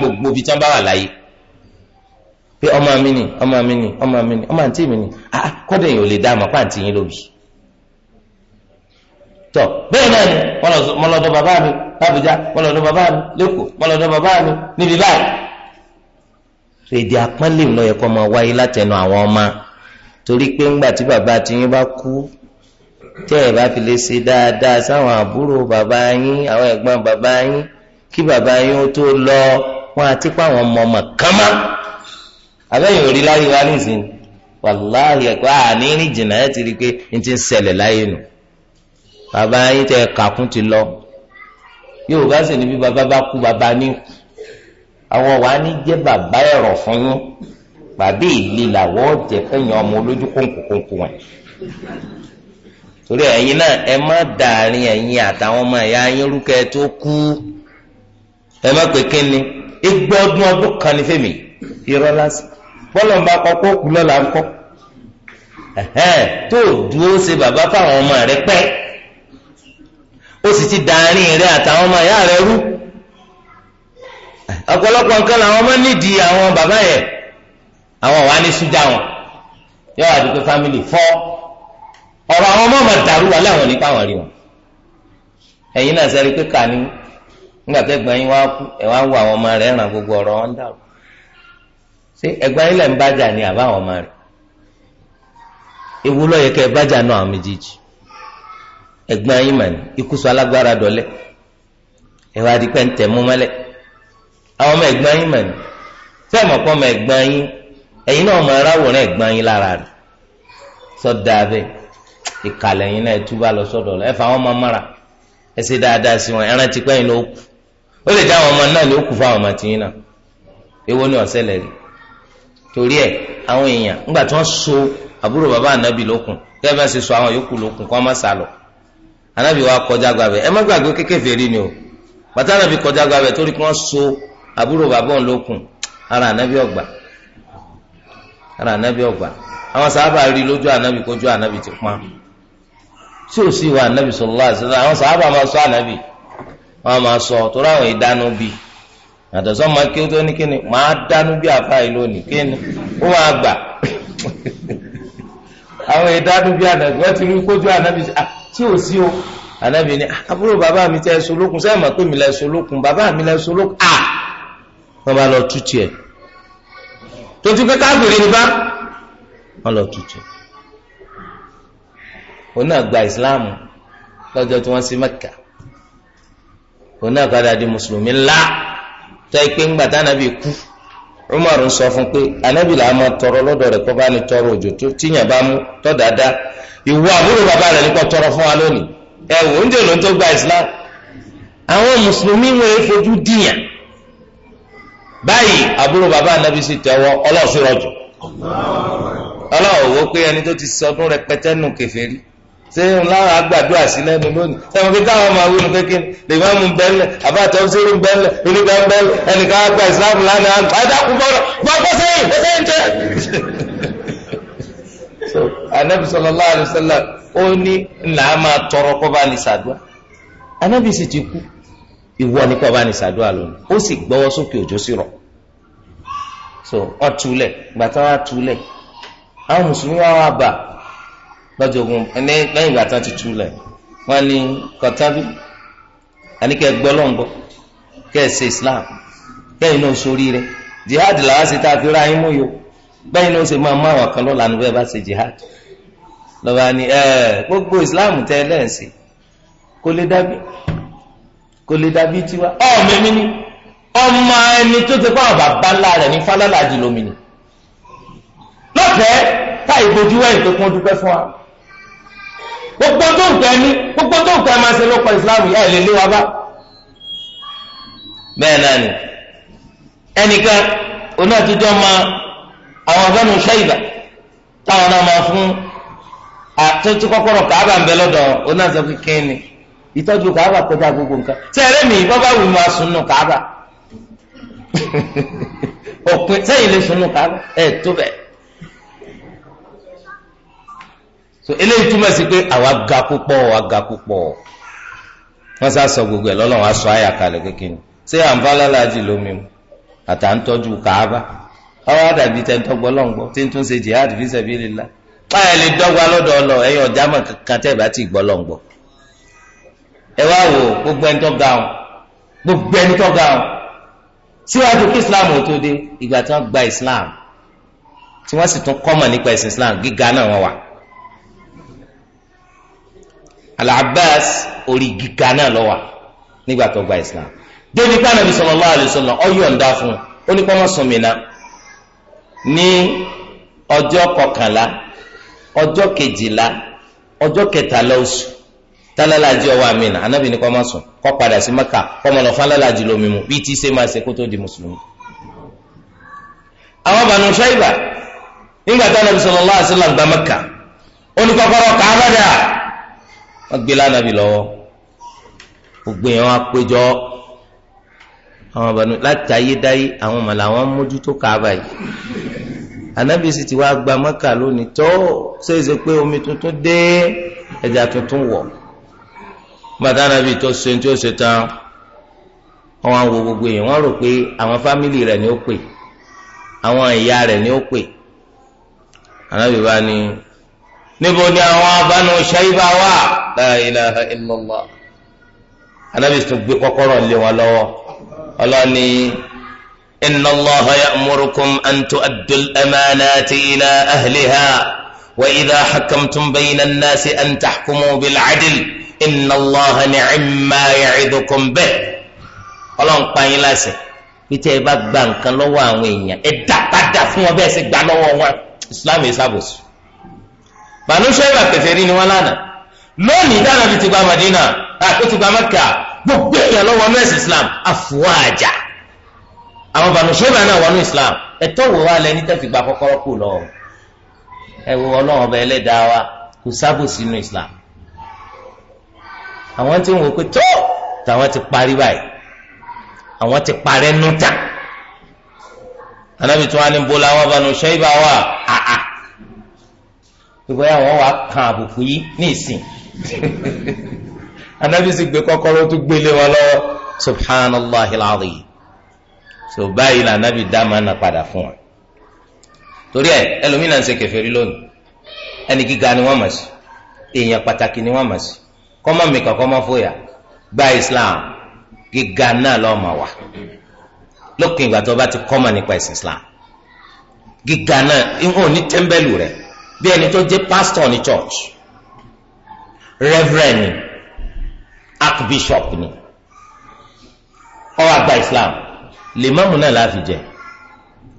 gbogbo ibi tí bá wà mi ni ọmọ mi ni ọmọ mi ni ọmọ àǹtí mi ni kọ́dọ̀ èèyàn ò lè dá àmọ́ tọ náà ni mọlọdọ bàbá mi làbújá mọlọdọ bàbá mi lẹkọọ mọlọdọ bàbá mi níbi so èdè àpọ́nlé ló yẹ kó máa wáyé látẹnu àwọn ọmọ torí pé ńgbà tí bàbá tiyín bá kú tẹ́ ẹ̀ bá fi lè ṣe dáadáa sáwọn àbúrò bàbá yín àwọn ẹ̀gbọ́n bàbá yín kí bàbá yín ó tó lọ wọn àti pé àwọn ọmọ ọmọ kan má abẹ́yìn òrí láyé wa nísìnyí wàláhì ẹ̀kọ́ àní ní jìnnà ẹ̀ ti rí pé n ti ń ṣẹlẹ̀ láyé nù bàbá yín tẹ́ kàkún ti lọ yóò bá sì ní bàbá bá kú bàbá ní kú àwọn wàá ní jẹ́ bàbá ẹ̀rọ̀ fún yín bàbá ìlì làwọ̀ jẹ́ fẹ́yìn ọmọ olójú kónkónkónkó wọn torí ẹ̀yin náà ẹ má dàárín ẹ̀yin àtàwọn ọmọ ẹ̀yà yín rúkẹ́ tó kú ẹ má pè kínni igbe ọdún ọdún kan ní fèmí irọ́ lásán bọ́lọ̀ ń bá kọ́ kú lọ́la ń kọ́ tó dúró ṣe bàbá fáwọn ọmọ rẹ pẹ́ ó sì ti dàárín rẹ àtàwọn ọmọ ẹ̀yà rẹ rú. ọ̀pọ̀lọpọ̀ nǹkan làwọn ọmọ nídìí àwọn bàbá yẹn àwọn wà ní sójà wọn yọ fọ fámìlì fọ́ ọ̀rọ̀ àwọn ọmọ ọmọ dàrú wà láwọn nípa àwọn rí wọn ẹ̀yin náà sẹ́rí pé kàní nígbà tẹ́ gbọ́n yín wá kú ẹ̀ wá àwọn ọmọ rẹ̀ ràn gbogbo ọ̀rọ̀ wọn dàrú ṣé ẹ̀gbọ́n yín lẹ̀ ń ni àbá àwọn ọmọ rẹ̀ ewu kẹ́ ẹ bájà náà àwọn méjèèjì yín mà ní ikú sọ àwọn ọmọ ẹ̀gbọ́n yín mọ̀ ní tí ẹ̀ mọ̀ ọmọ ẹ̀gbọ́n yín ẹ̀yin náà mọ aráwòrán ẹ̀gbọ́n yín lára rẹ̀ sọ́dà abẹ́ ìkàlẹ̀ yín náà ẹ̀túbà lọ sọ́dọ̀ ẹ̀ fà ọmọ dáadáa sí wọn ẹran yín ó ọmọ ọmọ ni rí torí àwọn èèyàn ńgbà tí so àbúrò bàbá ànábì lókun so àwọn yòókù lókun ànábì o bàtà ànábì kọjá torí àbúrò bàbá òun ló kùn ara ànábì ọgbà ara ànábì ọgbà àwọn sábà rí lójú ànábì kójú ànábì ti pọn tí ò sí ìwà ànábì sallallahu alaihi wasallam àwọn sábà máa sọ ànábì wọn máa sọ tó ráwọn ìdáná bí àtọ̀sọ́ máa kí ó tó ní kíni máa dánú bí àfa yìí lónìí kíni ó máa gbà àwọn ìdánú bí ànábì wọn ti rí kójú ànábì ah, tí ò sí o ànábì ni ah, àbúrò bàbá mi tẹ ẹ sọ lókun sẹ́yìn mọ̀ pé mi lẹ sọ lókun bàbá mi lẹ sọ lókun ah! wọ́n bá lọ tú tiẹ̀ tó ti pé káàkiri ní bá wọ́n lọ tú tiẹ̀ òun náà gba ìsìláàmù lọ́jọ́ tí wọ́n sí mẹ́kà òun náà padà di mùsùlùmí ńlá tó yẹ pé ńgbà tánábì kú Umar ń sọ fún pé anábì làá máa tọrọ lọ́dọ̀ rẹ̀ kọ́ bá ní tọrọ òjò tó tíyàn bá mú tọ́ dáadáa ìwọ àbúrò bàbá rẹ̀ nípa tọrọ fún wa lónìí ẹ̀wọ̀n ń dèrò tó gba ìsìláàmù àwọn mùsùlùmí wọn èé fojú díyàn báyìí àbúrò bàbá anabi sì tẹwọ ọlọ́ọ̀sì rọ̀jò ọlọ́ọ̀ wo pé ẹni tó ti sọdún rẹpẹtẹ nù kèfèrí ṣé ń lára gbàdúrà sí lẹ́nu lónìí sẹ́wọ̀n pé káwọn máa wí nu kékeré lè má mú bẹ́ẹ̀lẹ̀ àbá àtọ́sírí bẹ́ẹ̀lẹ̀ onígbà bẹ́ẹ̀lẹ̀ ẹnìkan á gba ìsìlámù lánàá àdàkùn bọ́ọ̀rọ̀ bọ́ọ̀ bọ́ sẹ́yìn bọ́ sẹ́yìn tẹ́ so anabi sallallahu alayhi wa ó ní ńlá máa tọrọ kọ́ bá ní sàdúrà anabi sì ti kú ìwọ ni kọ́ bá ní sàdúrà lónìí ó sì sókè òjò sí rọ so ọ gbàtà wà túlẹ̀ àwọn mùsùlùmí wà wà bà lọ́jọ́ ogun ti túlẹ̀ wọ́n ni kọ́tàbí Islam sórí jihad làwọn a ra yín mú máa mú àwọn kan bá ṣe jihad Islam tẹ́ ẹ kó lè kò lè dàbí tiwa ọmọ mi ni ọmọ ẹni tó ti pa bàbá ńlá rẹ̀ ní fálálà dìlómi ni lọ́fẹ̀ẹ́ tá ìbojú wẹ̀yìn tó kún dúpẹ́ fún wa gbogbo tó ń tẹ́ gbogbo tó ń tẹ́ máa ṣe lọ́pọ̀ ìsìláàmù ẹ̀ lè lé wa bá bẹ́ẹ̀ náà ni ẹnìkan oní àtijọ́ máa àwọn ọ̀gbẹ́nu ṣẹ́yìbà táwọn náà máa fún àtúntí kọ́kọ́rọ́ kàábà ń bẹ lọ́dọ̀ oní àtijọ́ kékeré ni. ìtọ́jú kàába kọjá gbogbo nǹkan sẹ́ẹ̀rẹ́ mi wù mí wá [laughs] òpin sẹ́yìn lè sunu kàába ẹ̀ tó bẹ̀. so eléyìí túmọ̀ sí pé àwa ga púpọ̀ àwa ga púpọ̀ wọ́n sá sọ gbogbo ẹ̀ lọ́lọ́run aṣọ àyà kalẹ̀ kékeré ṣé àǹfààlálàájì ló mu àtà ń tọ́jú ọwọ́ àdàbí tẹ̀ ń tọ́gbọ́ lọ́ngbọ́ tí ń tún ṣe jihad fi la. lè dọ́gba ẹ̀yin ọ̀já mọ̀ kankan tẹ̀ bá ti ẹ wá wò gbogbo ẹni tó ga ọ gbogbo ẹni tó ga ọ síwájú kí islam ò tó dé ìgbà tí wọ́n gba islam tí wọ́n sì tún kọ́mọ̀ nípa ẹ̀sìn islam gíga náà wọ́n wà al orí gíga náà lọ wà nígbà tó gba islam débi ká nàbí sallallahu alaihi wasallam ọ yọ̀ǹda fún un ó ní kó má sùn mí náà ní ọjọ́ kọkànlá ọjọ́ kejìlá ọjọ́ kẹtàlá oṣù tálálàjì ọwọ́ àmìnà anábì ní kọ́ máa sùn kọ́ padà sí mẹ́kà kọ́ mọ̀ lọ fálálàjì lómi mu bí tí ṣe máa ṣe kó tó di mùsùlùmí. àwọn Banu Shayba nígbà tí anábì sallallahu alaihi wasallam gba mẹ́kà oníkọ́kọ́rọ́ Kaaba dà wọ́n gbé lánàbì lọ́wọ́ gbogbo yẹn wọ́n á péjọ àwọn Banu láti ayédáyé àwọn màlà wọn mójútó Kaaba yìí anábì sì ti wá gba mẹ́kà lónìí tó ṣèṣe pé omi tuntun dé ẹja tuntun wọ̀ gbàtà nàbì tó ṣe tí ó ṣe tán wọn wo gbogbo yìí wọn rò pé àwọn fámìlì rẹ̀ ni ó pè àwọn ìyá rẹ̀ ni ó pè ànábì bá ní níbo ni àwọn Banu Shayba wà la ilaha ànábì tó gbé kọ́kọ́rọ́ lé wọn lọ́wọ́ ọlọ́ni. إن الله يأمركم أن تؤدوا الأمانات إلى أهلها وإذا حكمتم بين الناس أن تحكموا بالعدل inna allaha ni'ma ya'idukum bih ọlọ́run pa yín láṣẹ pété ẹ bá gba nǹkan lọ́wọ́ àwọn èèyàn ẹ dá padà fún wọn bẹ́ẹ̀ sì gbà lọ́wọ́ wọn islam yìí sábòsù bàánú sẹ́yìnbà kèfèrí ni wọ́n lánàá lónìí dáná fi ti gba madina àti ti gba mẹ́kà gbogbo èèyàn lọ́wọ́ mẹ́sì islam àfọwájà àwọn bàánú sẹ́yìnbà náà wọnú islam ẹ̀tọ́ wò wá lẹ́ni tẹ́ fi gba kọ́kọ́rọ́ kù lọ́wọ́ ẹ wo ọlọ́run ọba ẹlẹ́dàá wa kò sábòsù nínú islam àwọn tí wọn pé tó tàwọn ti parí báyìí àwọn ti parẹ́ nù tà anabi tí wọn á ní bọ́lá wọn bá nu ṣẹ́yìnbá wa àà ìgbà yà wọn wà kàn àbùkù yìí ní ìsìn anabi [laughs] sì gbé kọ́kọ́rọ́ tó gbélé wọn lọ́wọ́ subhanallah ilaali so báyìí la anabi dá máa na padà fún wa torí ẹ ẹlòmínà ń ṣe kèfèrí lónìí ẹni gíga ni wọn mọ̀ sí èèyàn pàtàkì ni wọn mọ̀ sí kọ́mọ mi kàn kọ́mọ fòyà gba islam gíga náà lọ́mọ wa lókè ìgbà tó bá ti kọ́mọ nípa ẹ̀sìn islam gíga náà ìhùn ní tẹ́ḿbẹ́lù rẹ̀ bí ẹni tó jẹ́ pásítọ̀ ní church reverend ni archbishop ni ó wá gba islam lèmọ́mù náà láàfi jẹ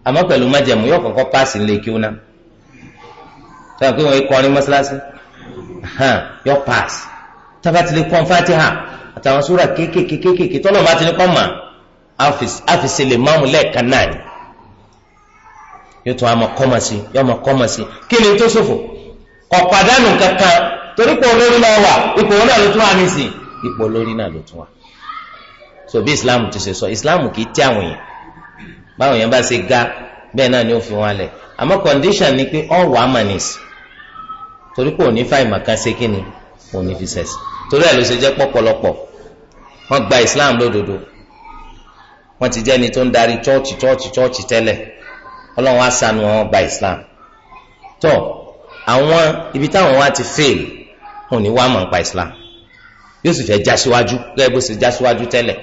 àmọ́ pẹ̀lú májẹ̀mú yóò kọ́kọ́ páàsì ńlẹ̀ kí ó ná sọ pé wọ́n kọrin mọ́ṣáláṣí yóò páàsì tábà ti lè kọ́ fatiha àtàwọn súra kéékèèké kéékèèké tọ́lọ̀ bá ti ní kọ́ mà àfìsí lè máàmù lẹ́ẹ̀kan náà ni yóò tún àmọ́ kọ́ mà sí yóò mọ̀ kọ́ mà sí kí ni tó ṣòfò kọ̀ kankan torí pé olórí náà wà ipò náà ló tún wà nísìn ipò olórí náà ló tún wà so bí islam ti ṣe sọ islam kì í tí àwọn èèyàn báwọn èèyàn bá ṣe ga bẹ́ẹ̀ náà ni ó fi wọn lẹ̀ àmọ́ condition ni pé ọ̀ wà torí pé òní fáìmà kan ṣe kí ni wọn ò ní fi sẹ̀sì torí ẹ̀ ló ṣe jẹ́ pọ̀pọ̀lọpọ̀ wọ́n gba islam lódodo wọ́n ti jẹ́ ni tó ń darí chọ́ọ̀chì chọ́ọ̀chì chọ́ọ̀chì tẹ́lẹ̀ ọlọ́run á sanu wọn gba islam tó àwọn ibi táwọn wá ti fail wọn ò ní wá mọ̀ nípa islam yóò sì fẹ́ já síwájú gẹ́gẹ́ bó ṣe já síwájú tẹ́lẹ̀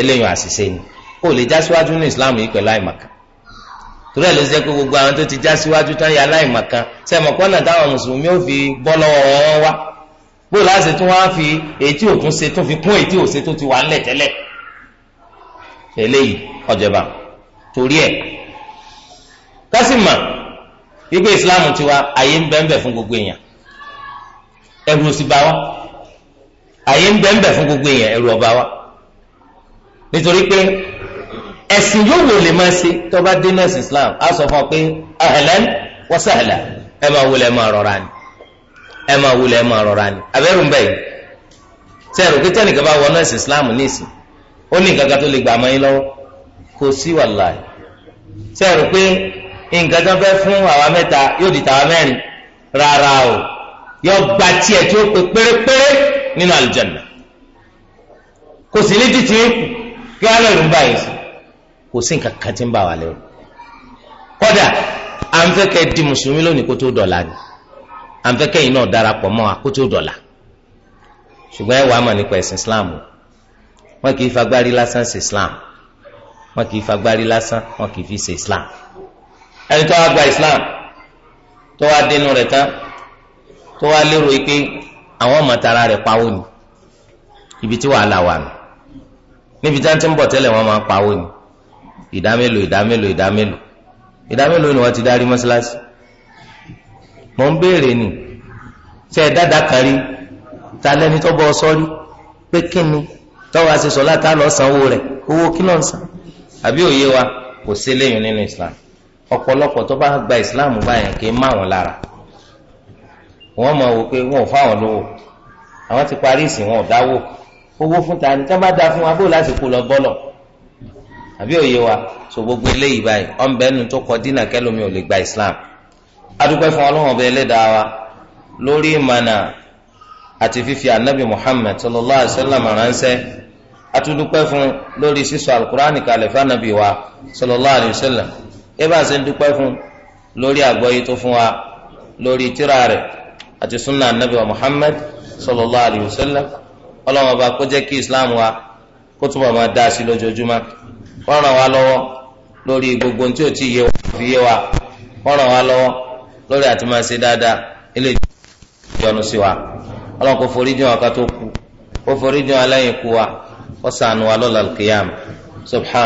eléyìn àṣìṣe ni kó lè já ní islam yìí pẹ̀lú àìmọ̀kan torí ẹ̀ ló ṣe pé gbogbo àwọn tó ti já síwájú tán yà láìmọ̀kan sẹ́mọ̀kọ́nà táwọn mùsùlùmí ò fi bọ́ lọ́wọ́ wọn wá bó láti tún wá fi ètí òtún ṣe tún fi kún ètí òṣè tó ti wà ńlẹ̀ tẹ́lẹ̀ eléyìí ọjọba torí ẹ kásìmà wípé ìsìláàmù tiwa àyè ń bẹ́ẹ̀ fún gbogbo èèyàn ẹrù òsì bá wa àyè ń bẹ́ẹ̀ fún gbogbo èèyàn ẹrù ọba wa nítorí pé ẹ̀sìn yóò wò lè máa ṣe tó bá dé nọ́ọ̀sì islam á sọ fún ọ pé ahlan wa sahlan ẹ máa wọlé ẹ máa rọra ni ẹ máa wulẹ̀ ẹ máa rọra ni abẹ́rù ń bẹ̀ yìí sẹ́ẹ̀rù pé tẹ́nìkan bá wọnú ẹ̀sìn Islam nísìn ó ní nǹkan kan tó lè gbà mọ́ yín lọ́wọ́ kò sí wàláì sẹ́ẹ̀rù pé nǹkan kan fẹ́ fún àwa mẹ́ta yóò di tàwa mẹ́rin rárá o yọ gba tiẹ̀ tí ó pe pérépéré nínú àlùjànnà kò sí ní títí kí wọ́n lè rún báyìí sí kò sí nǹkan kan tí ń bà wá lẹ́rù kódà à ń fẹ́ kẹ́ di mùsùlùmí lónìí kó tó dọ̀la ni à ń fẹ́ kẹ́yìn náà darapọ̀ mọ́ àkótó dọ̀là ṣùgbọ́n ẹ wàá nípa ẹ̀sìn islam o wọn kì í fagbárí lásán ṣe islam wọn kì í fagbárí lásán wọn kì í fi ṣe islam ẹni tó wá gba islam tó wá dénú rẹ̀ tán tó wá lérò pé àwọn ọmọ tara pawó ni ibi tí wàhálà wà nù níbi tí wọn ti ń bọ̀ tẹ́lẹ̀ wọn máa pawó ni ìdá mélòó ìdá mélòó ìdá mélòó ìdá mélòó ni wọn ti dárí mọ́ṣáláṣí mò ń béèrè nì ṣe ẹ dáadáa kan ta lẹni tó bọ sọrí pé kí ni tọ́wọ́ àṣeṣọ láti àlọ́ sanwó rẹ̀ owó kí ló ń san àbí òye wa kò sí lẹ́yìn nínú Islam ọ̀pọ̀lọpọ̀ tó bá gba Islam báyẹn kì í má wọn lára wọ́n mọ̀ wò pé wọn ò fáwọn lówó àwọn ti parí ìsìn wọn ò dáwó owó fún ta ni tí wọ́n bá da fún wa bó láti kó lọ bọ́lọ̀ àbí òye wa so gbogbo eléyìí báyìí ọ̀nbẹ́nu tó kọ dínà kẹlómi ò lè gba Islam adúpẹ́ fún ọlọ́run ọba ẹlẹ́dàá wa lórí ìmànà àti fífi anabi muhammed sallallahu alayhi wa sallam ránṣẹ́ atúndúpẹ́ fún lórí sísọ alukur'ani kalẹ̀ fún anabi wa sallallahu alayhi wa sallam ebe àti ndúpẹ́ fún lórí àgbọ́yé tó fún wa lórí tírà rẹ̀ àti sunna anabi wa muhammed sallallahu alayhi wa sallam ọlọ́run ọba kó jẹ́ kí islam wa kó túbọ̀ máa dá sí lójoojúmọ́ wọ́n ràn wá lọ́wọ́ lórí gbogbo ohun tí ò wa fi yé lórí àti máa ṣe dáadáa eléyìí yọ́nú sí wa ọlọ́run kò forí jìn wá ká tó kú kò forí jìn wá wa ó wa lọ́la kìyàm subhan.